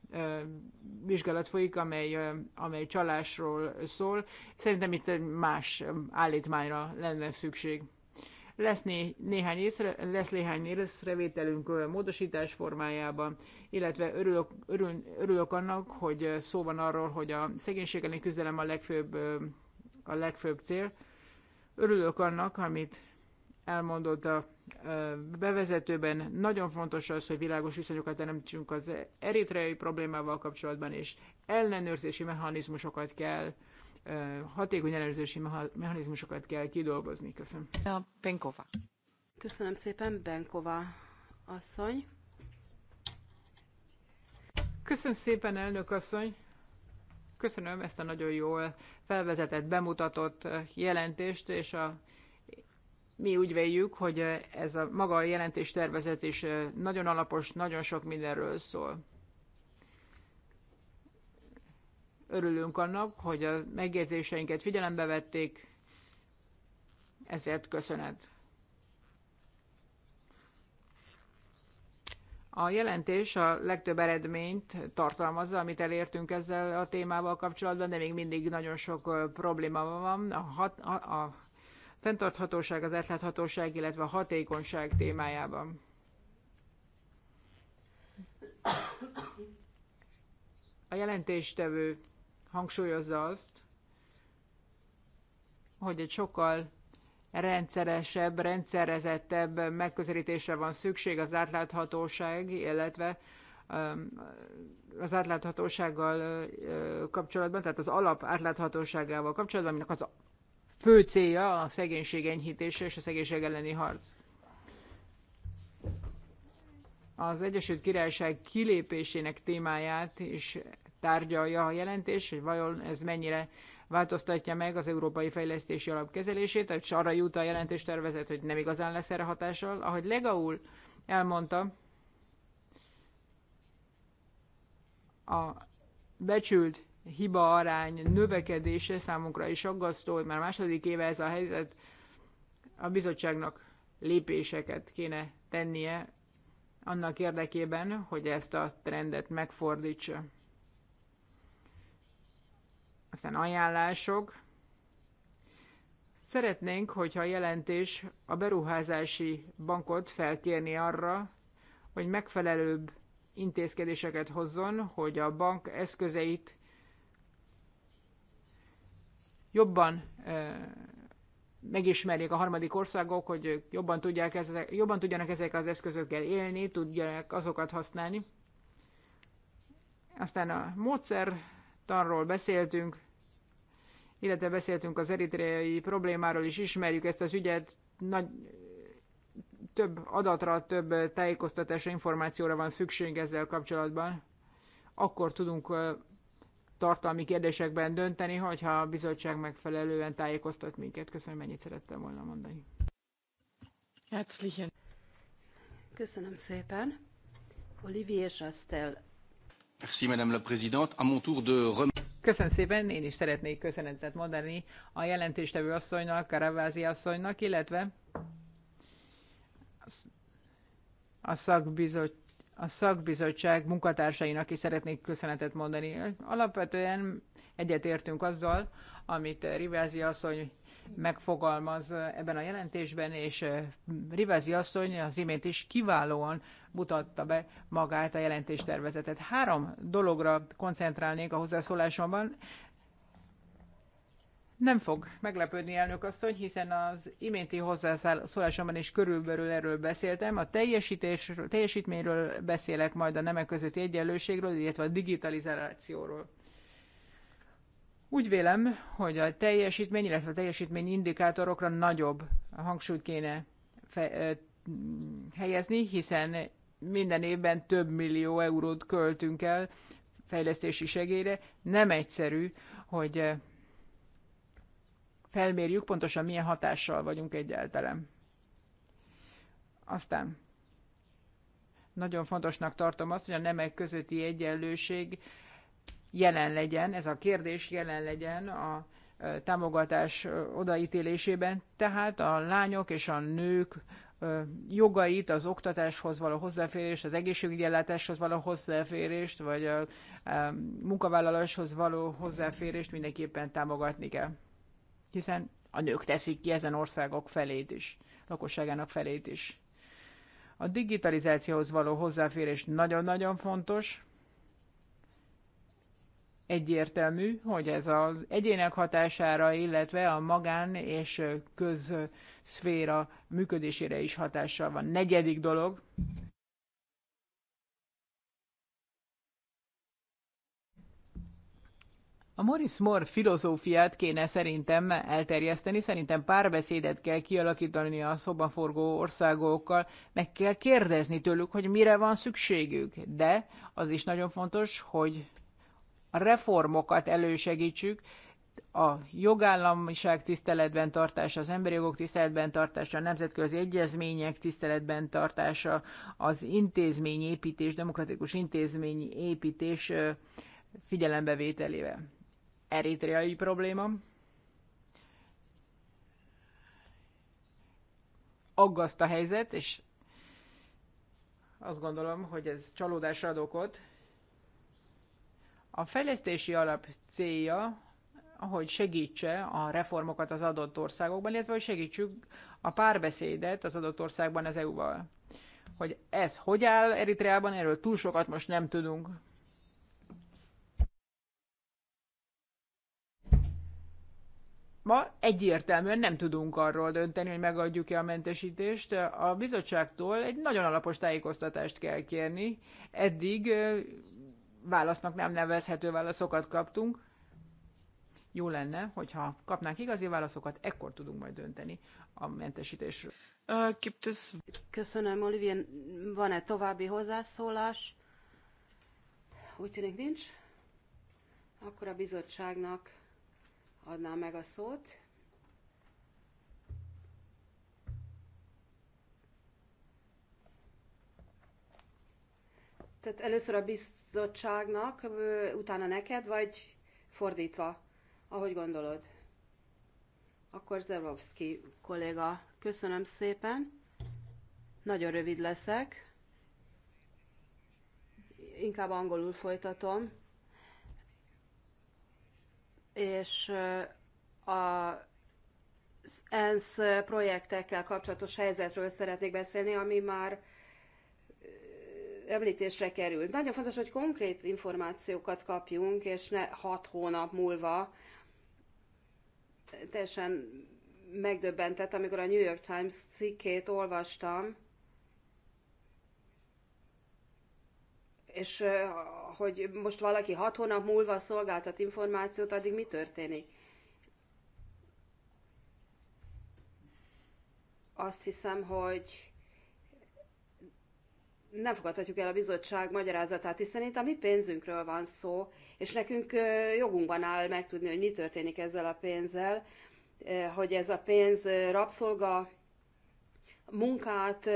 vizsgálat folyik, amely, amely csalásról szól. Szerintem itt más állítmányra lenne szükség. Lesz, né, néhány észre, lesz néhány észrevételünk módosítás formájában, illetve örülök, örül, örülök annak, hogy szó van arról, hogy a szegénység elleni küzdelem a legfőbb, a legfőbb cél. Örülök annak, amit elmondott a bevezetőben nagyon fontos az, hogy világos viszonyokat teremtsünk az eritreai problémával kapcsolatban, és ellenőrzési mechanizmusokat kell, hatékony ellenőrzési mechanizmusokat kell kidolgozni. Köszönöm. Benkova. Köszönöm szépen, Benkova asszony. Köszönöm szépen, elnök asszony. Köszönöm ezt a nagyon jól felvezetett, bemutatott jelentést, és a mi úgy véljük, hogy ez a maga a jelentés tervezet is nagyon alapos, nagyon sok mindenről szól. Örülünk annak, hogy a megjegyzéseinket figyelembe vették, ezért köszönet. A jelentés a legtöbb eredményt tartalmazza, amit elértünk ezzel a témával kapcsolatban, de még mindig nagyon sok probléma van. A, hat, a, a fenntarthatóság, az átláthatóság, illetve a hatékonyság témájában. A jelentéstevő hangsúlyozza azt, hogy egy sokkal rendszeresebb, rendszerezettebb megközelítésre van szükség az átláthatóság, illetve um, az átláthatósággal uh, kapcsolatban, tehát az alap átláthatóságával kapcsolatban, aminek az fő célja a szegénység enyhítése és a szegénység elleni harc. Az Egyesült Királyság kilépésének témáját is tárgyalja a jelentés, hogy vajon ez mennyire változtatja meg az Európai Fejlesztési Alap kezelését, és arra jut a jelentéstervezet, hogy nem igazán lesz erre hatással. Ahogy Legaul elmondta, a becsült hiba arány növekedése számunkra is aggasztó, hogy már második éve ez a helyzet. A bizottságnak lépéseket kéne tennie annak érdekében, hogy ezt a trendet megfordítsa. Aztán ajánlások. Szeretnénk, hogyha a jelentés a beruházási bankot felkérni arra, hogy megfelelőbb intézkedéseket hozzon, hogy a bank eszközeit jobban megismerjék a harmadik országok, hogy jobban, tudják ezek, jobban tudjanak ezekkel az eszközökkel élni, tudják azokat használni. Aztán a módszertanról beszéltünk, illetve beszéltünk az eritreai problémáról is, ismerjük ezt az ügyet, nagy, több adatra, több tájékoztatásra, információra van szükség ezzel kapcsolatban. Akkor tudunk tartalmi kérdésekben dönteni, hogyha a bizottság megfelelően tájékoztat minket. Köszönöm, ennyit szerettem volna mondani. Herzlichen. Köszönöm szépen. Olivier Chastel. Merci, Madame la Présidente. À mon tour de Köszönöm szépen, én is szeretnék köszönetet mondani a jelentéstevő asszonynak, Karavázi asszonynak, illetve a szakbizottság a szakbizottság munkatársainak is szeretnék köszönetet mondani. Alapvetően egyetértünk azzal, amit Rivázi asszony megfogalmaz ebben a jelentésben, és Rivázi asszony az imént is kiválóan mutatta be magát a jelentéstervezetet. Három dologra koncentrálnék a hozzászólásomban. Nem fog meglepődni elnök asszony, hiszen az iménti hozzászólásomban is körülbelül erről beszéltem. A teljesítésről, teljesítményről beszélek majd a nemek közötti egyenlőségről, illetve a digitalizációról. Úgy vélem, hogy a teljesítmény, illetve a teljesítmény indikátorokra nagyobb hangsúlyt kéne fe, helyezni, hiszen minden évben több millió eurót költünk el fejlesztési segélyre. Nem egyszerű, hogy felmérjük pontosan milyen hatással vagyunk egyáltalán. Aztán nagyon fontosnak tartom azt, hogy a nemek közötti egyenlőség jelen legyen, ez a kérdés jelen legyen a támogatás odaítélésében, tehát a lányok és a nők jogait, az oktatáshoz való hozzáférést, az egészségügyi ellátáshoz való hozzáférést, vagy a munkavállaláshoz való hozzáférést mindenképpen támogatni kell hiszen a nők teszik ki ezen országok felét is, lakosságának felét is. A digitalizációhoz való hozzáférés nagyon-nagyon fontos. Egyértelmű, hogy ez az egyének hatására, illetve a magán és közszféra működésére is hatással van. Negyedik dolog, A Morris Moore filozófiát kéne szerintem elterjeszteni, szerintem párbeszédet kell kialakítani a szobaforgó országokkal, meg kell kérdezni tőlük, hogy mire van szükségük. De az is nagyon fontos, hogy a reformokat elősegítsük, a jogállamiság tiszteletben tartása, az emberi jogok tiszteletben tartása, a nemzetközi egyezmények tiszteletben tartása, az intézményépítés, demokratikus intézményépítés figyelembevételével eritreai probléma. Aggaszt a helyzet, és azt gondolom, hogy ez csalódásra ad okot. A fejlesztési alap célja, hogy segítse a reformokat az adott országokban, illetve hogy segítsük a párbeszédet az adott országban az EU-val. Hogy ez hogy áll Eritreában, erről túl sokat most nem tudunk. Ma egyértelműen nem tudunk arról dönteni, hogy megadjuk-e a mentesítést. A bizottságtól egy nagyon alapos tájékoztatást kell kérni. Eddig válasznak nem nevezhető válaszokat kaptunk. Jó lenne, hogyha kapnánk igazi válaszokat, ekkor tudunk majd dönteni a mentesítésről. Köszönöm, Olivia. Van-e további hozzászólás? Úgy tűnik nincs. Akkor a bizottságnak adnám meg a szót. Tehát először a bizottságnak, utána neked, vagy fordítva, ahogy gondolod. Akkor Zerovszki kolléga, köszönöm szépen. Nagyon rövid leszek. Inkább angolul folytatom és a ENSZ projektekkel kapcsolatos helyzetről szeretnék beszélni, ami már említésre került. Nagyon fontos, hogy konkrét információkat kapjunk, és ne hat hónap múlva teljesen megdöbbentett, amikor a New York Times cikkét olvastam, és hogy most valaki hat hónap múlva szolgáltat információt, addig mi történik? Azt hiszem, hogy nem fogadhatjuk el a bizottság magyarázatát, hiszen itt a mi pénzünkről van szó, és nekünk jogunkban áll megtudni, hogy mi történik ezzel a pénzzel, hogy ez a pénz rabszolga munkát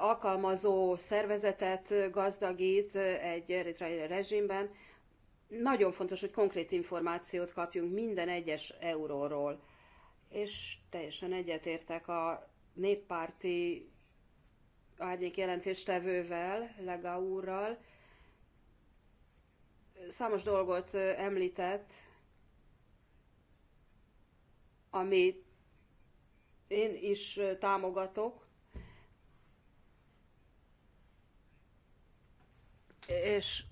alkalmazó szervezetet gazdagít egy eritreai rezsimben. Nagyon fontos, hogy konkrét információt kapjunk minden egyes euróról. És teljesen egyetértek a néppárti árnyék jelentéstevővel, Lega úrral. Számos dolgot említett, amit én is támogatok, és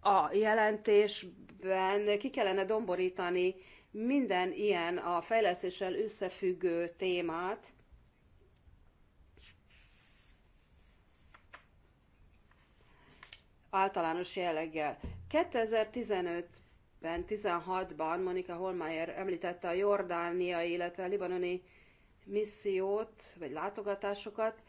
a jelentésben ki kellene domborítani minden ilyen a fejlesztéssel összefüggő témát, általános jelleggel. 2015-ben, 16-ban Monika Holmeyer említette a jordániai, illetve a libanoni missziót, vagy látogatásokat,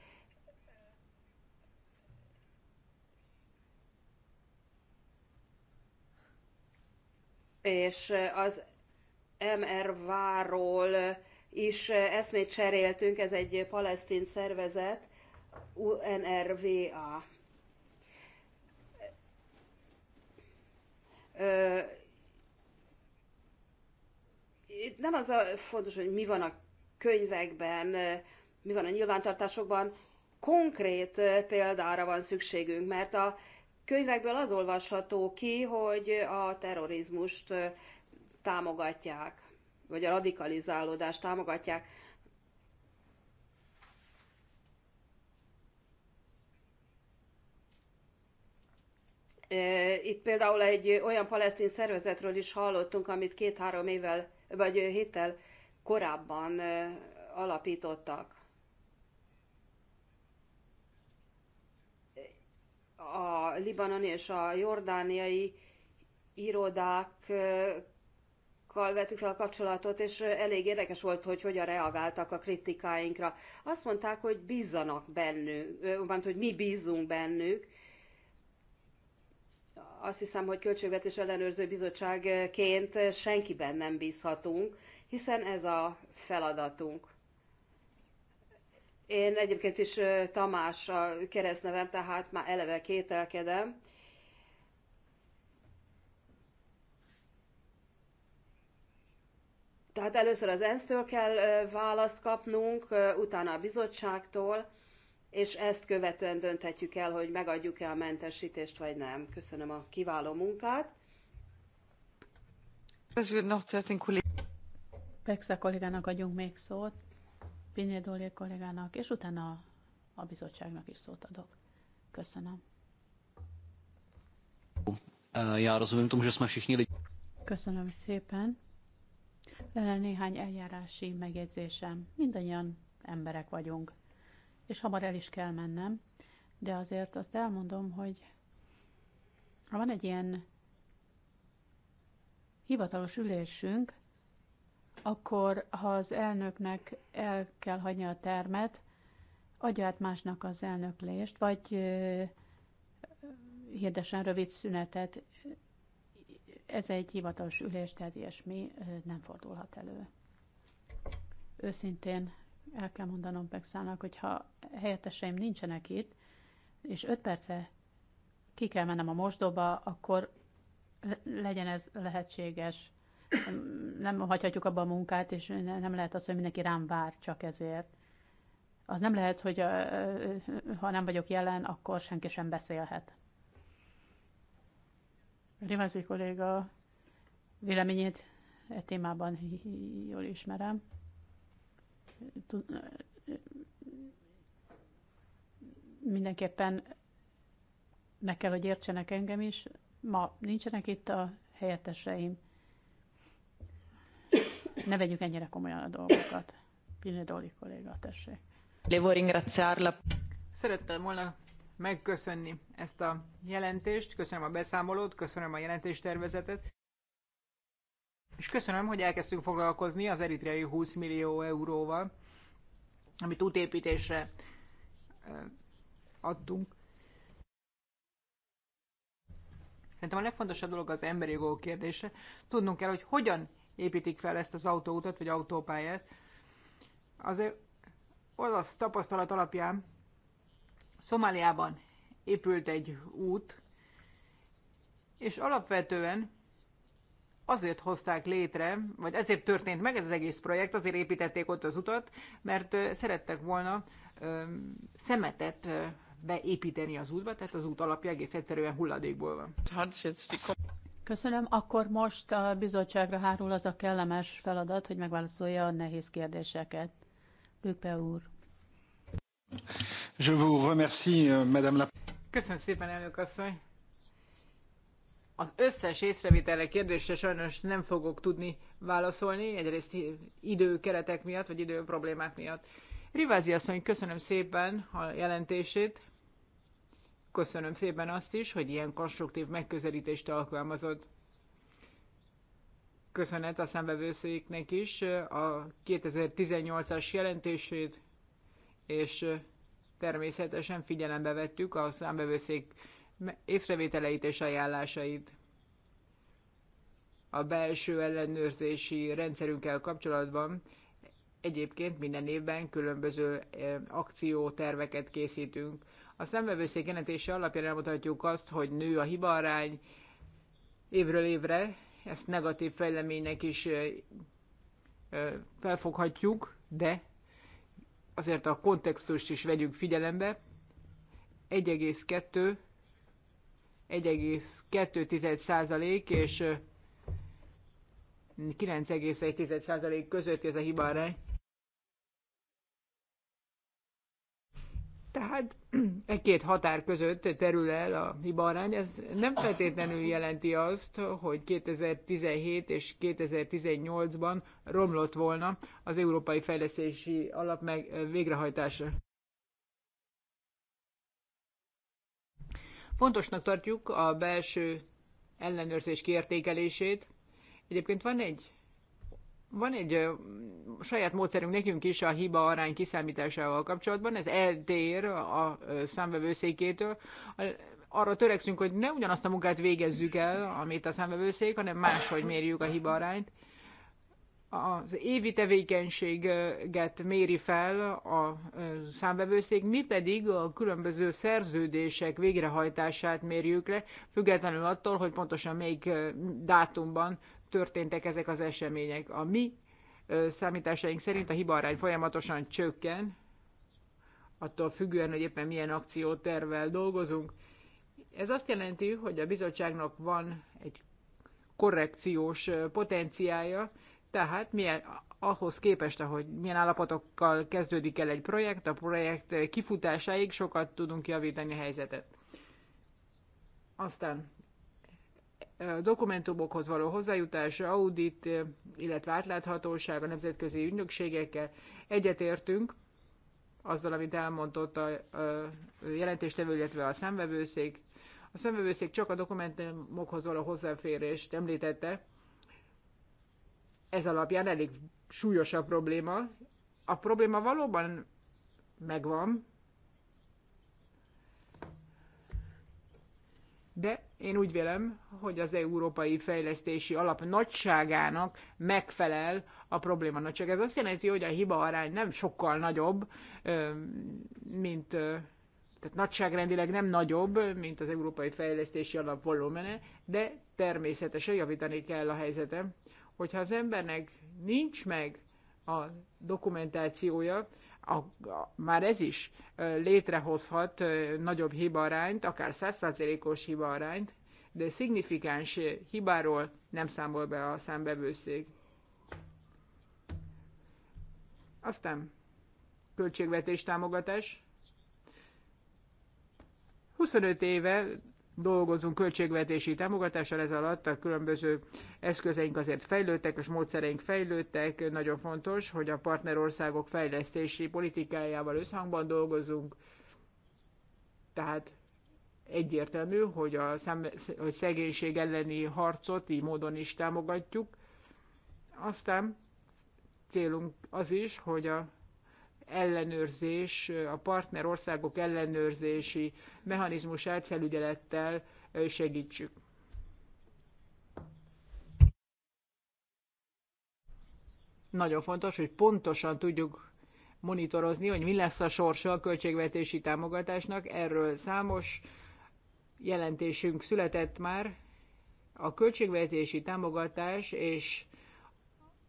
és az MR váról is eszmét cseréltünk, ez egy palesztin szervezet, UNRWA. Itt nem az a fontos, hogy mi van a könyvekben, mi van a nyilvántartásokban, konkrét példára van szükségünk, mert a könyvekből az olvasható ki, hogy a terrorizmust támogatják, vagy a radikalizálódást támogatják. Itt például egy olyan palesztin szervezetről is hallottunk, amit két-három évvel, vagy héttel korábban alapítottak. a libanoni és a jordániai irodákkal vettük fel a kapcsolatot, és elég érdekes volt, hogy hogyan reagáltak a kritikáinkra. Azt mondták, hogy bízzanak bennük, mert hogy mi bízunk bennük. Azt hiszem, hogy Költségvetés Ellenőrző Bizottságként senkiben nem bízhatunk, hiszen ez a feladatunk. Én egyébként is Tamás a keresztnevem, tehát már eleve kételkedem. Tehát először az ENSZ-től kell választ kapnunk, utána a bizottságtól, és ezt követően dönthetjük el, hogy megadjuk-e a mentesítést, vagy nem. Köszönöm a kiváló munkát. Persze kollégának adjunk még szót. Pinyedolje kollégának, és utána a bizottságnak is szót adok. Köszönöm. Eh, já rozumím tomu, že jsme všichni lidi. Köszönöm szépen. Eh, néhány eljárási megjegyzésem. Mindannyian emberek vagyunk, és hamar el is kell mennem, de azért azt elmondom, hogy van egy ilyen hivatalos ülésünk, akkor ha az elnöknek el kell hagynia a termet, adja át másnak az elnöklést, vagy hirdesen rövid szünetet. Ez egy hivatalos ülés, tehát ilyesmi nem fordulhat elő. Őszintén el kell mondanom Pexának, hogy ha helyetteseim nincsenek itt, és öt perce ki kell mennem a mosdóba, akkor legyen ez lehetséges nem hagyhatjuk abba a munkát, és nem lehet az, hogy mindenki rám vár csak ezért. Az nem lehet, hogy ha nem vagyok jelen, akkor senki sem beszélhet. Rivazi kolléga véleményét e témában jól ismerem. Mindenképpen meg kell, hogy értsenek engem is. Ma nincsenek itt a helyetteseim ne vegyük ennyire komolyan a dolgokat. Pirinedoli kolléga, tessék. Levo ringraziarla. Szerettem volna megköszönni ezt a jelentést, köszönöm a beszámolót, köszönöm a jelentéstervezetet, és köszönöm, hogy elkezdtünk foglalkozni az eritreai 20 millió euróval, amit útépítésre adtunk. Szerintem a legfontosabb dolog az emberi jogok kérdése. Tudnunk kell, hogy hogyan építik fel ezt az autóutat, vagy autópályát. Az olasz tapasztalat alapján Szomáliában épült egy út, és alapvetően azért hozták létre, vagy ezért történt meg ez az egész projekt, azért építették ott az utat, mert szerettek volna ö, szemetet beépíteni az útba, tehát az út alapja egész egyszerűen hulladékból van. Köszönöm. Akkor most a bizottságra hárul az a kellemes feladat, hogy megválaszolja a nehéz kérdéseket. Lükpe úr. Je vous remercie, madame la... Köszönöm szépen, elnök asszony. Az összes észrevételre kérdésre sajnos nem fogok tudni válaszolni, egyrészt időkeretek miatt, vagy idő problémák miatt. Rivázi asszony, köszönöm szépen a jelentését. Köszönöm szépen azt is, hogy ilyen konstruktív megközelítést alkalmazott. Köszönet a számbevőszéknek is a 2018-as jelentését, és természetesen figyelembe vettük a számbevőszék észrevételeit és ajánlásait a belső ellenőrzési rendszerünkkel kapcsolatban. Egyébként minden évben különböző eh, akcióterveket készítünk. A szemvevőszék jelentése alapján elmutatjuk azt, hogy nő a hibarány évről évre, ezt negatív fejleménynek is felfoghatjuk, de azért a kontextust is vegyük figyelembe. 1,2 1,2% és 9,1% között ez a hibarány. Tehát egy két határ között terül el a hibarány. Ez nem feltétlenül jelenti azt, hogy 2017 és 2018-ban romlott volna az Európai Fejlesztési Alap meg végrehajtása. Fontosnak tartjuk a belső ellenőrzés kiértékelését. Egyébként van egy van egy saját módszerünk nekünk is a hiba arány kiszámításával kapcsolatban, ez eltér a számvevőszékétől. Arra törekszünk, hogy ne ugyanazt a munkát végezzük el, amit a számvevőszék, hanem máshogy mérjük a hiba arányt az évi tevékenységet méri fel a számvevőszék, mi pedig a különböző szerződések végrehajtását mérjük le, függetlenül attól, hogy pontosan melyik dátumban történtek ezek az események. A mi számításaink szerint a hibarány folyamatosan csökken, attól függően, hogy éppen milyen akciótervvel dolgozunk. Ez azt jelenti, hogy a bizottságnak van egy korrekciós potenciája, tehát milyen, ahhoz képest, ahogy milyen állapotokkal kezdődik el egy projekt, a projekt kifutásáig sokat tudunk javítani a helyzetet. Aztán dokumentumokhoz való hozzájutás, audit, illetve átláthatóság a nemzetközi ügynökségekkel. Egyetértünk azzal, amit elmondott a jelentéstevő, illetve a szemvevőszék. A szemvevőszék csak a dokumentumokhoz való hozzáférést említette. Ez alapján elég súlyosabb probléma. A probléma valóban megvan, de én úgy vélem, hogy az Európai Fejlesztési Alap nagyságának megfelel a probléma nagyság. Ez azt jelenti, hogy a hiba arány nem sokkal nagyobb, mint tehát nagyságrendileg nem nagyobb, mint az Európai Fejlesztési Alap volumene, de természetesen javítani kell a helyzetem. Hogyha az embernek nincs meg a dokumentációja, a, a, már ez is létrehozhat nagyobb hibarányt, akár 100%-os hibarányt, de szignifikáns hibáról nem számol be a számbevőszék. Aztán költségvetés támogatás. 25 éve dolgozunk költségvetési támogatással, ez alatt a különböző eszközeink azért fejlődtek, és módszereink fejlődtek. Nagyon fontos, hogy a partnerországok fejlesztési politikájával összhangban dolgozunk. Tehát egyértelmű, hogy a szem, szegénység elleni harcot így módon is támogatjuk. Aztán célunk az is, hogy a ellenőrzés, a partner országok ellenőrzési mechanizmusát felügyelettel segítsük. Nagyon fontos, hogy pontosan tudjuk monitorozni, hogy mi lesz a sorsa a költségvetési támogatásnak. Erről számos jelentésünk született már. A költségvetési támogatás és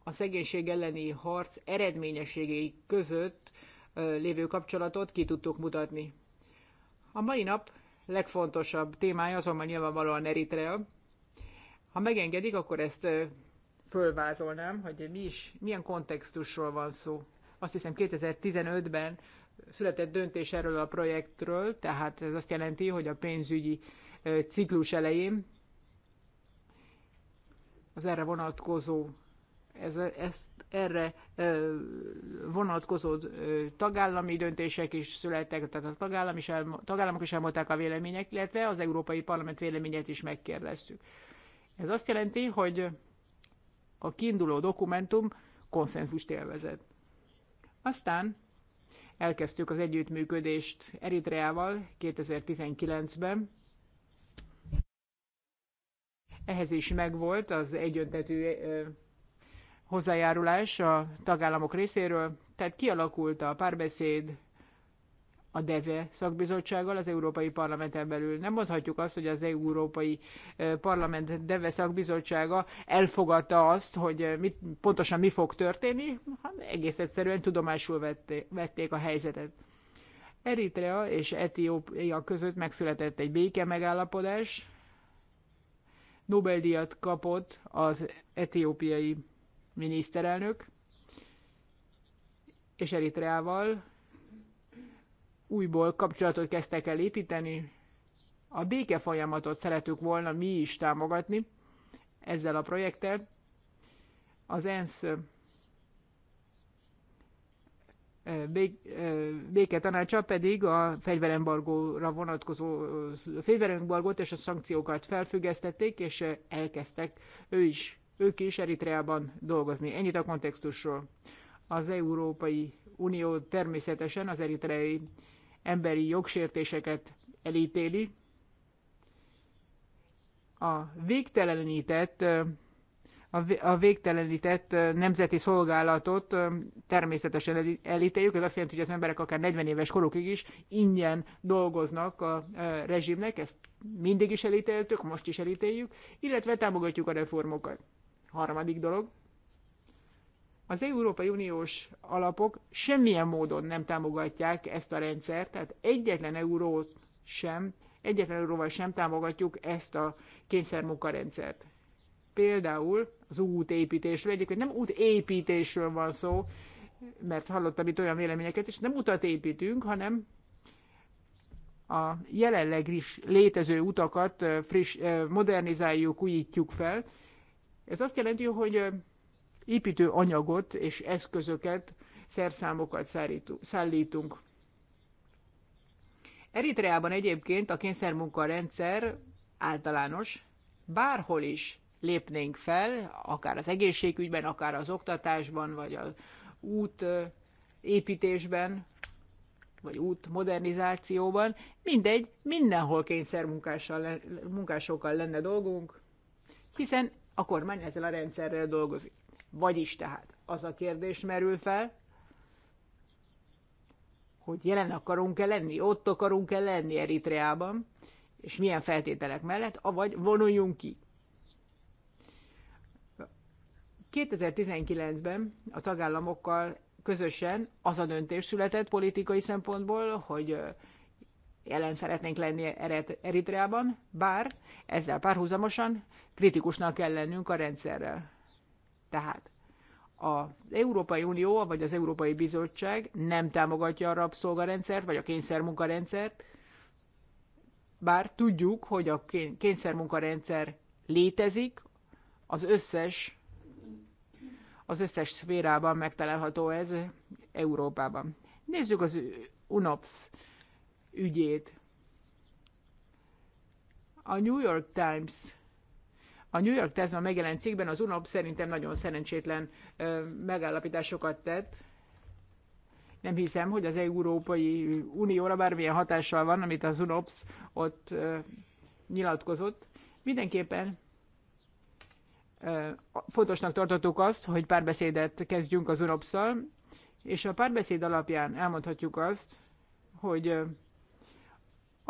a szegénység elleni harc eredményességei között lévő kapcsolatot ki tudtuk mutatni. A mai nap legfontosabb témája azonban nyilvánvalóan Eritrea. Ha megengedik, akkor ezt fölvázolnám, hogy mi is, milyen kontextusról van szó. Azt hiszem 2015-ben született döntés erről a projektről, tehát ez azt jelenti, hogy a pénzügyi ciklus elején az erre vonatkozó ez, ez, erre vonatkozó tagállami döntések is születtek, tehát a tagállam is el, tagállamok is elmondták a vélemények, illetve az Európai Parlament véleményét is megkérdeztük. Ez azt jelenti, hogy a kiinduló dokumentum konszenzust élvezett. Aztán elkezdtük az együttműködést Eritreával 2019-ben. Ehhez is megvolt az egyöntetű hozzájárulás a tagállamok részéről, tehát kialakult a párbeszéd a DEVE szakbizottsággal az Európai Parlamenten belül. Nem mondhatjuk azt, hogy az Európai eh, Parlament DEVE szakbizottsága elfogadta azt, hogy eh, mit, pontosan mi fog történni, hanem egész egyszerűen tudomásul vették a helyzetet. Eritrea és Etiópia között megszületett egy béke megállapodás, Nobel-díjat kapott az etiópiai miniszterelnök, és Eritreával újból kapcsolatot kezdtek el építeni. A béke folyamatot szeretük volna mi is támogatni ezzel a projekttel. Az ENSZ béke tanácsa pedig a fegyverembargóra vonatkozó fegyverembargót és a szankciókat felfüggesztették, és elkezdtek ő is ők is Eritreában dolgozni. Ennyit a kontextusról. Az Európai Unió természetesen az eritreai emberi jogsértéseket elítéli. A végtelenített a végtelenített nemzeti szolgálatot természetesen elítéljük. Ez azt jelenti, hogy az emberek akár 40 éves korukig is ingyen dolgoznak a rezsimnek, ezt mindig is elítéltük, most is elítéljük, illetve támogatjuk a reformokat. Harmadik dolog. Az Európai Uniós alapok semmilyen módon nem támogatják ezt a rendszert, tehát egyetlen eurót sem, egyetlen euróval sem támogatjuk ezt a kényszermunkarendszert. Például az útépítésről, egyébként nem útépítésről van szó, mert hallottam itt olyan véleményeket, és nem utat építünk, hanem a jelenleg is létező utakat friss, eh, modernizáljuk, újítjuk fel, ez azt jelenti, hogy építő anyagot és eszközöket, szerszámokat szállítunk. Eritreában egyébként a kényszermunka rendszer általános, bárhol is lépnénk fel, akár az egészségügyben, akár az oktatásban, vagy az út építésben, vagy út modernizációban, mindegy, mindenhol kényszermunkással munkásokkal lenne dolgunk, hiszen a kormány ezzel a rendszerrel dolgozik. Vagyis tehát az a kérdés merül fel, hogy jelen akarunk-e lenni, ott akarunk-e lenni Eritreában, és milyen feltételek mellett, avagy vonuljunk ki. 2019-ben a tagállamokkal közösen az a döntés született politikai szempontból, hogy jelen szeretnénk lenni Eritreában, bár ezzel párhuzamosan kritikusnak kell lennünk a rendszerrel. Tehát az Európai Unió vagy az Európai Bizottság nem támogatja a rabszolgarendszert vagy a kényszermunkarendszert, bár tudjuk, hogy a kényszermunkarendszer létezik, az összes, az összes szférában megtalálható ez Európában. Nézzük az UNOPS ügyét. A New York Times a New York Times-ban megjelent cikkben az UNOP szerintem nagyon szerencsétlen ö, megállapításokat tett. Nem hiszem, hogy az Európai Unióra bármilyen hatással van, amit az UNOPS ott ö, nyilatkozott. Mindenképpen ö, fontosnak tartottuk azt, hogy párbeszédet kezdjünk az unops és a párbeszéd alapján elmondhatjuk azt, hogy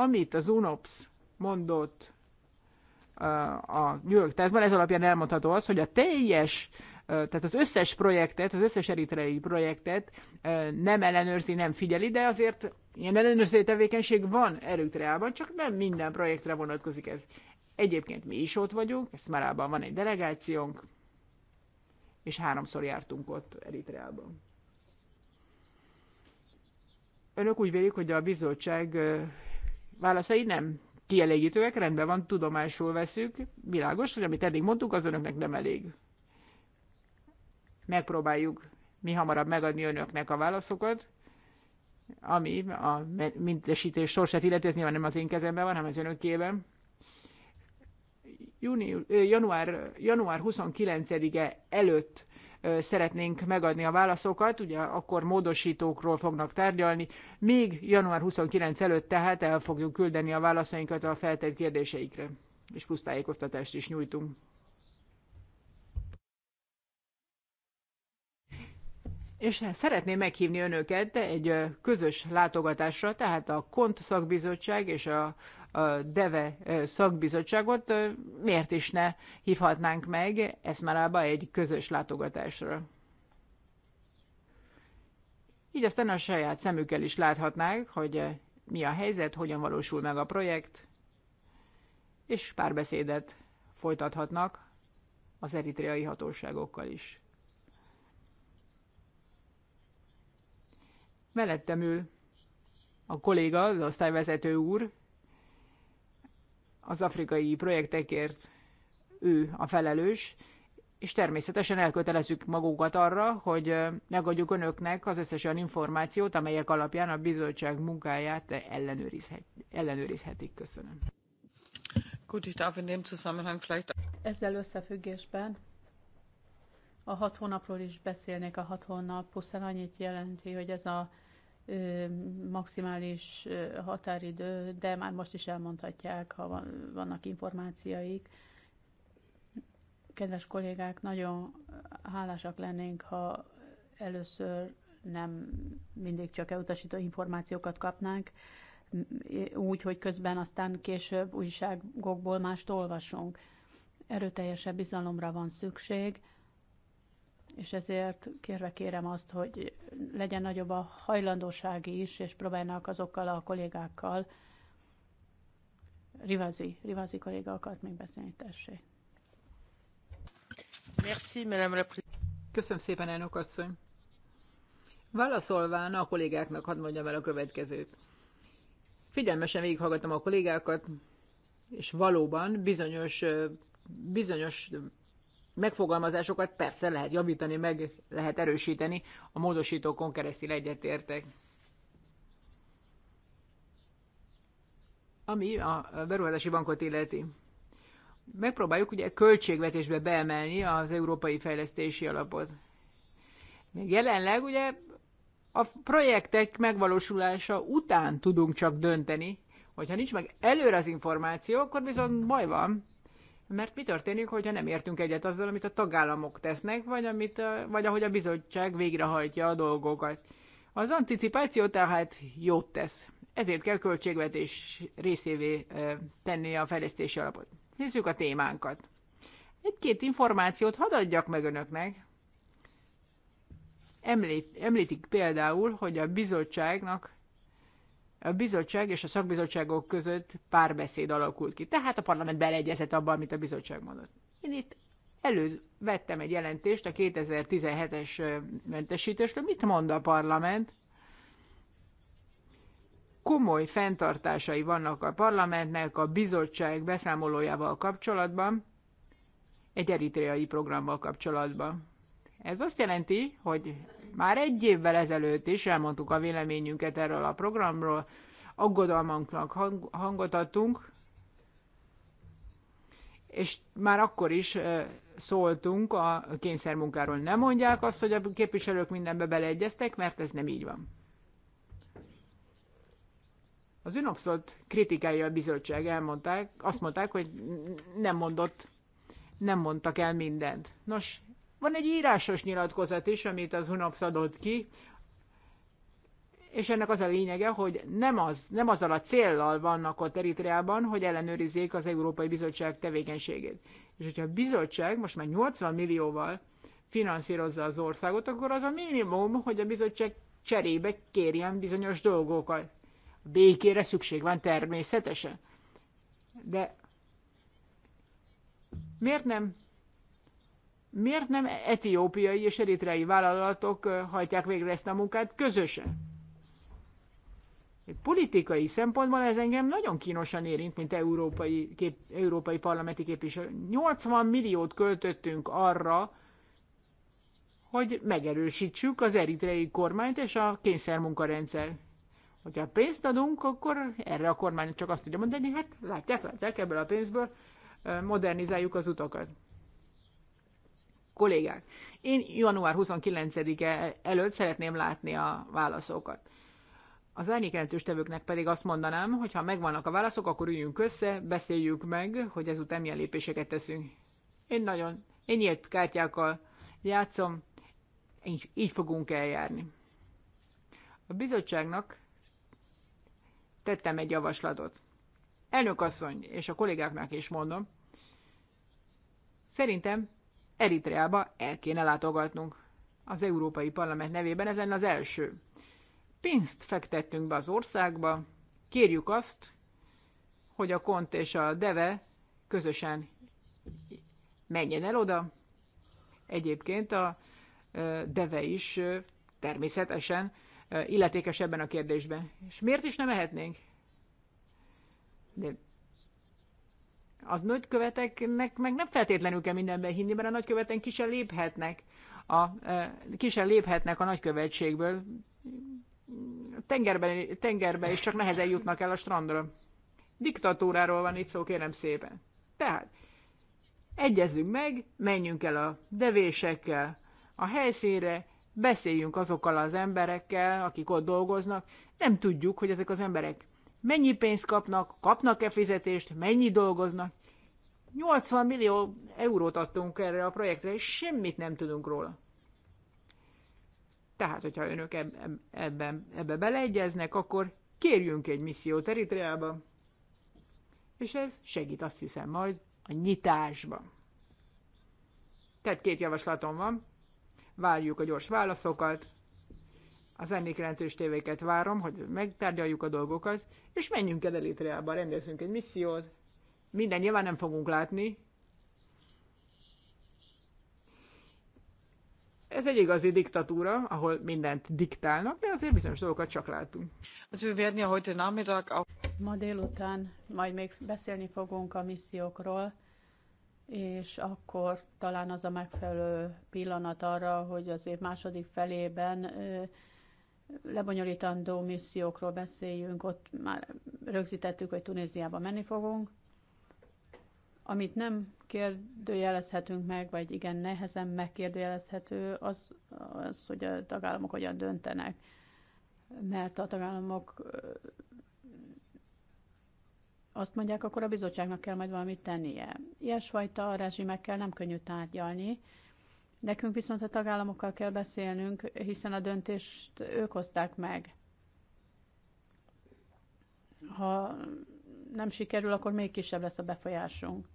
amit az UNOPS mondott uh, a New York Times-ban, ez alapján elmondható az, hogy a teljes uh, tehát az összes projektet, az összes eritrei projektet uh, nem ellenőrzi, nem figyeli, de azért ilyen ellenőrző tevékenység van Eritreában, csak nem minden projektre vonatkozik ez. Egyébként mi is ott vagyunk, Eszmarában van egy delegációnk, és háromszor jártunk ott Eritreában. Önök úgy vélik, hogy a bizottság válaszai nem kielégítőek, rendben van, tudomásul veszük, világos, hogy amit eddig mondtuk, az önöknek nem elég. Megpróbáljuk mi hamarabb megadni önöknek a válaszokat, ami a mintesítés sorsát illeti, ez nyilván nem az én kezemben van, hanem az önökében. január, január 29-e előtt szeretnénk megadni a válaszokat, ugye akkor módosítókról fognak tárgyalni. Még január 29 előtt tehát el fogjuk küldeni a válaszainkat a feltett kérdéseikre, és plusz tájékoztatást is nyújtunk. És hát szeretném meghívni önöket egy közös látogatásra, tehát a KONT szakbizottság és a a DEVE szakbizottságot miért is ne hívhatnánk meg Eszmerába egy közös látogatásra. Így aztán a saját szemükkel is láthatnák, hogy mi a helyzet, hogyan valósul meg a projekt, és párbeszédet folytathatnak az eritreai hatóságokkal is. Mellettem ül a kolléga, az osztályvezető úr, az afrikai projektekért ő a felelős, és természetesen elkötelezzük magunkat arra, hogy megadjuk önöknek az összes olyan információt, amelyek alapján a bizottság munkáját ellenőrizhet, ellenőrizhetik. Köszönöm. Gut, ich darf in dem Zusammenhang vielleicht... Ezzel összefüggésben a hat hónapról is beszélnék. A hat hónap pusztán annyit jelenti, hogy ez a maximális határidő, de már most is elmondhatják, ha van, vannak információik. Kedves kollégák, nagyon hálásak lennénk, ha először nem mindig csak elutasító információkat kapnánk, úgy, hogy közben aztán később újságokból mást olvasunk. Erőteljesebb bizalomra van szükség, és ezért kérve kérem azt, hogy legyen nagyobb a hajlandóság is, és próbálnak azokkal a kollégákkal, Rivazi, Rivazi kolléga akart még beszélni, tessék. Merci, madame Köszönöm szépen, elnök asszony. Válaszolván a kollégáknak hadd mondjam el a következőt. Figyelmesen végighallgattam a kollégákat, és valóban bizonyos, bizonyos megfogalmazásokat persze lehet javítani, meg lehet erősíteni, a módosítókon keresztül egyetértek. Ami a beruházási bankot illeti. Megpróbáljuk ugye költségvetésbe beemelni az Európai Fejlesztési Alapot. Még jelenleg ugye a projektek megvalósulása után tudunk csak dönteni, hogyha nincs meg előre az információ, akkor viszont baj van, mert mi történik, hogyha nem értünk egyet azzal, amit a tagállamok tesznek, vagy, amit, vagy ahogy a bizottság végrehajtja a dolgokat. Az anticipáció tehát jót tesz. Ezért kell költségvetés részévé tenni a fejlesztési alapot. Nézzük a témánkat. Egy-két információt hadd adjak meg önöknek. említik például, hogy a bizottságnak a bizottság és a szakbizottságok között párbeszéd alakult ki. Tehát a parlament beleegyezett abban, amit a bizottság mondott. Én itt elő vettem egy jelentést a 2017-es mentesítésről. Mit mond a parlament? Komoly fenntartásai vannak a parlamentnek a bizottság beszámolójával kapcsolatban, egy eritreai programmal kapcsolatban. Ez azt jelenti, hogy már egy évvel ezelőtt is elmondtuk a véleményünket erről a programról, aggodalmanknak hang hangot adtunk, és már akkor is szóltunk a kényszermunkáról. Nem mondják azt, hogy a képviselők mindenbe beleegyeztek, mert ez nem így van. Az ünopszot kritikája a bizottság elmondták, azt mondták, hogy nem mondott, nem mondtak el mindent. Nos, van egy írásos nyilatkozat is, amit az UNOPS adott ki, és ennek az a lényege, hogy nem, az, nem azzal a céllal vannak ott Eritreában, hogy ellenőrizzék az Európai Bizottság tevékenységét. És hogyha a bizottság most már 80 millióval finanszírozza az országot, akkor az a minimum, hogy a bizottság cserébe kérjen bizonyos dolgokat. A békére szükség van természetesen. De miért nem Miért nem etiópiai és eritreai vállalatok hajtják végre ezt a munkát közösen? Egy politikai szempontból ez engem nagyon kínosan érint, mint európai, kép, európai parlamenti képviselő. 80 milliót költöttünk arra, hogy megerősítsük az eritrei kormányt és a kényszermunkarendszer. Hogyha pénzt adunk, akkor erre a kormány csak azt tudja mondani, hát látják, látják, ebből a pénzből modernizáljuk az utakat kollégák. Én január 29-e előtt szeretném látni a válaszokat. Az árnyékeltős tevőknek pedig azt mondanám, hogy ha megvannak a válaszok, akkor üljünk össze, beszéljük meg, hogy ezután milyen lépéseket teszünk. Én nagyon, én nyílt kártyákkal játszom, így, így fogunk eljárni. A bizottságnak tettem egy javaslatot. Elnök asszony, és a kollégáknak is mondom, szerintem Eritreába el kéne látogatnunk. Az Európai Parlament nevében ez lenne az első. Pénzt fektettünk be az országba, kérjük azt, hogy a Kont és a Deve közösen menjen el oda. Egyébként a Deve is természetesen illetékes ebben a kérdésben. És miért is nem mehetnénk? De az nagyköveteknek meg nem feltétlenül kell mindenben hinni, mert a nagykövetek ki sem léphetnek. A, ki sem léphetnek a nagykövetségből. Tengerbe, tengerbe is csak nehezen jutnak el a strandra. Diktatúráról van itt szó, kérem szépen. Tehát, egyezünk meg, menjünk el a devésekkel a helyszínre, beszéljünk azokkal az emberekkel, akik ott dolgoznak. Nem tudjuk, hogy ezek az emberek mennyi pénzt kapnak, kapnak-e fizetést, mennyi dolgoznak. 80 millió eurót adtunk erre a projektre, és semmit nem tudunk róla. Tehát, hogyha önök eb- ebben, ebbe beleegyeznek, akkor kérjünk egy missziót Eritreába, és ez segít azt hiszem majd a nyitásban. Tehát két javaslatom van, várjuk a gyors válaszokat, az ennék jelentős tévéket várom, hogy megtárgyaljuk a dolgokat, és menjünk el Elitreába, rendezünk egy missziót. Minden nyilván nem fogunk látni. Ez egy igazi diktatúra, ahol mindent diktálnak, de azért bizonyos dolgokat csak látunk. Az ő vérni, hogy Ma délután majd még beszélni fogunk a missziókról, és akkor talán az a megfelelő pillanat arra, hogy az év második felében lebonyolítandó missziókról beszéljünk, ott már rögzítettük, hogy Tunéziába menni fogunk. Amit nem kérdőjelezhetünk meg, vagy igen nehezen megkérdőjelezhető, az, az, hogy a tagállamok hogyan döntenek. Mert a tagállamok azt mondják, akkor a bizottságnak kell majd valamit tennie. Ilyesfajta rezsimekkel nem könnyű tárgyalni, Nekünk viszont a tagállamokkal kell beszélnünk, hiszen a döntést ők hozták meg. Ha nem sikerül, akkor még kisebb lesz a befolyásunk.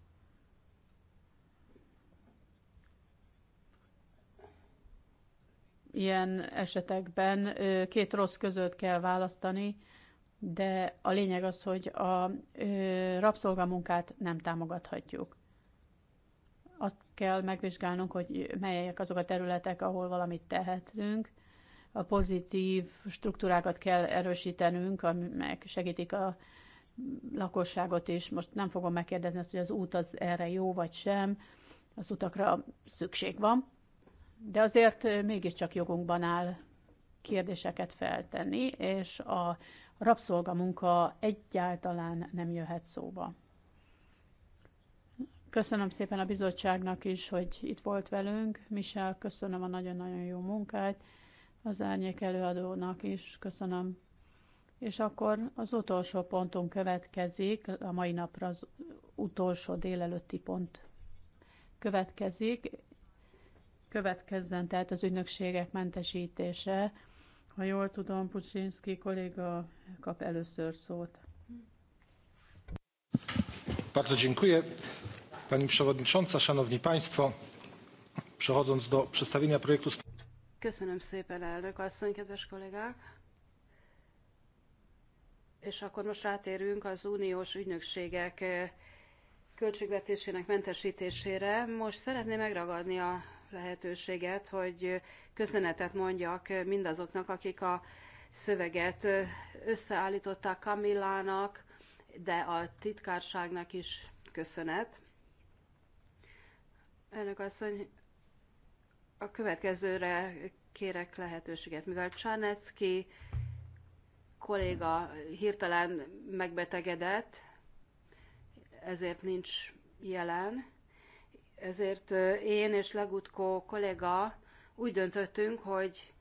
Ilyen esetekben két rossz között kell választani, de a lényeg az, hogy a rabszolgamunkát nem támogathatjuk. Azt kell megvizsgálnunk, hogy melyek azok a területek, ahol valamit tehetünk. A pozitív struktúrákat kell erősítenünk, amelyek segítik a lakosságot is. Most nem fogom megkérdezni azt, hogy az út az erre jó vagy sem. Az utakra szükség van. De azért mégiscsak jogunkban áll kérdéseket feltenni, és a rabszolgamunka egyáltalán nem jöhet szóba. Köszönöm szépen a bizottságnak is, hogy itt volt velünk. Michel, köszönöm a nagyon-nagyon jó munkát. Az árnyék előadónak is köszönöm. És akkor az utolsó pontunk következik, a mai napra az utolsó délelőtti pont következik. Következzen tehát az ügynökségek mentesítése. Ha jól tudom, Pucsinszki kolléga kap először szót. Bardzo dziękuję. Pani Przewodnicząca, Szanowni Państwo, przechodząc do przedstawienia projektu... Köszönöm szépen, elnök asszony, kedves kollégák! És akkor most rátérünk az uniós ügynökségek eh, költségvetésének mentesítésére. Most szeretném megragadni a lehetőséget, hogy köszönetet mondjak mindazoknak, akik a szöveget eh, összeállították Kamillának, de a titkárságnak is köszönet. Elnök asszony, a következőre kérek lehetőséget, mivel Csarnecki kolléga hirtelen megbetegedett, ezért nincs jelen, ezért én és Legutko kolléga úgy döntöttünk, hogy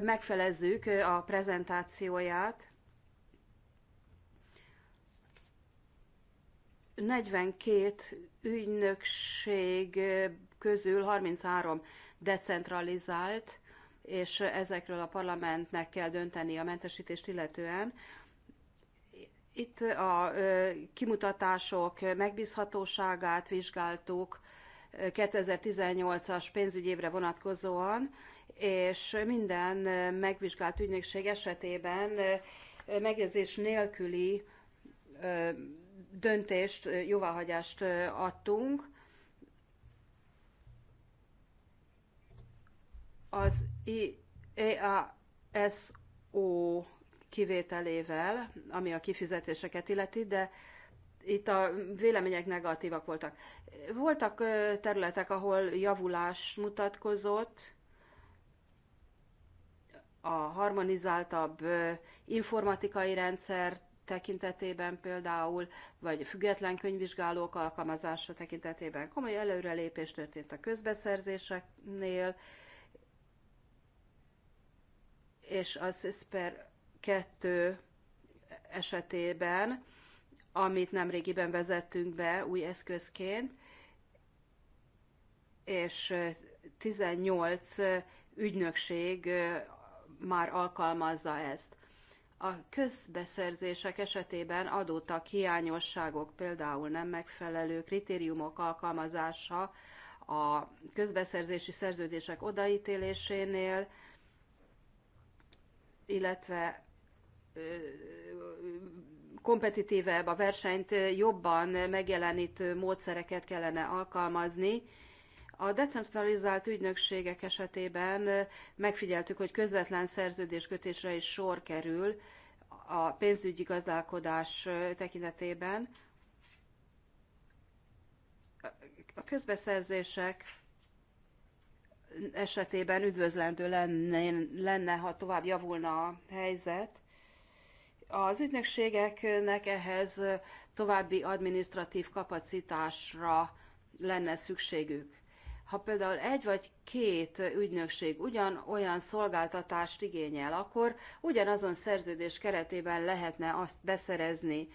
megfelezzük a prezentációját, 42 ügynökség közül 33 decentralizált, és ezekről a parlamentnek kell dönteni a mentesítést illetően. Itt a kimutatások megbízhatóságát vizsgáltuk 2018-as pénzügyévre vonatkozóan, és minden megvizsgált ügynökség esetében megjegyzés nélküli döntést, jóváhagyást adtunk. Az EASO kivételével, ami a kifizetéseket illeti, de itt a vélemények negatívak voltak. Voltak területek, ahol javulás mutatkozott, a harmonizáltabb informatikai rendszert tekintetében például, vagy független könyvvizsgálók alkalmazása tekintetében komoly előrelépés történt a közbeszerzéseknél, és az SPER 2 esetében, amit nemrégiben vezettünk be új eszközként, és 18 ügynökség már alkalmazza ezt. A közbeszerzések esetében adottak hiányosságok, például nem megfelelő kritériumok alkalmazása a közbeszerzési szerződések odaítélésénél, illetve kompetitívebb, a versenyt jobban megjelenítő módszereket kellene alkalmazni, a decentralizált ügynökségek esetében megfigyeltük, hogy közvetlen szerződéskötésre is sor kerül a pénzügyi gazdálkodás tekintetében. A közbeszerzések esetében üdvözlendő lenne, ha tovább javulna a helyzet. Az ügynökségeknek ehhez további administratív kapacitásra lenne szükségük. Ha például egy vagy két ügynökség ugyan olyan szolgáltatást igényel, akkor ugyanazon szerződés keretében lehetne azt beszerezni.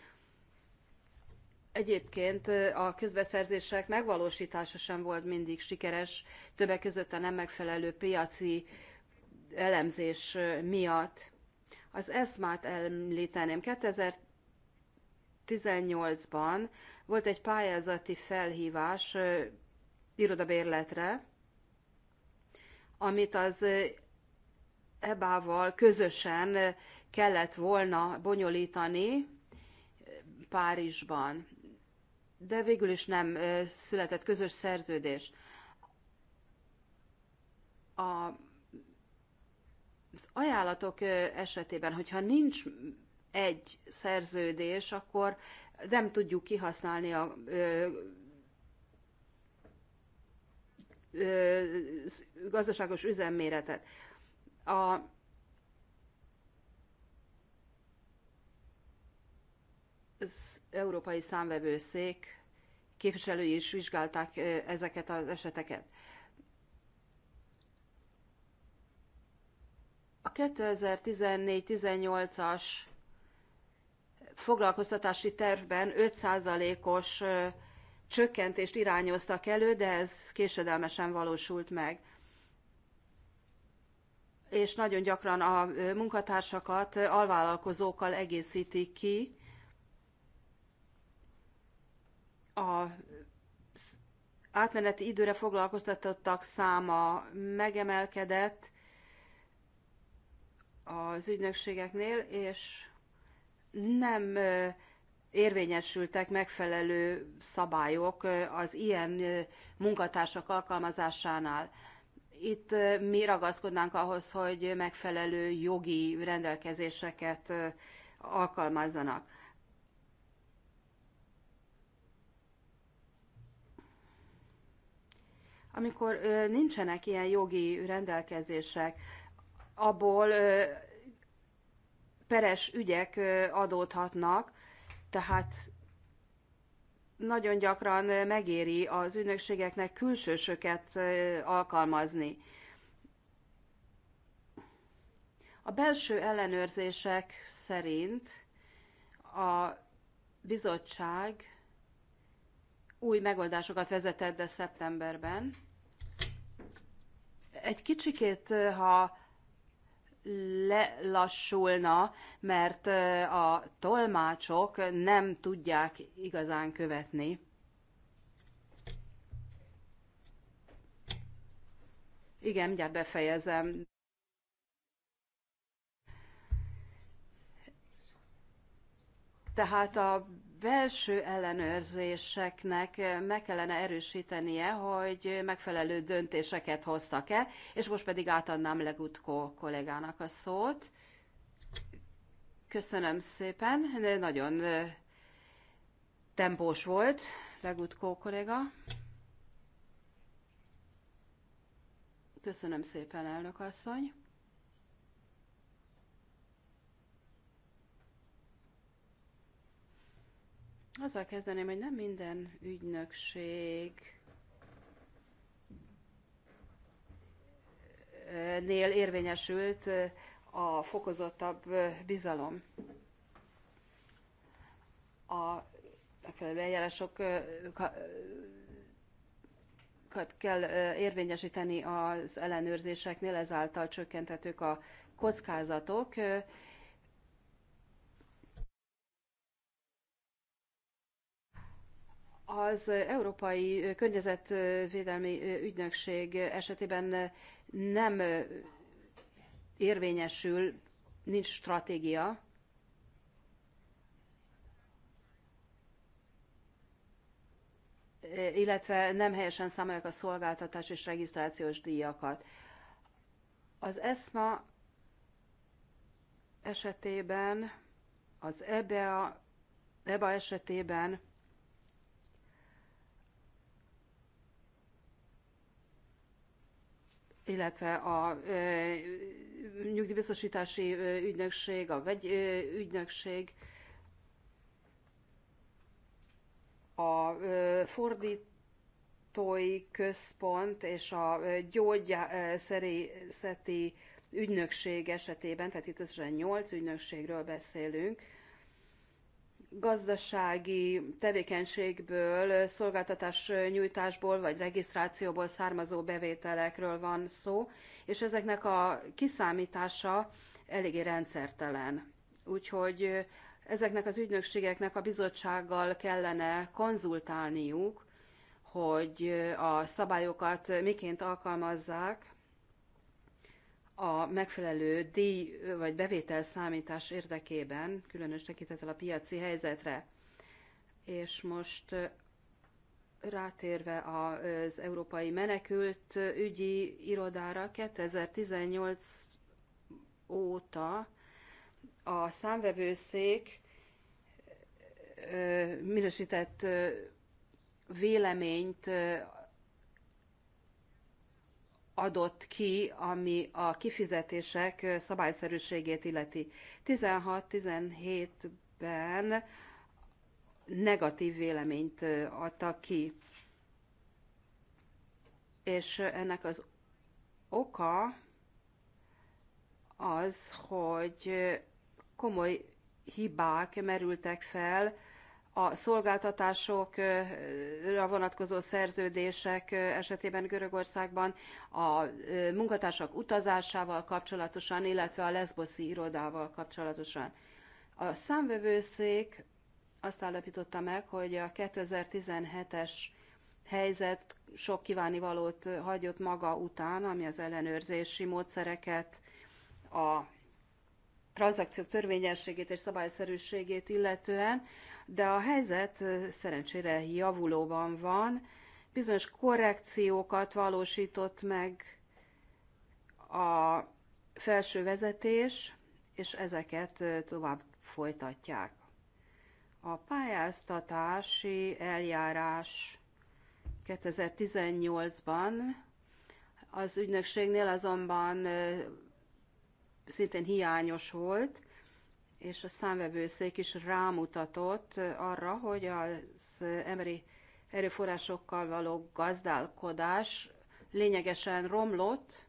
Egyébként a közbeszerzések megvalósítása sem volt mindig sikeres, többek között a nem megfelelő piaci elemzés miatt. Az ESMÁT említeném. 2018-ban volt egy pályázati felhívás irodabérletre, amit az ebával közösen kellett volna bonyolítani Párizsban. De végül is nem született közös szerződés. A, az ajánlatok esetében, hogyha nincs egy szerződés, akkor nem tudjuk kihasználni a gazdaságos üzemméretet. A az Európai Számvevőszék képviselői is vizsgálták ezeket az eseteket. A 2014-18-as foglalkoztatási tervben 5%-os csökkentést irányoztak elő, de ez késedelmesen valósult meg. És nagyon gyakran a munkatársakat alvállalkozókkal egészítik ki a átmeneti időre foglalkoztatottak száma megemelkedett az ügynökségeknél, és nem érvényesültek megfelelő szabályok az ilyen munkatársak alkalmazásánál. Itt mi ragaszkodnánk ahhoz, hogy megfelelő jogi rendelkezéseket alkalmazzanak. Amikor nincsenek ilyen jogi rendelkezések, abból peres ügyek adódhatnak, tehát nagyon gyakran megéri az ügynökségeknek külsősöket alkalmazni. A belső ellenőrzések szerint a bizottság új megoldásokat vezetett be szeptemberben. Egy kicsikét, ha lelassulna, mert a tolmácsok nem tudják igazán követni. Igen, mindjárt befejezem. Tehát a belső ellenőrzéseknek eh, meg kellene erősítenie, hogy megfelelő döntéseket hoztak el, és most pedig átadnám legutkó kollégának a szót. Köszönöm szépen, nagyon eh, tempós volt legutkó kolléga. Köszönöm szépen, elnök asszony. Azzal kezdeném, hogy nem minden ügynökség eh, nél érvényesült eh, a fokozottabb eh, bizalom. A megfelelő eljárásokat kell érvényesíteni az ellenőrzéseknél, ezáltal csökkentetők a kockázatok, Az Európai Környezetvédelmi Ügynökség esetében nem érvényesül, nincs stratégia, illetve nem helyesen számolják a szolgáltatás és regisztrációs díjakat. Az ESMA esetében, az EBA, EBA esetében illetve a nyugdíjbiztosítási ügynökség, a ügynökség, a fordítói központ és a gyógyszerészeti ügynökség esetében, tehát itt összesen 8 ügynökségről beszélünk, gazdasági tevékenységből, szolgáltatás nyújtásból vagy regisztrációból származó bevételekről van szó, és ezeknek a kiszámítása eléggé rendszertelen. Úgyhogy ezeknek az ügynökségeknek a bizottsággal kellene konzultálniuk, hogy a szabályokat miként alkalmazzák, a megfelelő díj vagy bevétel számítás érdekében, különös tekintettel a piaci helyzetre. És most rátérve az Európai Menekült Ügyi Irodára 2018 óta a számvevőszék minősített véleményt adott ki, ami a kifizetések szabályszerűségét illeti. 16-17-ben negatív véleményt adtak ki. És ennek az oka az, hogy komoly hibák merültek fel, a szolgáltatásokra vonatkozó szerződések esetében Görögországban, a munkatársak utazásával kapcsolatosan, illetve a leszboszi irodával kapcsolatosan. A számvevőszék azt állapította meg, hogy a 2017-es helyzet sok kívánivalót hagyott maga után, ami az ellenőrzési módszereket, a tranzakciók törvényességét és szabályszerűségét illetően de a helyzet szerencsére javulóban van. Bizonyos korrekciókat valósított meg a felső vezetés, és ezeket tovább folytatják. A pályáztatási eljárás 2018-ban az ügynökségnél azonban szintén hiányos volt, és a számvevőszék is rámutatott arra, hogy az emberi erőforrásokkal való gazdálkodás lényegesen romlott,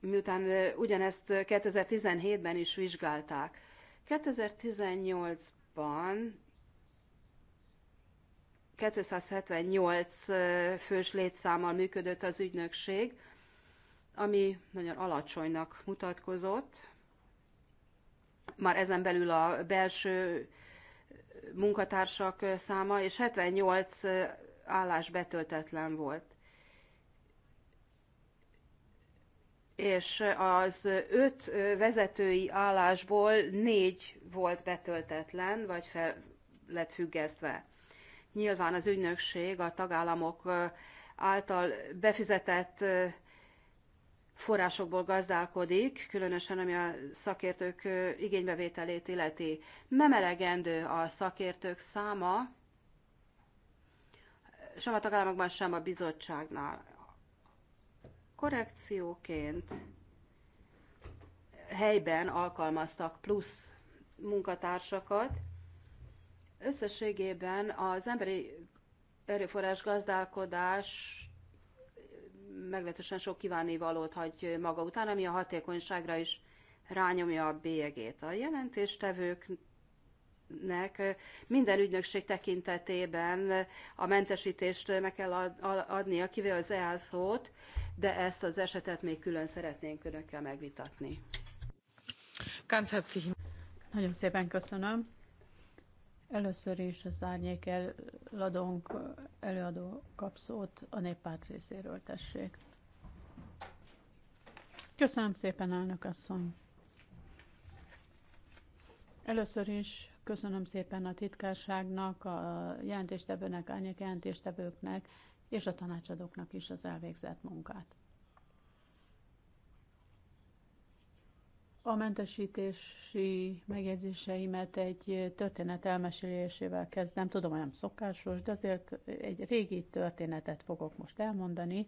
miután ugyanezt 2017-ben is vizsgálták. 2018-ban 278 fős létszámmal működött az ügynökség, ami nagyon alacsonynak mutatkozott, már ezen belül a belső munkatársak száma, és 78 állás betöltetlen volt. És az öt vezetői állásból négy volt betöltetlen, vagy fel lett függesztve. Nyilván az ügynökség a tagállamok által befizetett forrásokból gazdálkodik, különösen ami a szakértők igénybevételét illeti. Nem elegendő a szakértők száma, sem a tagállamokban, sem a bizottságnál. Korrekcióként helyben alkalmaztak plusz munkatársakat. Összességében az emberi erőforrás gazdálkodás meglehetősen sok kívánivalót hagy maga után, ami a hatékonyságra is rányomja a bélyegét. A jelentéstevőknek minden ügynökség tekintetében a mentesítést meg kell adnia, kivéve az EASZ-ot, de ezt az esetet még külön szeretnénk önökkel megvitatni. Nagyon szépen köszönöm. Először is az árnyék eladónk előadó kap szót a néppárt részéről, tessék. Köszönöm szépen, elnök asszony. Először is köszönöm szépen a titkárságnak, a jelentéstevőnek, árnyék jelentéstevőknek és a tanácsadóknak is az elvégzett munkát. A mentesítési megjegyzéseimet egy történet elmesélésével kezdem. Tudom, hogy nem szokásos, de azért egy régi történetet fogok most elmondani,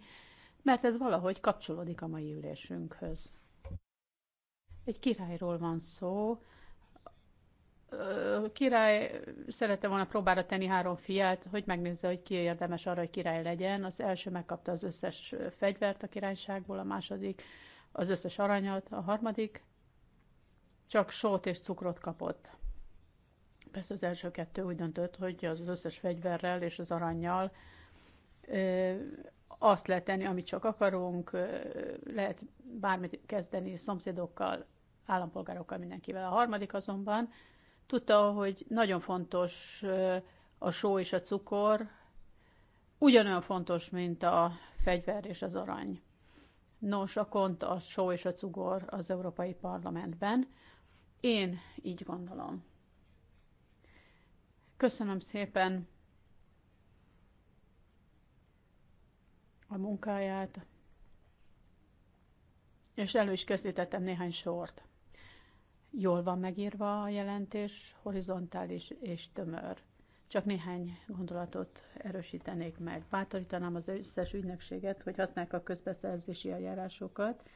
mert ez valahogy kapcsolódik a mai ülésünkhöz. Egy királyról van szó. A király szerette volna próbára tenni három fiát, hogy megnézze, hogy ki érdemes arra, hogy király legyen. Az első megkapta az összes fegyvert a királyságból, a második az összes aranyat, a harmadik csak sót és cukrot kapott. Persze az első kettő úgy döntött, hogy az összes fegyverrel és az aranyjal azt lehet tenni, amit csak akarunk, lehet bármit kezdeni szomszédokkal, állampolgárokkal, mindenkivel. A harmadik azonban tudta, hogy nagyon fontos a só és a cukor, ugyanolyan fontos, mint a fegyver és az arany. Nos, a kont a só és a cukor az Európai Parlamentben, én így gondolom. Köszönöm szépen a munkáját, és elő is készítettem néhány sort. Jól van megírva a jelentés, horizontális és tömör. Csak néhány gondolatot erősítenék meg. Bátorítanám az összes ügynökséget, hogy használják a közbeszerzési eljárásokat,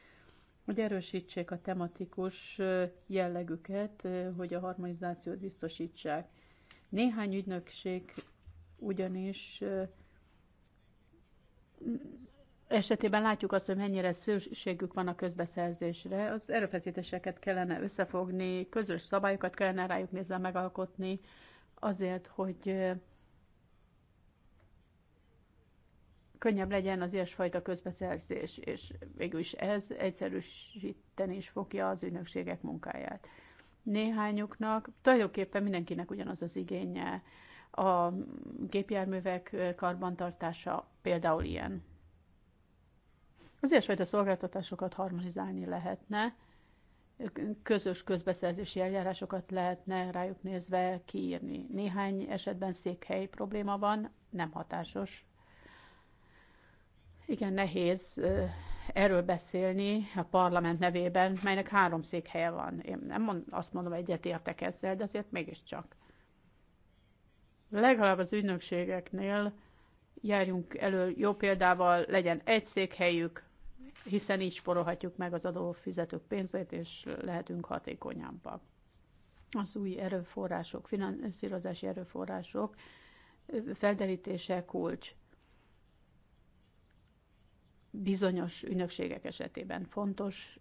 hogy erősítsék a tematikus jellegüket, hogy a harmonizációt biztosítsák. Néhány ügynökség ugyanis esetében látjuk azt, hogy mennyire szükségük van a közbeszerzésre. Az erőfeszítéseket kellene összefogni, közös szabályokat kellene rájuk nézve megalkotni, azért, hogy könnyebb legyen az ilyesfajta közbeszerzés, és végül is ez egyszerűsíteni is fogja az ügynökségek munkáját. Néhányuknak, tulajdonképpen mindenkinek ugyanaz az igénye, a gépjárművek karbantartása például ilyen. Az ilyesfajta szolgáltatásokat harmonizálni lehetne, közös közbeszerzési eljárásokat lehetne rájuk nézve kiírni. Néhány esetben székhely probléma van, nem hatásos igen, nehéz erről beszélni a parlament nevében, melynek három székhelye van. Én nem mond, azt mondom, egyetértek ezzel, de azért mégiscsak. Legalább az ügynökségeknél járjunk elő jó példával, legyen egy székhelyük, hiszen így sporolhatjuk meg az adófizetők pénzét, és lehetünk hatékonyabbak. Az új erőforrások, finanszírozási erőforrások felderítése kulcs bizonyos ügynökségek esetében fontos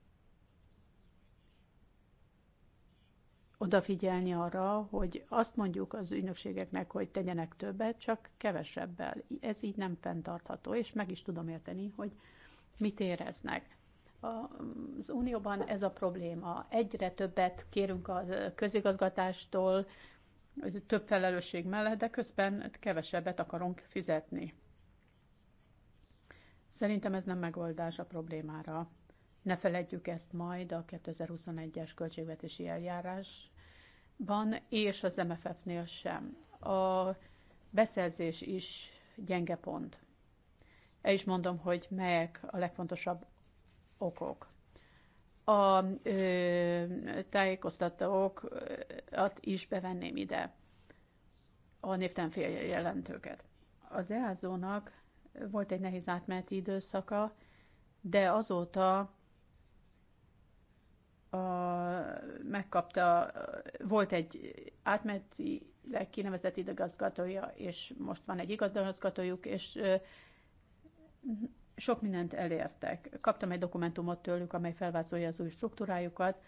odafigyelni arra, hogy azt mondjuk az ügynökségeknek, hogy tegyenek többet, csak kevesebbel. Ez így nem fenntartható, és meg is tudom érteni, hogy mit éreznek. Az Unióban ez a probléma. Egyre többet kérünk a közigazgatástól, több felelősség mellett, de közben kevesebbet akarunk fizetni. Szerintem ez nem megoldás a problémára. Ne feledjük ezt majd a 2021-es költségvetési eljárásban, és az MFF-nél sem. A beszerzés is gyenge pont. El is mondom, hogy melyek a legfontosabb okok. A ö, tájékoztatókat is bevenném ide, a névtelen jelentőket. Az EASO-nak volt egy nehéz átmeneti időszaka, de azóta a, megkapta, volt egy átmeneti kinevezett idegazgatója és most van egy igazgatójuk, és sok mindent elértek. Kaptam egy dokumentumot tőlük, amely felvázolja az új struktúrájukat,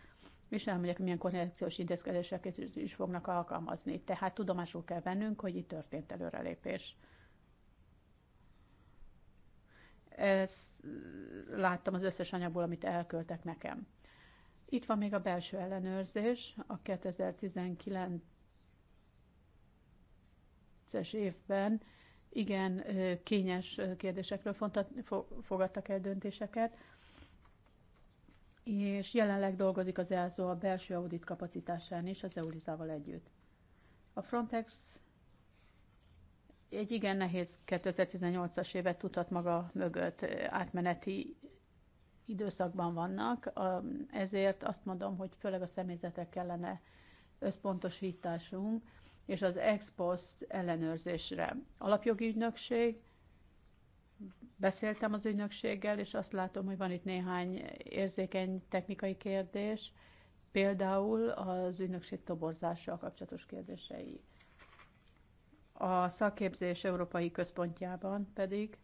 és elmondják, milyen korrekciós intézkedéseket is fognak alkalmazni. Tehát tudomásul kell vennünk, hogy itt történt előrelépés. Ezt láttam az összes anyagból, amit elköltek nekem. Itt van még a belső ellenőrzés, a 2019 2009-es évben igen kényes kérdésekről fogadtak el döntéseket, és jelenleg dolgozik az ELZO a belső audit kapacitásán is az EULIZával együtt. A Frontex egy igen nehéz 2018-as évet tudhat maga mögött átmeneti időszakban vannak, ezért azt mondom, hogy főleg a személyzetre kellene összpontosításunk, és az ex post ellenőrzésre. Alapjogi ügynökség, beszéltem az ügynökséggel, és azt látom, hogy van itt néhány érzékeny technikai kérdés, például az ügynökség toborzással kapcsolatos kérdései. A szakképzés Európai Központjában pedig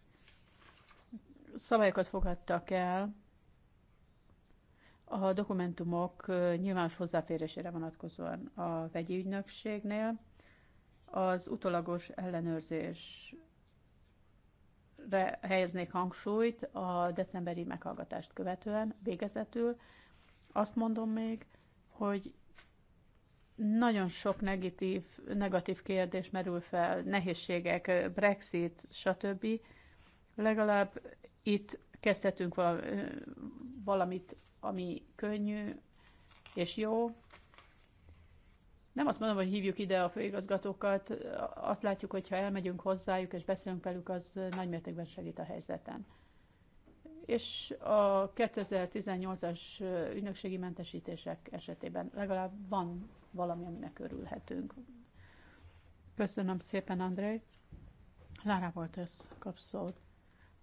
szabályokat fogadtak el a dokumentumok nyilvános hozzáférésére vonatkozóan a vegyi ügynökségnél. Az utolagos ellenőrzés helyeznék hangsúlyt a decemberi meghallgatást követően, végezetül. Azt mondom még, hogy nagyon sok negatív, negatív kérdés merül fel, nehézségek, Brexit, stb. Legalább itt kezdhetünk valamit, ami könnyű és jó. Nem azt mondom, hogy hívjuk ide a főigazgatókat, azt látjuk, hogy ha elmegyünk hozzájuk és beszélünk velük, az nagymértékben segít a helyzeten és a 2018-as ügynökségi mentesítések esetében legalább van valami, aminek örülhetünk. Köszönöm szépen, Andrei. Lára volt ez kapszót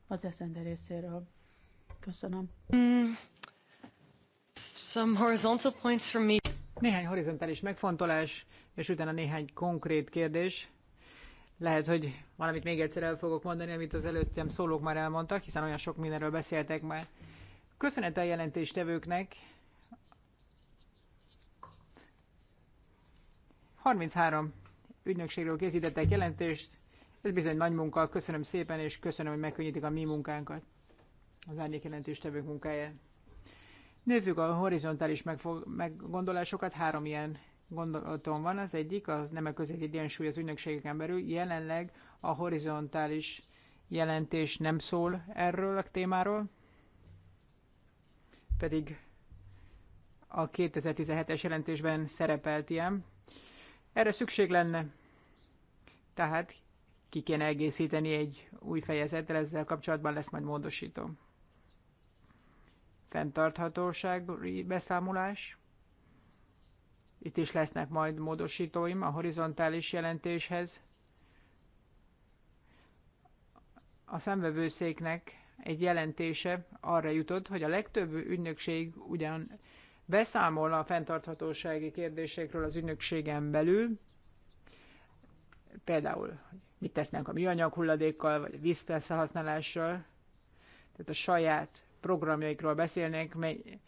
az eszende részéről. Köszönöm. Mm, some horizontal points from me. Néhány horizontális megfontolás, és utána néhány konkrét kérdés. Lehet, hogy valamit még egyszer el fogok mondani, amit az előttem szólók már elmondtak, hiszen olyan sok mindenről beszéltek már. a jelentéstevőknek. 33 ügynökségről készítettek jelentést. Ez bizony nagy munka. Köszönöm szépen, és köszönöm, hogy megkönnyítik a mi munkánkat, az árnyék jelentéstevők munkáját. Nézzük a horizontális meggondolásokat. Három ilyen gondolatom van. Az egyik, az nem a közötti egyensúly az ügynökségeken belül. Jelenleg a horizontális jelentés nem szól erről a témáról, pedig a 2017-es jelentésben szerepelt ilyen. Erre szükség lenne, tehát ki kéne egészíteni egy új fejezetre, ezzel kapcsolatban lesz majd módosító. Fentarthatóság beszámolás. Itt is lesznek majd módosítóim a horizontális jelentéshez. A szemvevőszéknek egy jelentése arra jutott, hogy a legtöbb ügynökség ugyan beszámol a fenntarthatósági kérdésekről az ügynökségen belül, például mit tesznek a műanyag hulladékkal, vagy vízfelhasználással, tehát a saját programjaikról beszélnek, mely,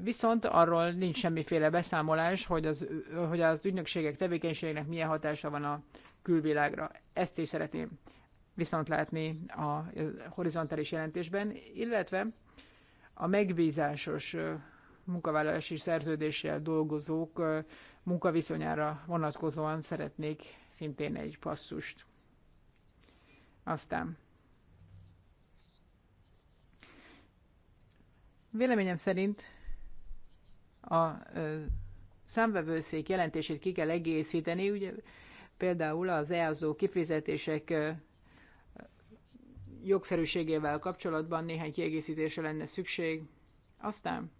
Viszont arról nincs semmiféle beszámolás, hogy az, hogy az ügynökségek tevékenységének milyen hatása van a külvilágra. Ezt is szeretném viszont látni a horizontális jelentésben, illetve a megbízásos munkavállalási szerződéssel dolgozók munkaviszonyára vonatkozóan szeretnék szintén egy passzust. Aztán Véleményem szerint a számvevőszék jelentését ki kell egészíteni, ugye például az EASZO kifizetések jogszerűségével kapcsolatban néhány kiegészítésre lenne szükség. Aztán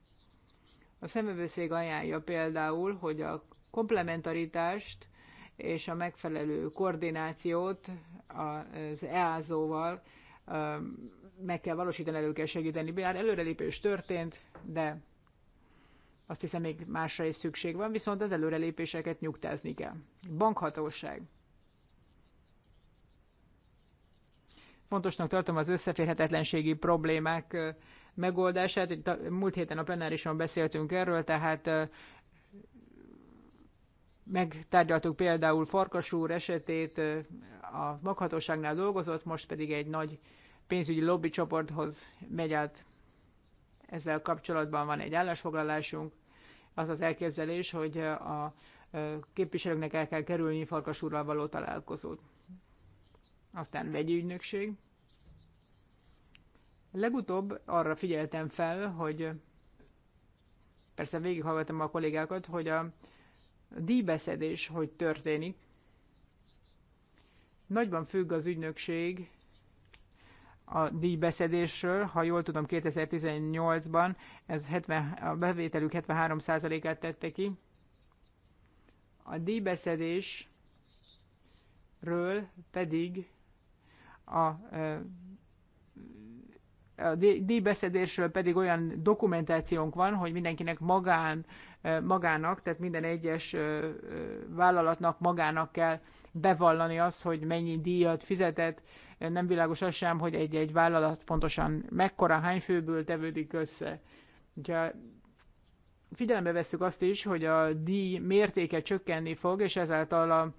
a szemövőszég ajánlja például, hogy a komplementaritást és a megfelelő koordinációt az EASO-val meg kell valósítani, elő kell segíteni. Bár előrelépés történt, de azt hiszem, még másra is szükség van, viszont az előrelépéseket nyugtázni kell. Bankhatóság. Fontosnak tartom az összeférhetetlenségi problémák megoldását. Múlt héten a plenárison beszéltünk erről, tehát megtárgyaltuk például Farkas úr esetét, a maghatóságnál dolgozott, most pedig egy nagy pénzügyi lobby csoporthoz megy át. Ezzel kapcsolatban van egy állásfoglalásunk az az elképzelés, hogy a képviselőknek el kell kerülni Farkas úrral való találkozót. Aztán vegyi ügynökség. Legutóbb arra figyeltem fel, hogy persze végighallgattam a kollégákat, hogy a díjbeszedés hogy történik. Nagyban függ az ügynökség a díjbeszedésről. Ha jól tudom, 2018-ban ez 70, a bevételük 73%-át tette ki. A díjbeszedésről pedig a, a díjbeszedésről pedig olyan dokumentációnk van, hogy mindenkinek magán, magának, tehát minden egyes vállalatnak magának kell bevallani azt, hogy mennyi díjat fizetett, nem világos az sem, hogy egy-egy vállalat pontosan mekkora, hány főből tevődik össze. Úgyhogy figyelembe veszük azt is, hogy a díj mértéke csökkenni fog, és ezáltal a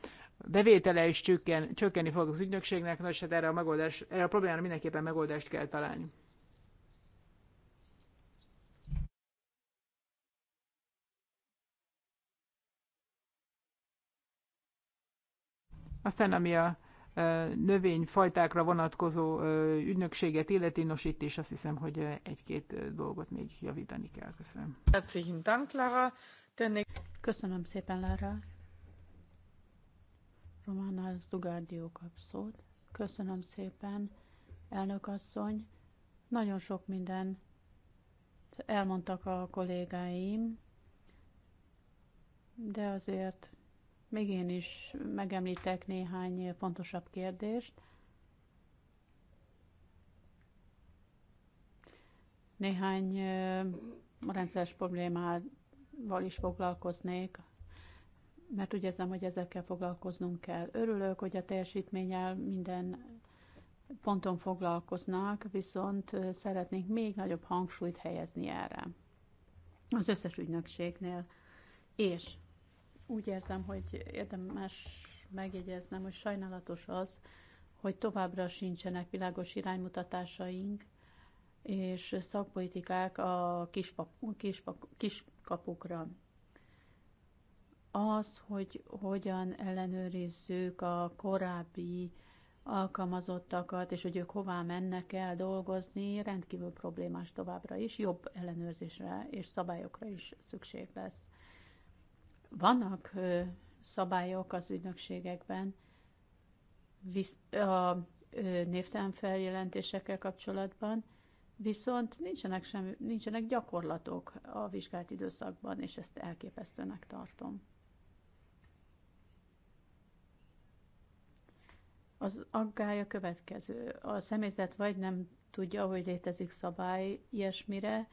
bevétele is csökken, csökkenni fog az ügynökségnek, nos, hát erre a, megoldás, erre a problémára mindenképpen megoldást kell találni. Aztán ami a növényfajtákra vonatkozó ügynökséget illeti, nos itt is azt hiszem, hogy egy-két dolgot még javítani kell. Köszönöm. Köszönöm szépen, Lára. Romana Zdugárdió kap szót. Köszönöm szépen, elnök asszony. Nagyon sok minden elmondtak a kollégáim, de azért még én is megemlítek néhány fontosabb kérdést. Néhány rendszeres problémával is foglalkoznék, mert úgy érzem, hogy ezekkel foglalkoznunk kell. Örülök, hogy a teljesítménnyel minden ponton foglalkoznak, viszont szeretnénk még nagyobb hangsúlyt helyezni erre az összes ügynökségnél. És úgy érzem, hogy érdemes megjegyeznem, hogy sajnálatos az, hogy továbbra sincsenek világos iránymutatásaink és szakpolitikák a kispap, kispap, kiskapukra. Az, hogy hogyan ellenőrizzük a korábbi alkalmazottakat, és hogy ők hová mennek el dolgozni, rendkívül problémás továbbra is, jobb ellenőrzésre és szabályokra is szükség lesz. Vannak szabályok az ügynökségekben a névtelen feljelentésekkel kapcsolatban, viszont nincsenek, sem, nincsenek gyakorlatok a vizsgált időszakban, és ezt elképesztőnek tartom. Az aggája következő. A személyzet vagy nem tudja, hogy létezik szabály ilyesmire,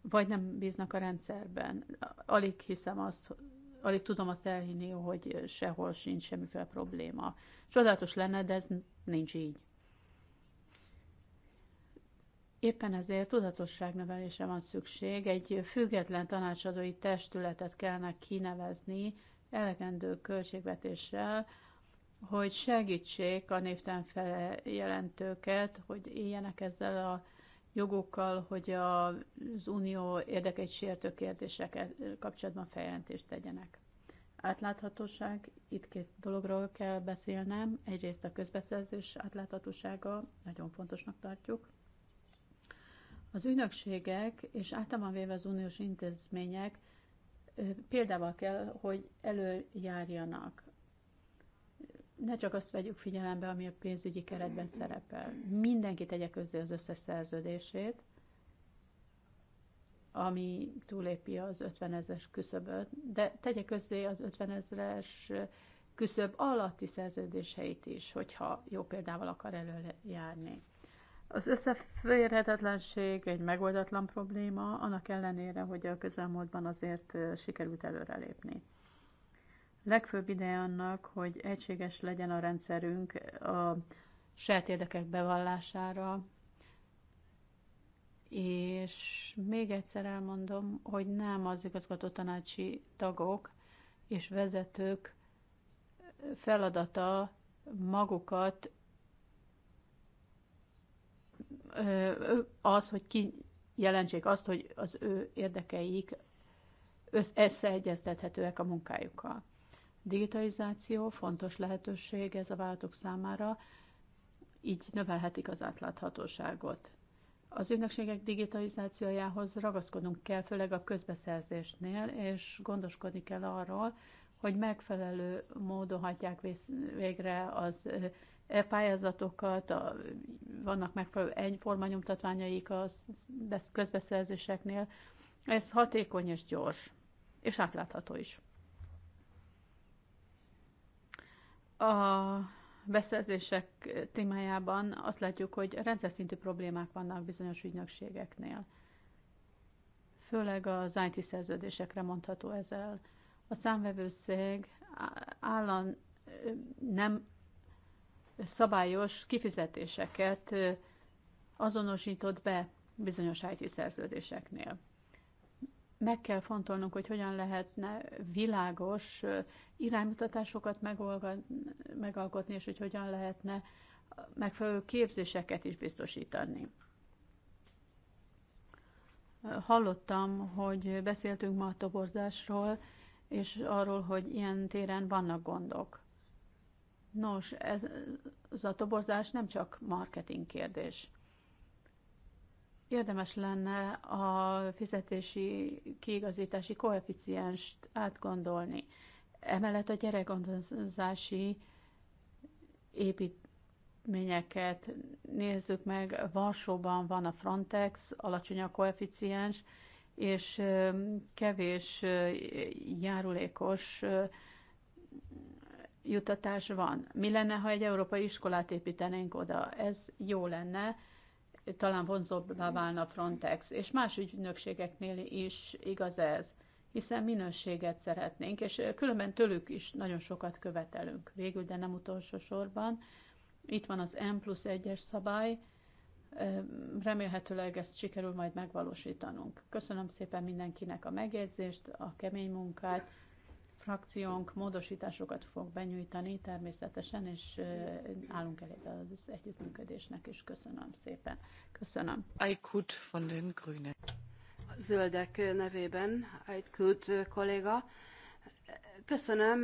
vagy nem bíznak a rendszerben. Alig hiszem azt, alig tudom azt elhinni, hogy sehol sincs semmiféle probléma. Csodálatos lenne, de ez nincs így. Éppen ezért tudatosságnevelésre van szükség. Egy független tanácsadói testületet kellene kinevezni elegendő költségvetéssel, hogy segítsék a névtelen feljelentőket, hogy éljenek ezzel a jogokkal, hogy az unió érdekeit sértő kérdésekkel kapcsolatban feljelentést tegyenek. Átláthatóság, itt két dologról kell beszélnem. Egyrészt a közbeszerzés átláthatósága, nagyon fontosnak tartjuk. Az ügynökségek és általában véve az uniós intézmények példával kell, hogy előjárjanak ne csak azt vegyük figyelembe, ami a pénzügyi keretben szerepel. Mindenki tegye közzé az összes szerződését, ami túlépi az 50 ezeres küszöböt, de tegye közzé az 50 ezeres küszöb alatti szerződéseit is, hogyha jó példával akar előjárni. Az összeférhetetlenség egy megoldatlan probléma, annak ellenére, hogy a közelmúltban azért sikerült előrelépni legfőbb ideje annak, hogy egységes legyen a rendszerünk a saját érdekek bevallására, és még egyszer elmondom, hogy nem az igazgató tanácsi tagok és vezetők feladata magukat az, hogy ki jelentsék azt, hogy az ő érdekeik összeegyeztethetőek a munkájukkal. Digitalizáció fontos lehetőség ez a váltók számára, így növelhetik az átláthatóságot. Az ügynökségek digitalizációjához ragaszkodnunk kell, főleg a közbeszerzésnél, és gondoskodni kell arról, hogy megfelelő módon hagyják végre az e pályázatokat, a, vannak megfelelő egyforma nyomtatványaik a közbeszerzéseknél. Ez hatékony és gyors, és átlátható is. A beszerzések témájában azt látjuk, hogy rendszer szintű problémák vannak bizonyos ügynökségeknél. Főleg az IT szerződésekre mondható ezzel. A számvevőszég állam nem szabályos kifizetéseket azonosított be bizonyos IT szerződéseknél meg kell fontolnunk, hogy hogyan lehetne világos iránymutatásokat megalkotni, és hogy hogyan lehetne megfelelő képzéseket is biztosítani. Hallottam, hogy beszéltünk ma a toborzásról, és arról, hogy ilyen téren vannak gondok. Nos, ez, ez a toborzás nem csak marketing kérdés. Érdemes lenne a fizetési kiigazítási koeficienst átgondolni. Emellett a gyerekgondozási építményeket nézzük meg. Varsóban van a Frontex, alacsony a koeficiens, és kevés járulékos jutatás van. Mi lenne, ha egy európai iskolát építenénk oda? Ez jó lenne, talán vonzóbbá válna Frontex, és más ügynökségeknél is igaz ez, hiszen minőséget szeretnénk, és különben tőlük is nagyon sokat követelünk. Végül, de nem utolsó sorban, itt van az M plusz 1-es szabály, remélhetőleg ezt sikerül majd megvalósítanunk. Köszönöm szépen mindenkinek a megjegyzést, a kemény munkát, frakciónk módosításokat fog benyújtani természetesen, és állunk elébe az együttműködésnek is. Köszönöm szépen. Köszönöm. Aykut von den Grünen. Zöldek nevében, Aykut kolléga. Köszönöm,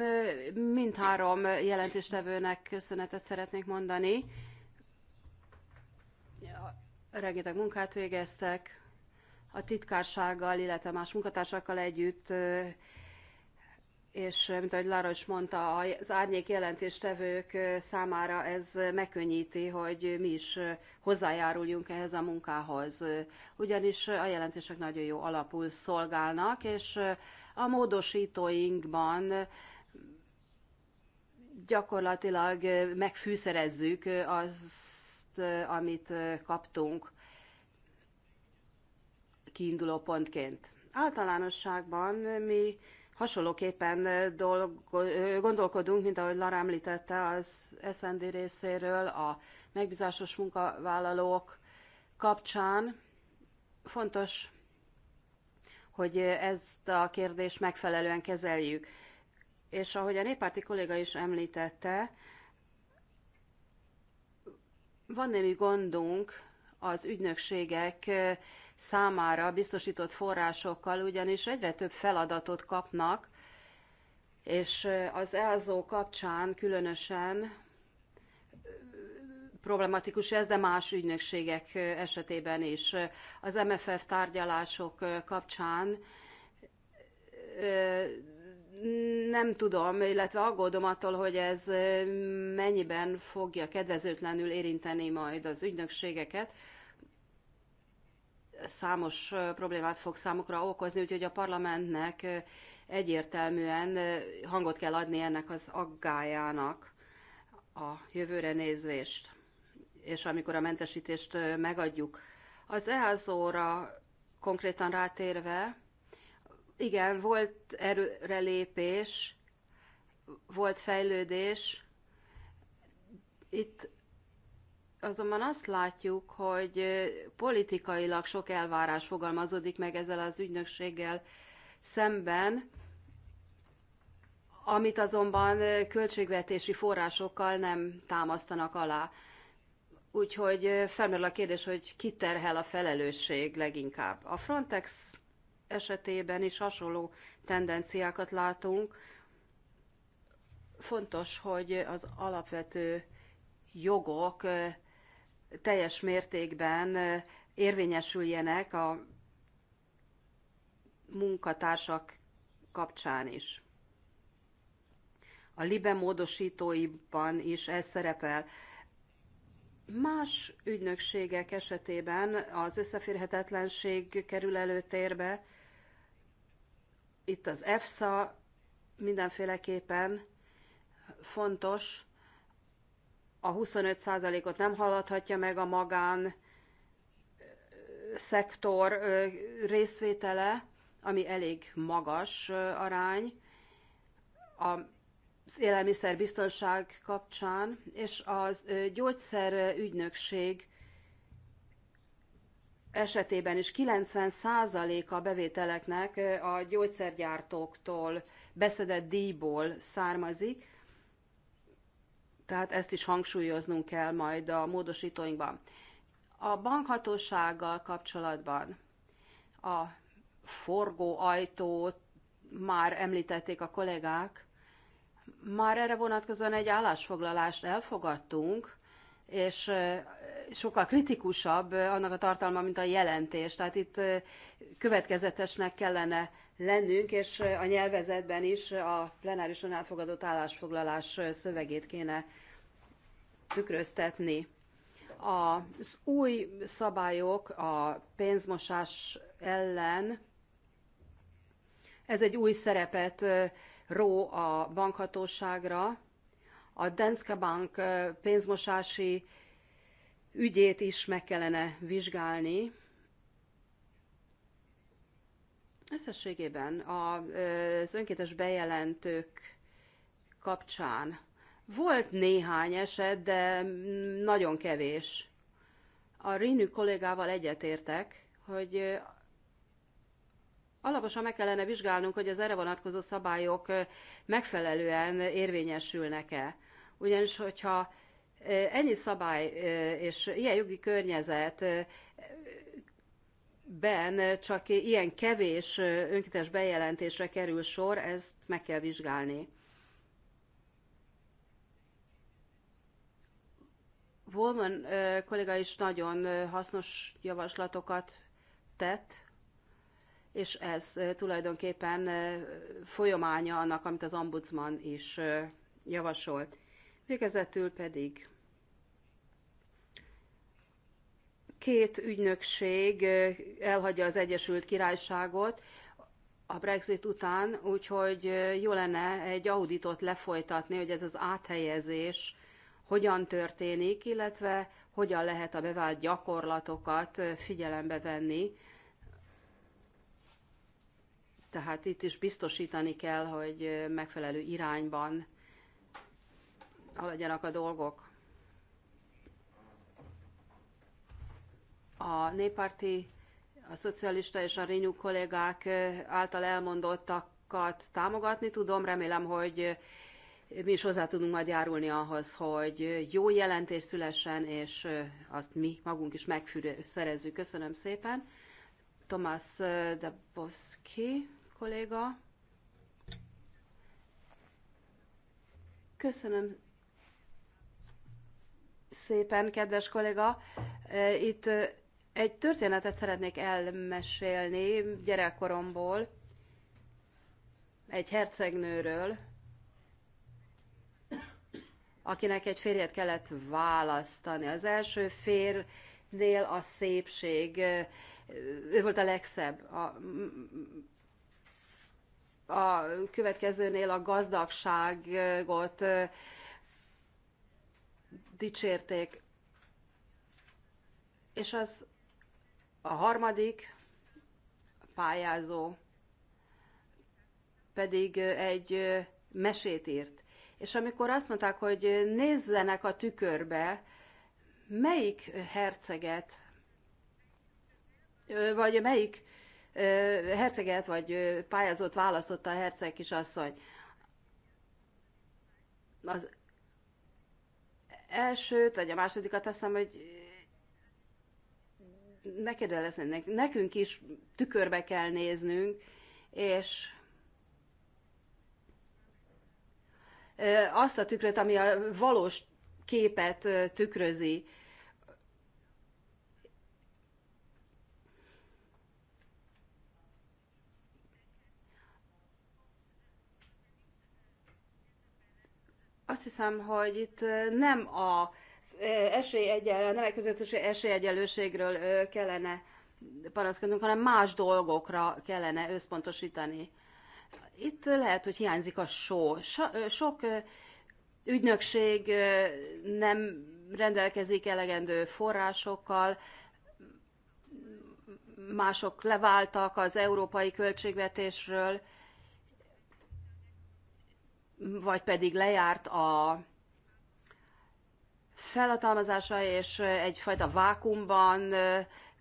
mindhárom jelentéstevőnek köszönetet szeretnék mondani. Rengeteg munkát végeztek, a titkársággal, illetve más munkatársakkal együtt és eh, mint ahogy Lara is mondta, az árnyék jelentéstevők eh, számára ez megkönnyíti, hogy mi is eh, hozzájáruljunk ehhez a munkához. Ugyanis a jelentések nagyon jó alapul szolgálnak, és a módosítóinkban gyakorlatilag megfűszerezzük azt, amit kaptunk kiinduló pontként. Általánosságban mi hasonlóképpen dolgo, gondolkodunk, mint ahogy Lara említette az SND részéről, a megbízásos munkavállalók kapcsán. Fontos, hogy ezt a kérdést megfelelően kezeljük. És ahogy a néppárti kolléga is említette, van némi gondunk az ügynökségek számára biztosított forrásokkal, ugyanis egyre több feladatot kapnak, és az elzó kapcsán különösen problematikus ez, de más ügynökségek esetében is. Az MFF tárgyalások kapcsán nem tudom, illetve aggódom attól, hogy ez mennyiben fogja kedvezőtlenül érinteni majd az ügynökségeket, számos problémát fog számukra okozni, úgyhogy a parlamentnek egyértelműen hangot kell adni ennek az aggájának a jövőre nézvést. És amikor a mentesítést megadjuk. Az EASO-ra konkrétan rátérve, igen, volt erőrelépés, volt fejlődés. Itt Azonban azt látjuk, hogy politikailag sok elvárás fogalmazódik meg ezzel az ügynökséggel szemben, amit azonban költségvetési forrásokkal nem támasztanak alá. Úgyhogy felmerül a kérdés, hogy ki terhel a felelősség leginkább. A Frontex esetében is hasonló tendenciákat látunk. Fontos, hogy az alapvető jogok teljes mértékben érvényesüljenek a munkatársak kapcsán is. A LIBE módosítóiban is ez szerepel. Más ügynökségek esetében az összeférhetetlenség kerül előtérbe. Itt az EFSA mindenféleképpen fontos, a 25%-ot nem haladhatja meg a magán szektor részvétele, ami elég magas arány az élelmiszerbiztonság kapcsán, és az gyógyszer ügynökség esetében is 90% a bevételeknek a gyógyszergyártóktól beszedett díjból származik, tehát ezt is hangsúlyoznunk kell majd a módosítóinkban. A bankhatósággal kapcsolatban a forgóajtót már említették a kollégák, már erre vonatkozóan egy állásfoglalást elfogadtunk, és sokkal kritikusabb annak a tartalma, mint a jelentés. Tehát itt következetesnek kellene lennünk, és a nyelvezetben is a plenárison elfogadott állásfoglalás szövegét kéne tükröztetni. Az új szabályok a pénzmosás ellen, ez egy új szerepet ró a bankhatóságra. A Danske Bank pénzmosási ügyét is meg kellene vizsgálni. Összességében az önkéntes bejelentők kapcsán volt néhány eset, de nagyon kevés. A Rinű kollégával egyetértek, hogy alaposan meg kellene vizsgálnunk, hogy az erre vonatkozó szabályok megfelelően érvényesülnek-e. Ugyanis, hogyha ennyi szabály és ilyen jogi környezet ben csak ilyen kevés önkéntes bejelentésre kerül sor, ezt meg kell vizsgálni. Volman kolléga is nagyon hasznos javaslatokat tett, és ez tulajdonképpen folyamánya annak, amit az ombudsman is javasolt. Végezetül pedig két ügynökség elhagyja az Egyesült Királyságot a Brexit után, úgyhogy jó lenne egy auditot lefolytatni, hogy ez az áthelyezés hogyan történik, illetve hogyan lehet a bevált gyakorlatokat figyelembe venni. Tehát itt is biztosítani kell, hogy megfelelő irányban haladjanak a dolgok. a néppárti, a szocialista és a Rényú kollégák által elmondottakat támogatni tudom. Remélem, hogy mi is hozzá tudunk majd járulni ahhoz, hogy jó jelentés szülessen, és azt mi magunk is megszerezzük. Köszönöm szépen. Tomás Dabowski kolléga. Köszönöm szépen, kedves kolléga. Itt egy történetet szeretnék elmesélni gyerekkoromból, egy hercegnőről, akinek egy férjet kellett választani. Az első férnél a szépség, ő volt a legszebb. A, a következőnél a gazdagságot dicsérték. És az a harmadik pályázó pedig egy mesét írt. És amikor azt mondták, hogy nézzenek a tükörbe, melyik herceget, vagy melyik herceget, vagy pályázót választotta a herceg kisasszony? Az elsőt, vagy a másodikat, azt hiszem, hogy Neked megkérdeznek, nekünk is tükörbe kell néznünk, és azt a tükröt, ami a valós képet tükrözi. Azt hiszem, hogy itt nem a esélyegyenlő, nemek közötti esélyegyenlőségről kellene panaszkodnunk, hanem más dolgokra kellene összpontosítani. Itt lehet, hogy hiányzik a só. So, sok ügynökség nem rendelkezik elegendő forrásokkal, mások leváltak az európai költségvetésről, vagy pedig lejárt a felhatalmazása és egyfajta vákumban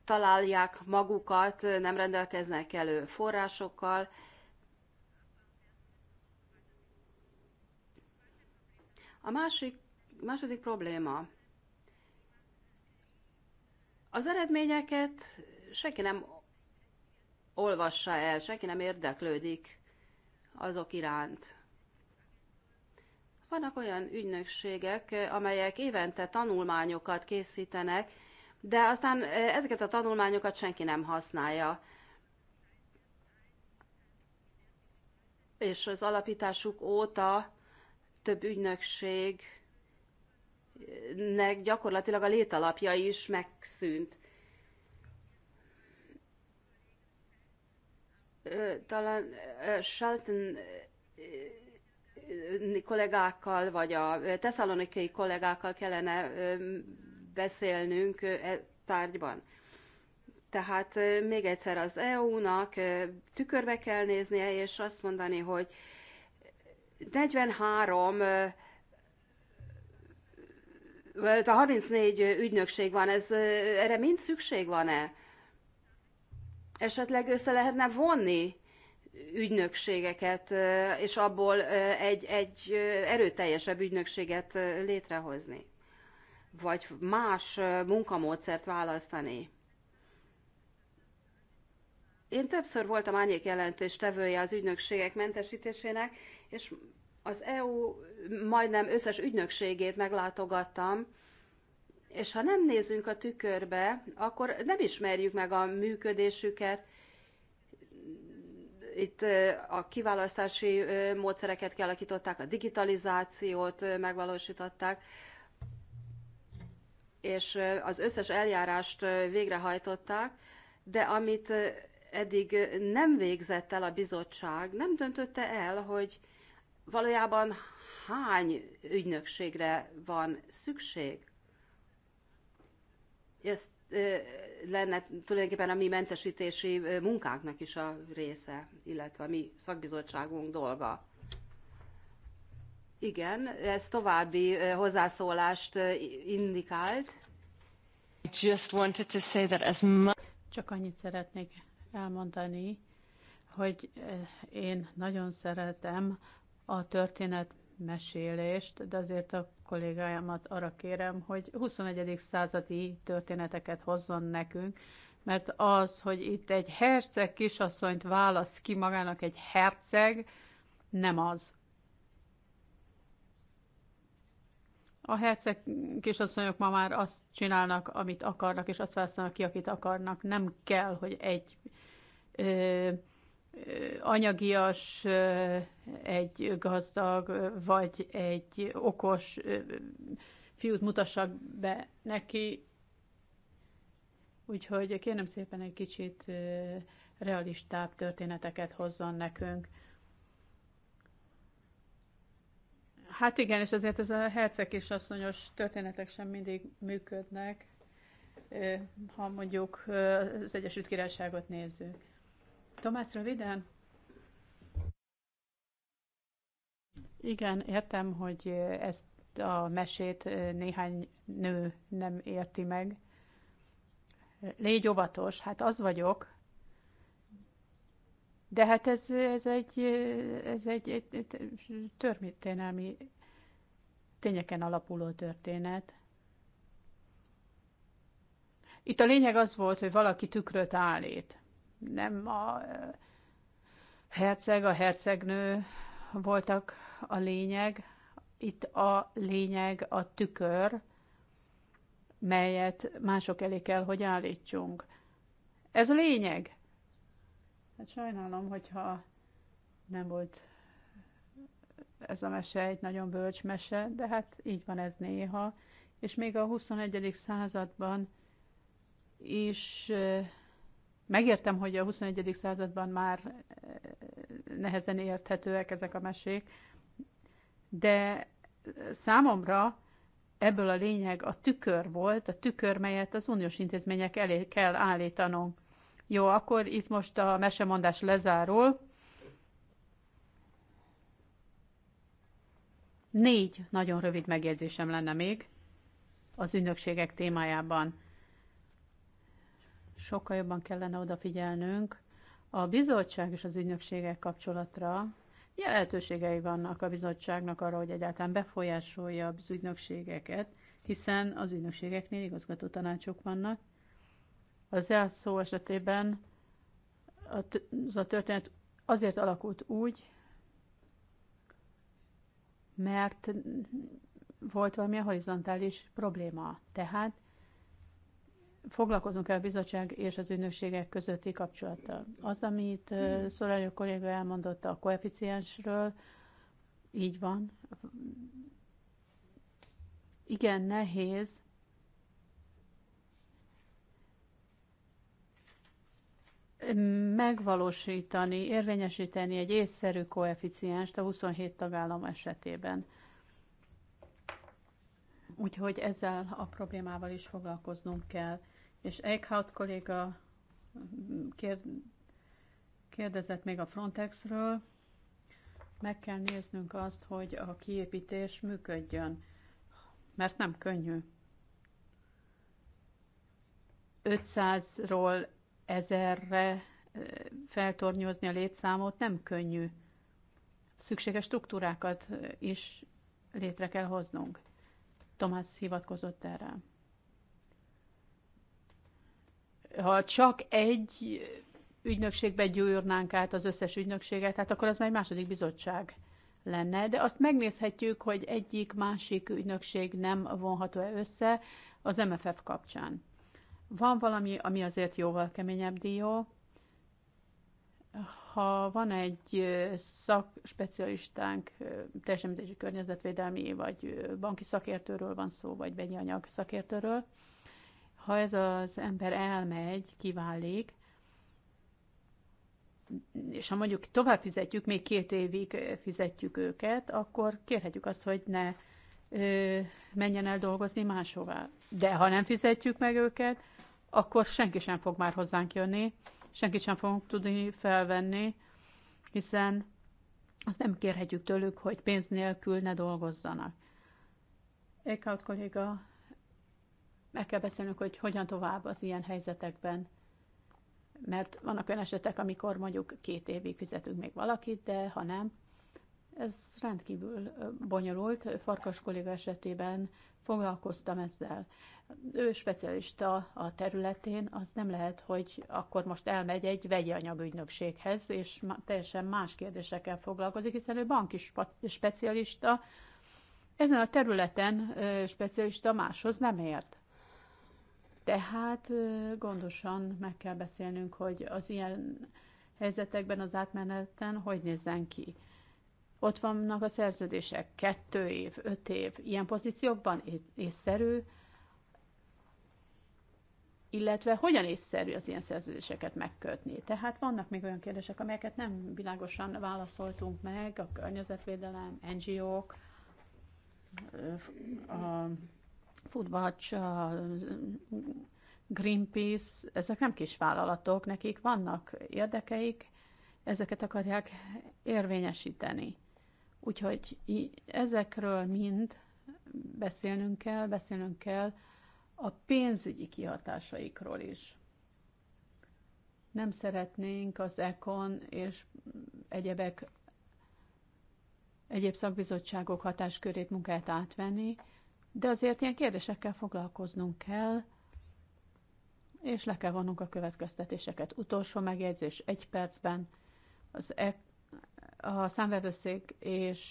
találják magukat, nem rendelkeznek elő forrásokkal. A másik, második probléma. Az eredményeket senki nem olvassa el, senki nem érdeklődik azok iránt. Vannak olyan ügynökségek, amelyek évente tanulmányokat készítenek, de aztán e, ezeket a tanulmányokat senki nem használja. És az alapításuk óta több ügynökségnek gyakorlatilag a létalapja is megszűnt. Talán Shelton kollégákkal, vagy a tesszalonikai kollégákkal kellene beszélnünk e tárgyban. Tehát még egyszer az EU-nak tükörbe kell néznie, és azt mondani, hogy 43 a 34 ügynökség van, ez, erre mind szükség van-e? Esetleg össze lehetne vonni ügynökségeket, és abból egy, egy erőteljesebb ügynökséget létrehozni, vagy más munkamódszert választani. Én többször voltam annyi jelentős tevője az ügynökségek mentesítésének, és az EU majdnem összes ügynökségét meglátogattam, és ha nem nézünk a tükörbe, akkor nem ismerjük meg a működésüket, itt a kiválasztási módszereket kialakították, a digitalizációt megvalósították, és az összes eljárást végrehajtották, de amit eddig nem végzett el a bizottság, nem döntötte el, hogy valójában hány ügynökségre van szükség. Ezt lenne tulajdonképpen a mi mentesítési munkánknak is a része, illetve a mi szakbizottságunk dolga. Igen, ez további hozzászólást indikált. Just wanted to say that as Csak annyit szeretnék elmondani, hogy én nagyon szeretem a történet mesélést, de azért a kollégámat arra kérem, hogy 21. századi történeteket hozzon nekünk, mert az, hogy itt egy herceg kisasszonyt választ ki magának egy herceg, nem az. A herceg kisasszonyok ma már azt csinálnak, amit akarnak, és azt választanak ki, akit akarnak. Nem kell, hogy egy ö, anyagias, egy gazdag, vagy egy okos fiút mutassak be neki. Úgyhogy kérem szépen egy kicsit realistább történeteket hozzon nekünk. Hát igen, és azért ez a herceg és asszonyos történetek sem mindig működnek, ha mondjuk az Egyesült Királyságot nézzük. Tomás, röviden? Igen, értem, hogy ezt a mesét néhány nő nem érti meg. Légy óvatos, hát az vagyok. De hát ez, ez egy, ez egy, egy történelmi, tényeken alapuló történet. Itt a lényeg az volt, hogy valaki tükröt állít nem a herceg, a hercegnő voltak a lényeg. Itt a lényeg a tükör, melyet mások elé kell, hogy állítsunk. Ez a lényeg. Hát sajnálom, hogyha nem volt ez a mese egy nagyon bölcs mese, de hát így van ez néha. És még a 21. században is Megértem, hogy a 21. században már eh, nehezen érthetőek ezek a mesék, de számomra ebből a lényeg a tükör volt, a tükör, melyet az uniós intézmények elé kell állítanunk. Jó, akkor itt most a mesemondás lezárul. Négy nagyon rövid megjegyzésem lenne még az ünnökségek témájában sokkal jobban kellene odafigyelnünk a bizottság és az ügynökségek kapcsolatra. Milyen lehetőségei vannak a bizottságnak arra, hogy egyáltalán befolyásolja az ügynökségeket, hiszen az ügynökségeknél igazgató tanácsok vannak. Az elszó esetében az a történet azért alakult úgy, mert volt valami horizontális probléma. Tehát foglalkozunk el a bizottság és az ügynökségek közötti kapcsolattal. Az, amit Szolányok kolléga elmondott a koeficiensről, így van. Igen, nehéz. megvalósítani, érvényesíteni egy észszerű koeficienst a 27 tagállam esetében. Úgyhogy ezzel a problémával is foglalkoznunk kell és Eichhout kolléga kérdezett még a Frontexről, meg kell néznünk azt, hogy a kiépítés működjön, mert nem könnyű. 500-ról 1000-re feltornyozni a létszámot nem könnyű. Szükséges struktúrákat is létre kell hoznunk. Tomás hivatkozott erre ha csak egy ügynökségbe gyűrnánk át az összes ügynökséget, hát akkor az már egy második bizottság lenne, de azt megnézhetjük, hogy egyik másik ügynökség nem vonható-e össze az MFF kapcsán. Van valami, ami azért jóval keményebb dió. Ha van egy szakspecialistánk, teljesen mindegy, környezetvédelmi vagy banki szakértőről van szó, vagy vegyi anyag szakértőről, ha ez az ember elmegy, kiválik, és ha mondjuk tovább fizetjük, még két évig fizetjük őket, akkor kérhetjük azt, hogy ne ö, menjen el dolgozni máshová. De ha nem fizetjük meg őket, akkor senki sem fog már hozzánk jönni, senki sem fogunk tudni felvenni, hiszen azt nem kérhetjük tőlük, hogy pénz nélkül ne dolgozzanak. Eckhout kolléga meg kell beszélnünk, hogy hogyan tovább az ilyen helyzetekben. Mert vannak olyan esetek, amikor mondjuk két évig fizetünk még valakit, de ha nem, ez rendkívül bonyolult. Farkas kolléga esetében foglalkoztam ezzel. Ő specialista a területén, az nem lehet, hogy akkor most elmegy egy vegyi anyagügynökséghez, és teljesen más kérdésekkel foglalkozik, hiszen ő banki specialista, ezen a területen specialista máshoz nem ért. Tehát gondosan meg kell beszélnünk, hogy az ilyen helyzetekben, az átmeneten hogy nézzen ki. Ott vannak a szerződések, kettő év, öt év, ilyen pozíciókban észszerű, illetve hogyan észszerű az ilyen szerződéseket megkötni. Tehát vannak még olyan kérdések, amelyeket nem világosan válaszoltunk meg, a környezetvédelem, NGO-k, a Foodwatch, a Greenpeace, ezek nem kis vállalatok, nekik vannak érdekeik, ezeket akarják érvényesíteni. Úgyhogy ezekről mind beszélnünk kell, beszélnünk kell a pénzügyi kihatásaikról is. Nem szeretnénk az ECON és egyebek, egyéb szakbizottságok hatáskörét, munkáját átvenni, de azért ilyen kérdésekkel foglalkoznunk kell, és le kell vonnunk a következtetéseket. Utolsó megjegyzés egy percben. Az e, a számvevőszék és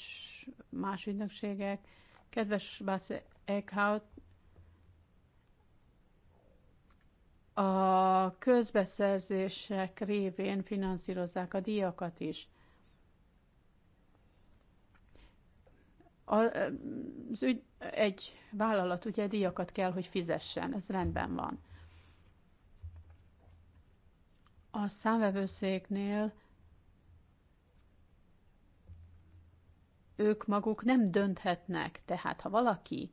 más ügynökségek, kedves Bász Eckhout, a közbeszerzések révén finanszírozzák a díjakat is. Az ügy, egy vállalat ugye díjakat kell, hogy fizessen, ez rendben van. A számvevőszéknél ők maguk nem dönthetnek, tehát ha valaki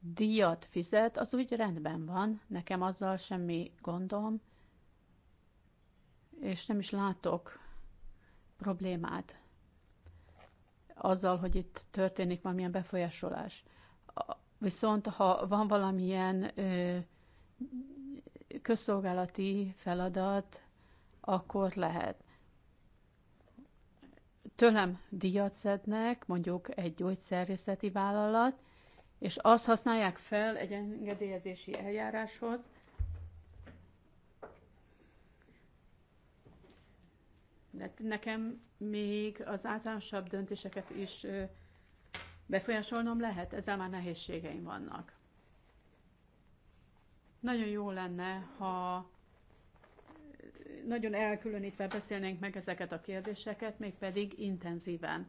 díjat fizet, az úgy rendben van, nekem azzal semmi gondom, és nem is látok problémát azzal, hogy itt történik valamilyen befolyásolás. Viszont ha van valamilyen közszolgálati feladat, akkor lehet. Tőlem díjat szednek, mondjuk egy gyógyszerészeti vállalat, és azt használják fel egy engedélyezési eljáráshoz, De nekem még az általánosabb döntéseket is befolyásolnom lehet, ezzel már nehézségeim vannak. Nagyon jó lenne, ha nagyon elkülönítve beszélnénk meg ezeket a kérdéseket, mégpedig intenzíven.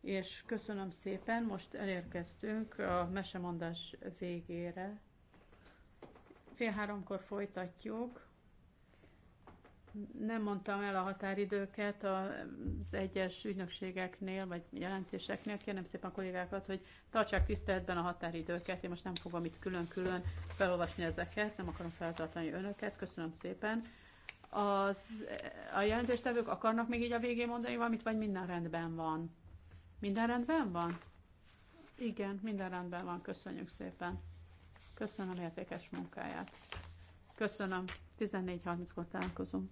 És köszönöm szépen, most elérkeztünk a mesemondás végére. Fél háromkor folytatjuk nem mondtam el a határidőket az egyes ügynökségeknél, vagy jelentéseknél. Kérem szépen a kollégákat, hogy tartsák tiszteletben a határidőket. Én most nem fogom itt külön-külön felolvasni ezeket, nem akarom feltartani önöket. Köszönöm szépen. Az, a jelentéstevők akarnak még így a végén mondani valamit, vagy minden rendben van? Minden rendben van? Igen, minden rendben van. Köszönjük szépen. Köszönöm értékes munkáját. Köszönöm. 14.30-kor találkozunk.